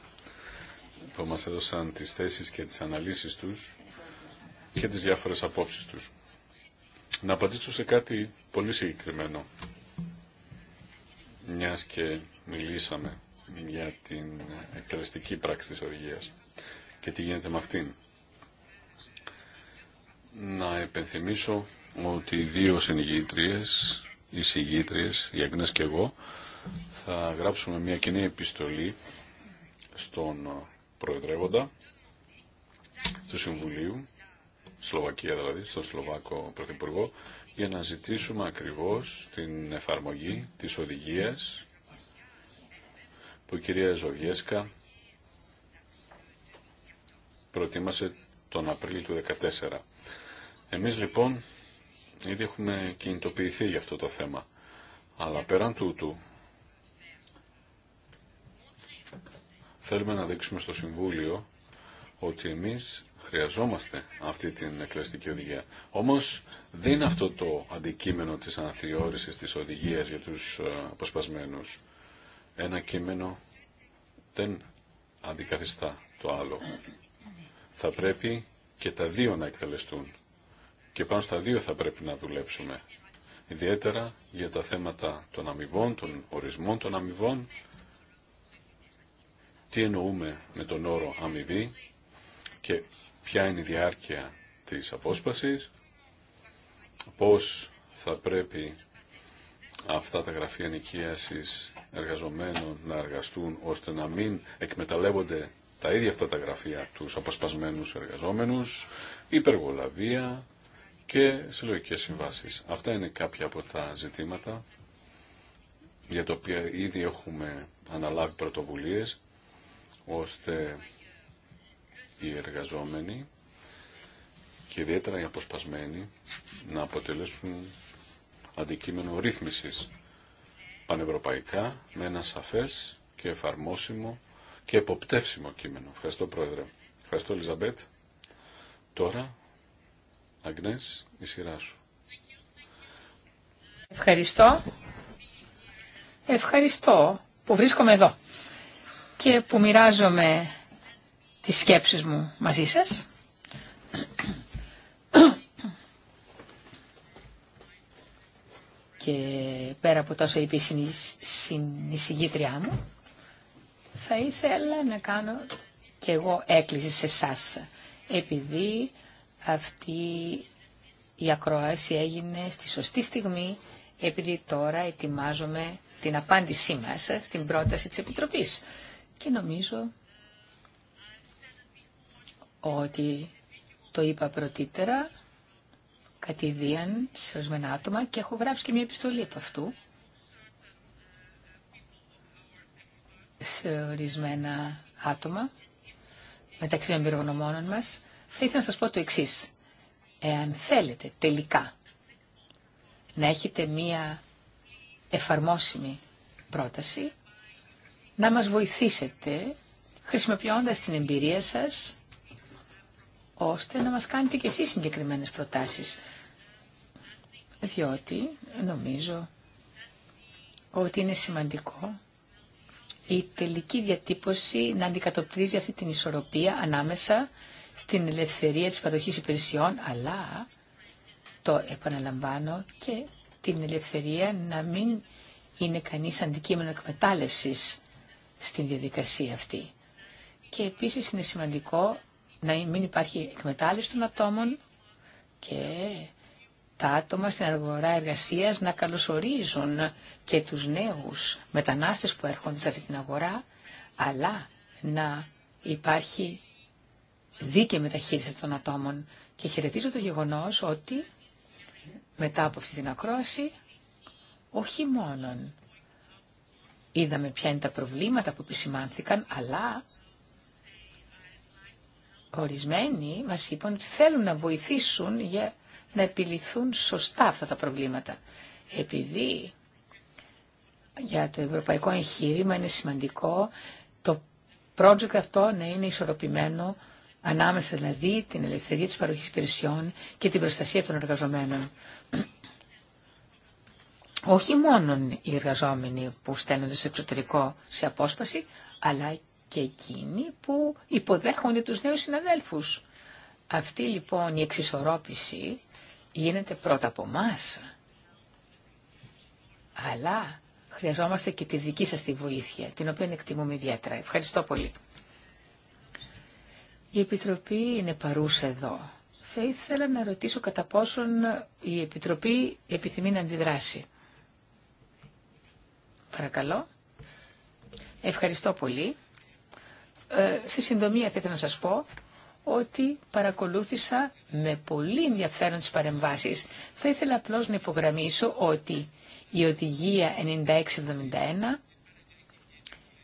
που μας έδωσαν τις θέσεις και τις αναλύσεις τους και τις διάφορες απόψεις τους. Να απαντήσω σε κάτι πολύ συγκεκριμένο, μιας και μιλήσαμε για την εκτελεστική πράξη της οδηγίας και τι γίνεται με αυτήν. Να επενθυμίσω ότι οι δύο συνηγήτριες, οι συγήτριες, οι Αγνές και εγώ, θα γράψουμε μια κοινή επιστολή στον Προεδρεύοντα του Συμβουλίου, Σλοβακία δηλαδή, στον Σλοβάκο Πρωθυπουργό, για να ζητήσουμε ακριβώς την εφαρμογή της οδηγίας που η κυρία Ζογιέσκα προετοίμασε τον Απρίλιο του 2014. Εμείς λοιπόν ήδη έχουμε κινητοποιηθεί για αυτό το θέμα. Αλλά πέραν τούτου θέλουμε να δείξουμε στο Συμβούλιο ότι εμείς χρειαζόμαστε αυτή την εκκλαστική οδηγία. Όμως δεν είναι αυτό το αντικείμενο της αναθεώρησης της οδηγίας για τους ε, αποσπασμένους ένα κείμενο δεν αντικαθιστά το άλλο. Θα πρέπει και τα δύο να εκτελεστούν. Και πάνω στα δύο θα πρέπει να δουλέψουμε. Ιδιαίτερα για τα θέματα των αμοιβών, των ορισμών των αμοιβών. Τι εννοούμε με τον όρο αμοιβή και ποια είναι η διάρκεια της απόσπασης. Πώς θα πρέπει αυτά τα γραφεία νοικίασης εργαζομένων να εργαστούν ώστε να μην εκμεταλλεύονται τα ίδια αυτά τα γραφεία τους αποσπασμένους εργαζόμενους, υπεργολαβία και συλλογικέ συμβάσεις. Αυτά είναι κάποια από τα ζητήματα για τα οποία ήδη έχουμε αναλάβει πρωτοβουλίες ώστε οι εργαζόμενοι και ιδιαίτερα οι αποσπασμένοι να αποτελέσουν αντικείμενο ρύθμισης πανευρωπαϊκά με ένα σαφές και εφαρμόσιμο και εποπτεύσιμο κείμενο. Ευχαριστώ Πρόεδρε. Ευχαριστώ Ελιζαμπέτ. Τώρα, Αγνές, η σειρά σου. Ευχαριστώ. Ευχαριστώ που βρίσκομαι εδώ και που μοιράζομαι τις σκέψεις μου μαζί σας. και πέρα από τόσο είπε η συνεισηγήτριά μου, θα ήθελα να κάνω και εγώ έκκληση σε εσά. Επειδή αυτή η ακρόαση έγινε στη σωστή στιγμή, επειδή τώρα ετοιμάζομαι την απάντησή μας στην πρόταση της Επιτροπής. Και νομίζω ότι το είπα πρωτήτερα, κατηδίαν σε ορισμένα άτομα και έχω γράψει και μια επιστολή από αυτού σε ορισμένα άτομα μεταξύ των εμπειρογνωμόνων μας. Θα ήθελα να σας πω το εξή. Εάν θέλετε τελικά να έχετε μία εφαρμόσιμη πρόταση, να μας βοηθήσετε χρησιμοποιώντας την εμπειρία σας ώστε να μας κάνετε και εσείς συγκεκριμένες προτάσεις. Διότι νομίζω ότι είναι σημαντικό η τελική διατύπωση να αντικατοπτρίζει αυτή την ισορροπία ανάμεσα στην ελευθερία της παροχής υπηρεσιών, αλλά το επαναλαμβάνω και την ελευθερία να μην είναι κανείς αντικείμενο εκμετάλλευσης στην διαδικασία αυτή. Και επίσης είναι σημαντικό να μην υπάρχει εκμετάλλευση των ατόμων και τα άτομα στην αγορά εργασίας να καλωσορίζουν και τους νέους μετανάστες που έρχονται σε αυτή την αγορά, αλλά να υπάρχει δίκαιη μεταχείριση των ατόμων. Και χαιρετίζω το γεγονός ότι μετά από αυτή την ακρόαση, όχι μόνον είδαμε ποια είναι τα προβλήματα που επισημάνθηκαν, αλλά Ορισμένοι μας είπαν ότι θέλουν να βοηθήσουν για να επιληθούν σωστά αυτά τα προβλήματα. Επειδή για το ευρωπαϊκό εγχείρημα είναι σημαντικό το project αυτό να είναι ισορροπημένο ανάμεσα δηλαδή την ελευθερία της παροχής υπηρεσιών και την προστασία των εργαζομένων. Όχι μόνο οι εργαζόμενοι που στέλνονται στο εξωτερικό σε απόσπαση, αλλά και εκείνοι που υποδέχονται τους νέους συναδέλφους. Αυτή λοιπόν η εξισορρόπηση γίνεται πρώτα από εμά. Αλλά χρειαζόμαστε και τη δική σας τη βοήθεια, την οποία εκτιμούμε ιδιαίτερα. Ευχαριστώ πολύ. Η Επιτροπή είναι παρούσα εδώ. Θα ήθελα να ρωτήσω κατά πόσον η Επιτροπή επιθυμεί να αντιδράσει. Παρακαλώ. Ευχαριστώ πολύ. Ε, στη συντομία θα ήθελα να σας πω ότι παρακολούθησα με πολύ ενδιαφέρον τις παρεμβάσεις. Θα ήθελα απλώς να υπογραμμίσω ότι η οδηγία 96-71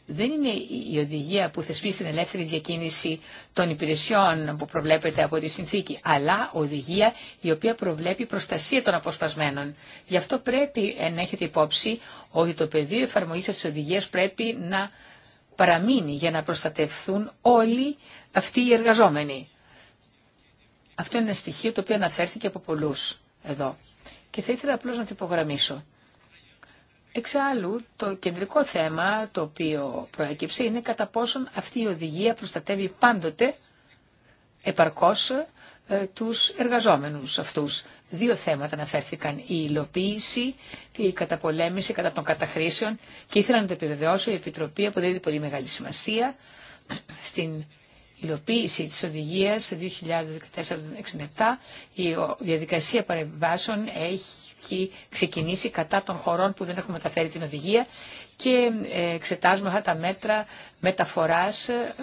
δεν είναι η οδηγία που θεσπίζει την ελεύθερη διακίνηση των υπηρεσιών που προβλέπεται από τη συνθήκη, αλλά οδηγία η οποία προβλέπει προστασία των αποσπασμένων. Γι' αυτό πρέπει να έχετε υπόψη ότι το πεδίο εφαρμογής αυτής της οδηγίας πρέπει να παραμείνει για να προστατευθούν όλοι αυτοί οι εργαζόμενοι. Αυτό είναι ένα στοιχείο το οποίο αναφέρθηκε από πολλούς εδώ. Και θα ήθελα απλώς να το υπογραμμίσω. Εξάλλου, το κεντρικό θέμα το οποίο προέκυψε είναι κατά πόσον αυτή η οδηγία προστατεύει πάντοτε επαρκώς ε, τους εργαζόμενους αυτούς. Δύο θέματα αναφέρθηκαν. Η υλοποίηση και η καταπολέμηση κατά των καταχρήσεων και ήθελα να το επιβεβαιώσω. Η Επιτροπή αποδίδει πολύ μεγάλη σημασία στην υλοποίηση της οδηγίας 2014-67 η διαδικασία παρεμβάσεων έχει ξεκινήσει κατά των χωρών που δεν έχουν μεταφέρει την οδηγία και ε, εξετάζουμε αυτά τα μέτρα μεταφοράς ε,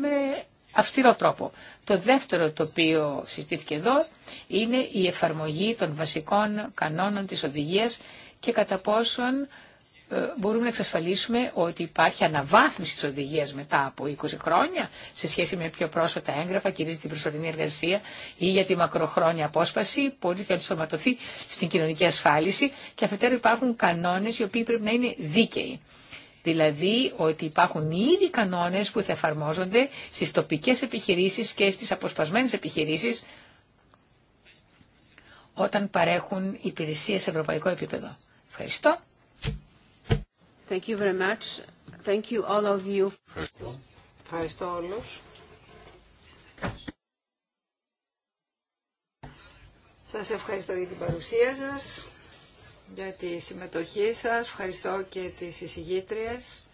με αυστηρό τρόπο. Το δεύτερο το οποίο συζητήθηκε εδώ είναι η εφαρμογή των βασικών κανόνων της οδηγίας και κατά πόσον ε, μπορούμε να εξασφαλίσουμε ότι υπάρχει αναβάθμιση της οδηγίας μετά από 20 χρόνια σε σχέση με πιο πρόσφατα έγγραφα, κυρίως την προσωρινή εργασία ή για τη μακροχρόνια απόσπαση που μπορεί να ενσωματωθεί στην κοινωνική ασφάλιση και αφετέρου υπάρχουν κανόνες οι οποίοι πρέπει να είναι δίκαιοι. Δηλαδή ότι υπάρχουν ήδη κανόνες που θα εφαρμόζονται στις τοπικές επιχειρήσεις και στις αποσπασμένες επιχειρήσεις όταν παρέχουν υπηρεσίες σε ευρωπαϊκό επίπεδο. Ευχαριστώ. Thank you very much. Thank you all of you. Ευχαριστώ. Ευχαριστώ όλους. Σας ευχαριστώ για την παρουσία σας για τη συμμετοχή σας. Ευχαριστώ και τις εισηγήτριες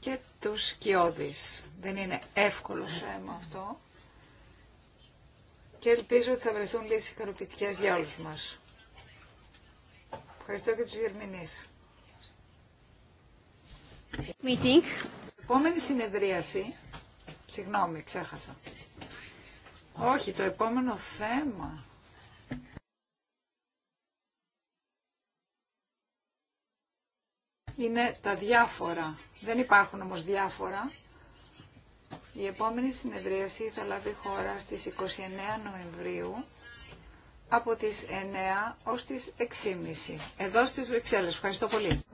και τους σκιώδεις. Δεν είναι εύκολο θέμα αυτό και ελπίζω ότι θα βρεθούν λύσεις ικανοποιητικές για όλους μας. Ευχαριστώ και τους Γερμηνείς. Meeting. Επόμενη συνεδρίαση. Συγγνώμη, ξέχασα. Όχι, το επόμενο θέμα. είναι τα διάφορα. Δεν υπάρχουν όμως διάφορα. Η επόμενη συνεδρίαση θα λάβει χώρα στις 29 Νοεμβρίου από τις 9 ως τις 6.30. Εδώ στις Βρυξέλλες. Ευχαριστώ πολύ.